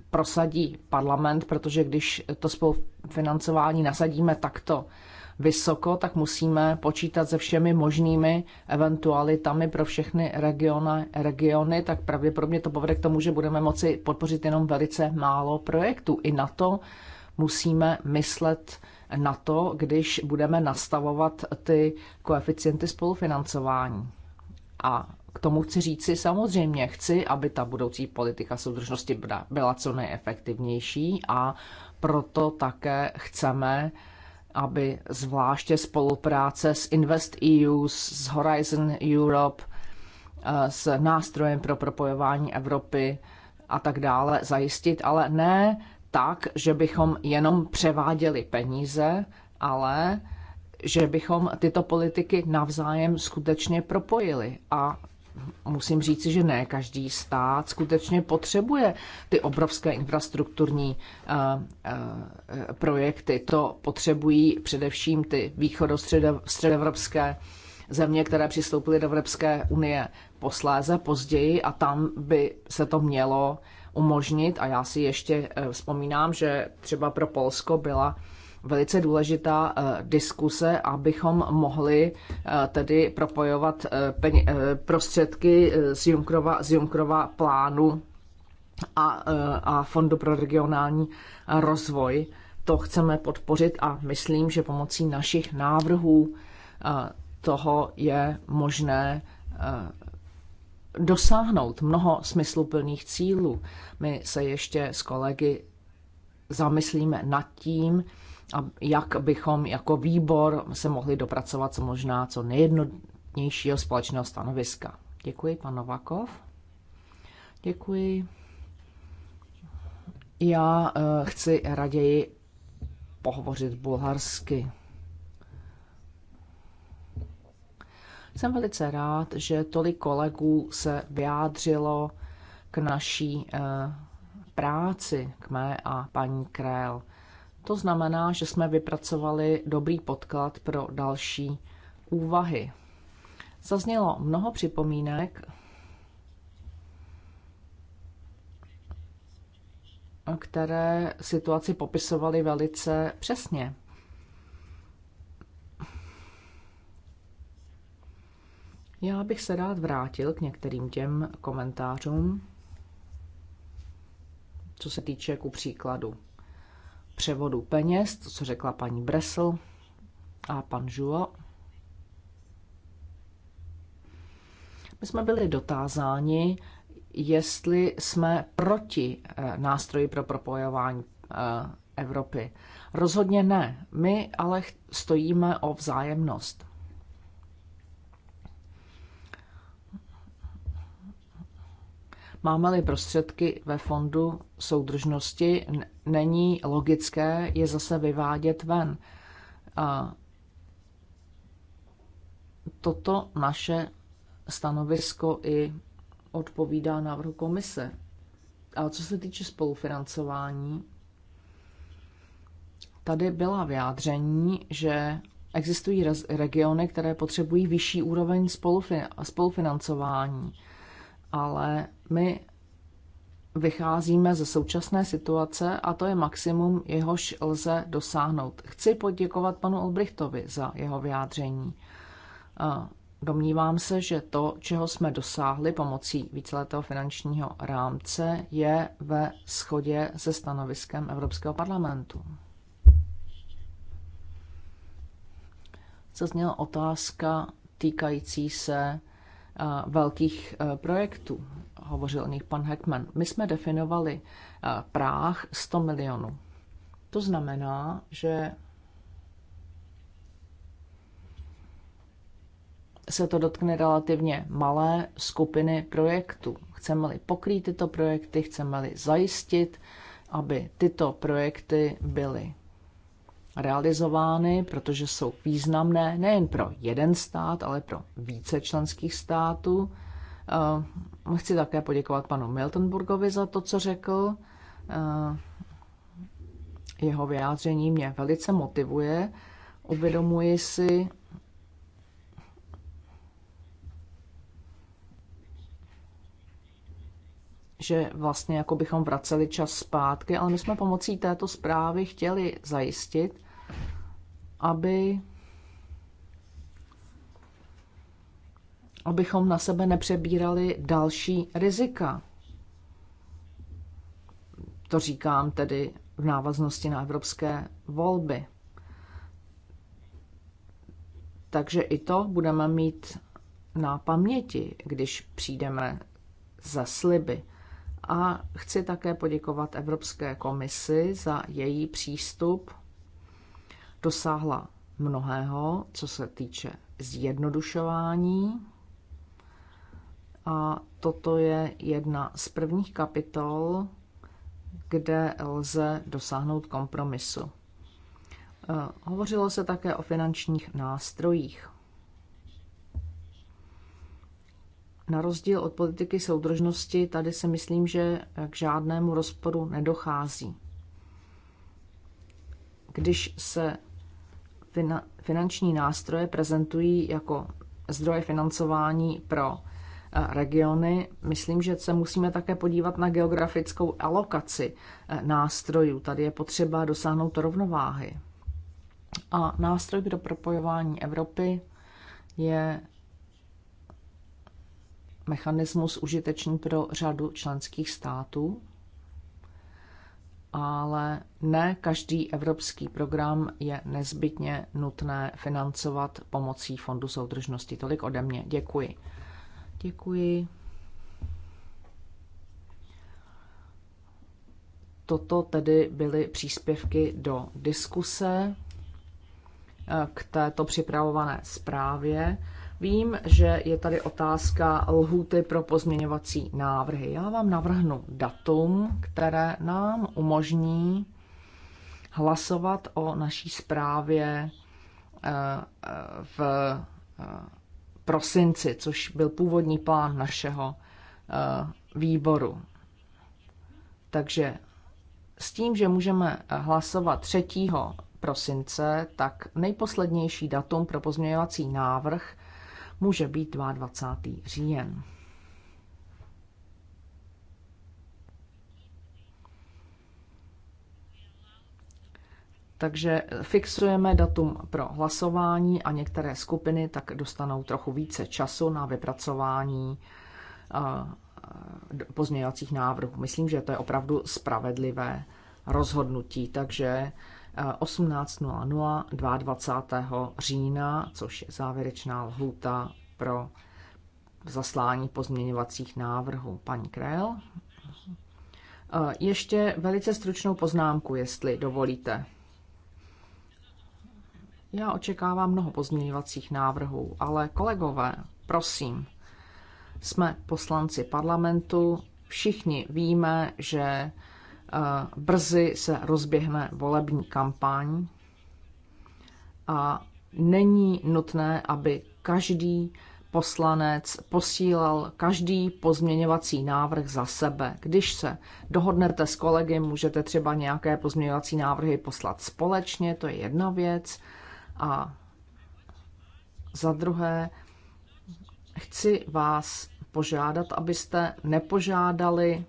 prosadí parlament, protože když to spolufinancování nasadíme takto vysoko, tak musíme počítat se všemi možnými eventualitami pro všechny regiony, regiony, tak pravděpodobně to povede k tomu, že budeme moci podpořit jenom velice málo projektů. I na to musíme myslet na to, když budeme nastavovat ty koeficienty spolufinancování. A k tomu chci říci samozřejmě, chci, aby ta budoucí politika soudržnosti byla co nejefektivnější a proto také chceme, aby zvláště spolupráce s Invest EU, s Horizon Europe, eh, s nástrojem pro propojování Evropy a tak dále zajistit, ale ne tak, že bychom jenom převáděli peníze, ale že bychom tyto politiky navzájem skutečně propojili. A musím říci, že ne každý stát skutečně potřebuje ty obrovské infrastrukturní eh, eh, projekty. To potřebují především ty východostředevropské země, které přistoupily do Evropské unie posléze, později a tam by se to mělo umožnit. A já si ještě eh, vzpomínám, že třeba pro Polsko byla velice důležitá eh, diskuse, abychom mohli eh, tedy propojovat eh, prostředky z Junkrova, z Junkrova plánu a, a Fondu pro regionální rozvoj. To chceme podpořit a myslím, že pomocí našich návrhů toho je možné dosáhnout mnoho smysluplných cílů. My se ještě s kolegy zamyslíme nad tím, jak bychom jako výbor se mohli dopracovat co možná co nejjednotnějšího společného stanoviska. Děkuji, pan Novakov. Děkuji. Já eh, chci raději pohovořit bulharsky. Jsem velice rád, že tolik kolegů se vyjádřilo k naší eh, práci, k mé a paní Krél. To znamená, že jsme vypracovali dobrý podklad pro další úvahy. Zaznělo mnoho připomínek, které situaci popisovaly velice přesně. Já bych se rád vrátil k některým těm komentářům, co se týče ku příkladu převodu peněz, to, co řekla paní Bresl a pan Žuo. My jsme byli dotázáni, jestli jsme proti eh, nástroji pro propojování eh, Evropy. Rozhodně ne. My ale stojíme o vzájemnost. Máme-li prostředky ve fondu soudržnosti, není logické je zase vyvádět ven. A toto naše stanovisko i odpovídá návrhu komise. A co se týče spolufinancování, tady byla vyjádření, že existují regiony, které potřebují vyšší úroveň spolufinancování ale my vycházíme ze současné situace a to je maximum, jehož lze dosáhnout. Chci poděkovat panu Olbrichtovi za jeho vyjádření. Domnívám se, že to, čeho jsme dosáhli pomocí víceletého finančního rámce, je ve shodě se stanoviskem Evropského parlamentu. Zazněla otázka týkající se velkých projektů. Hovořil o nich pan Heckman. My jsme definovali práh 100 milionů. To znamená, že se to dotkne relativně malé skupiny projektů. Chceme-li pokrýt tyto projekty, chceme-li zajistit, aby tyto projekty byly realizovány, protože jsou významné nejen pro jeden stát, ale pro více členských států. Eh, chci také poděkovat panu Miltonburgovi za to, co řekl. Eh, jeho vyjádření mě velice motivuje. Uvědomuji si, že vlastně jako bychom vraceli čas zpátky, ale my jsme pomocí této zprávy chtěli zajistit, aby abychom na sebe nepřebírali další rizika. To říkám tedy v návaznosti na evropské volby. Takže i to budeme mít na paměti, když přijdeme za sliby. A chci také poděkovat Evropské komisi za její přístup dosáhla mnohého, co se týče zjednodušování. A toto je jedna z prvních kapitol, kde lze dosáhnout kompromisu. Eh, hovořilo se také o finančních nástrojích. Na rozdíl od politiky soudržnosti, tady si myslím, že k žádnému rozporu nedochází. Když se finanční nástroje prezentují jako zdroje financování pro eh, regiony. Myslím, že se musíme také podívat na geografickou alokaci eh, nástrojů. Tady je potřeba dosáhnout rovnováhy. A nástroj pro propojování Evropy je mechanismus užitečný pro řadu členských států ale ne každý evropský program je nezbytně nutné financovat pomocí Fondu soudržnosti. Tolik ode mě. Děkuji. Děkuji. Toto tedy byly příspěvky do diskuse k této připravované zprávě. Vím, že je tady otázka lhuty pro pozměňovací návrhy. Já vám navrhnu datum, které nám umožní hlasovat o naší zprávě eh, eh, v eh, prosinci, což byl původní plán našeho výboru. Takže s tím, že můžeme hlasovat 3. prosince, tak nejposlednější datum pro pozměňovací návrh může být 22. říjen. Takže fixujeme datum pro hlasování a některé skupiny tak dostanou trochu více času na vypracování eh, pozměňovacích návrhů. Myslím, že to je opravdu spravedlivé rozhodnutí, takže 18.00 eh, 22. října, což je závěrečná lhůta pro zaslání pozměňovacích návrhů. Paní Krell, eh, ještě velice stručnou poznámku, jestli dovolíte. Já očekávám mnoho pozměňovacích návrhů, ale kolegové, prosím, jsme poslanci parlamentu, všichni víme, že Eh, brzy se rozběhne volební kampaň a není nutné, aby každý poslanec posílal každý pozměňovací návrh za sebe. Když se dohodnete s kolegy, můžete třeba nějaké pozměňovací návrhy poslat společně, to je jedna věc. A za druhé, chci vás požádat, abyste nepožádali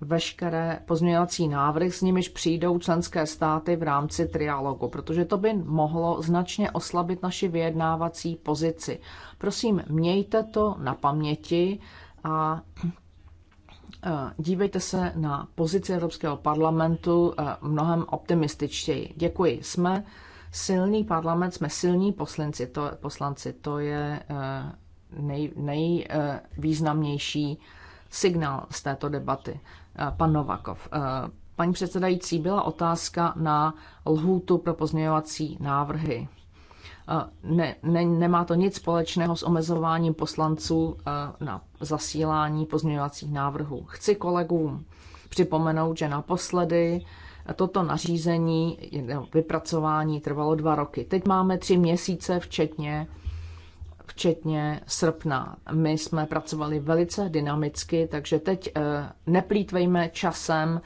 veškeré pozměňovací návrhy, s nimiž přijdou členské státy v rámci trialogu, protože to by mohlo značně oslabit naši vyjednávací pozici. Prosím, mějte to na paměti a eh, dívejte se na pozici Evropského parlamentu eh, mnohem optimističtěji. Děkuji. Jsme silný parlament, jsme silní poslanci, to, poslanci, to je eh, nej, nejvýznamnější signál z této debaty. Eh, pan Novakov. Eh, paní předsedající, byla otázka na lhůtu pro pozměňovací návrhy. Eh, ne, ne, nemá to nic společného s omezováním poslanců na zasílání pozměňovacích návrhů. Chci kolegům připomenout, že naposledy toto nařízení, no, vypracování trvalo dva roky. Teď máme tři měsíce, včetně včetně srpna. My jsme pracovali velice dynamicky, takže teď eh, neplýtvejme časem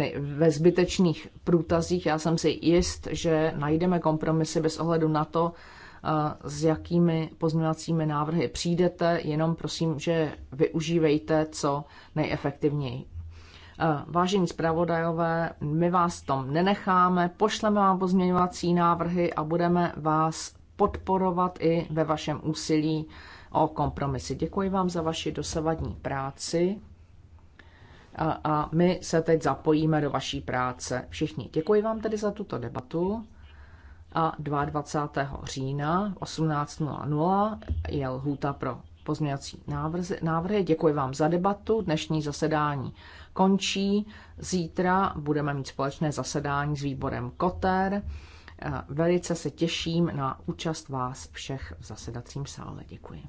eh, ve zbytečných průtazích. Já jsem si jist, že najdeme kompromisy bez ohledu na to, eh, s jakými pozměňovacími návrhy přijdete, jenom prosím, že využívejte co nejefektivněji. Vážení zpravodajové, my vás tom nenecháme, pošleme vám pozměňovací návrhy a budeme vás podporovat i ve vašem úsilí o kompromisy. Děkuji vám za vaši dosavadní práci a, a my se teď zapojíme do vaší práce. Všichni děkuji vám tedy za tuto debatu a 22. října 18.00 je lhůta pro pozměňovací návrhy. Děkuji vám za debatu. Dnešní zasedání končí. Zítra budeme mít společné zasedání s výborem Koter. Velice se těším na účast vás všech v zasedacím sále. Děkuji.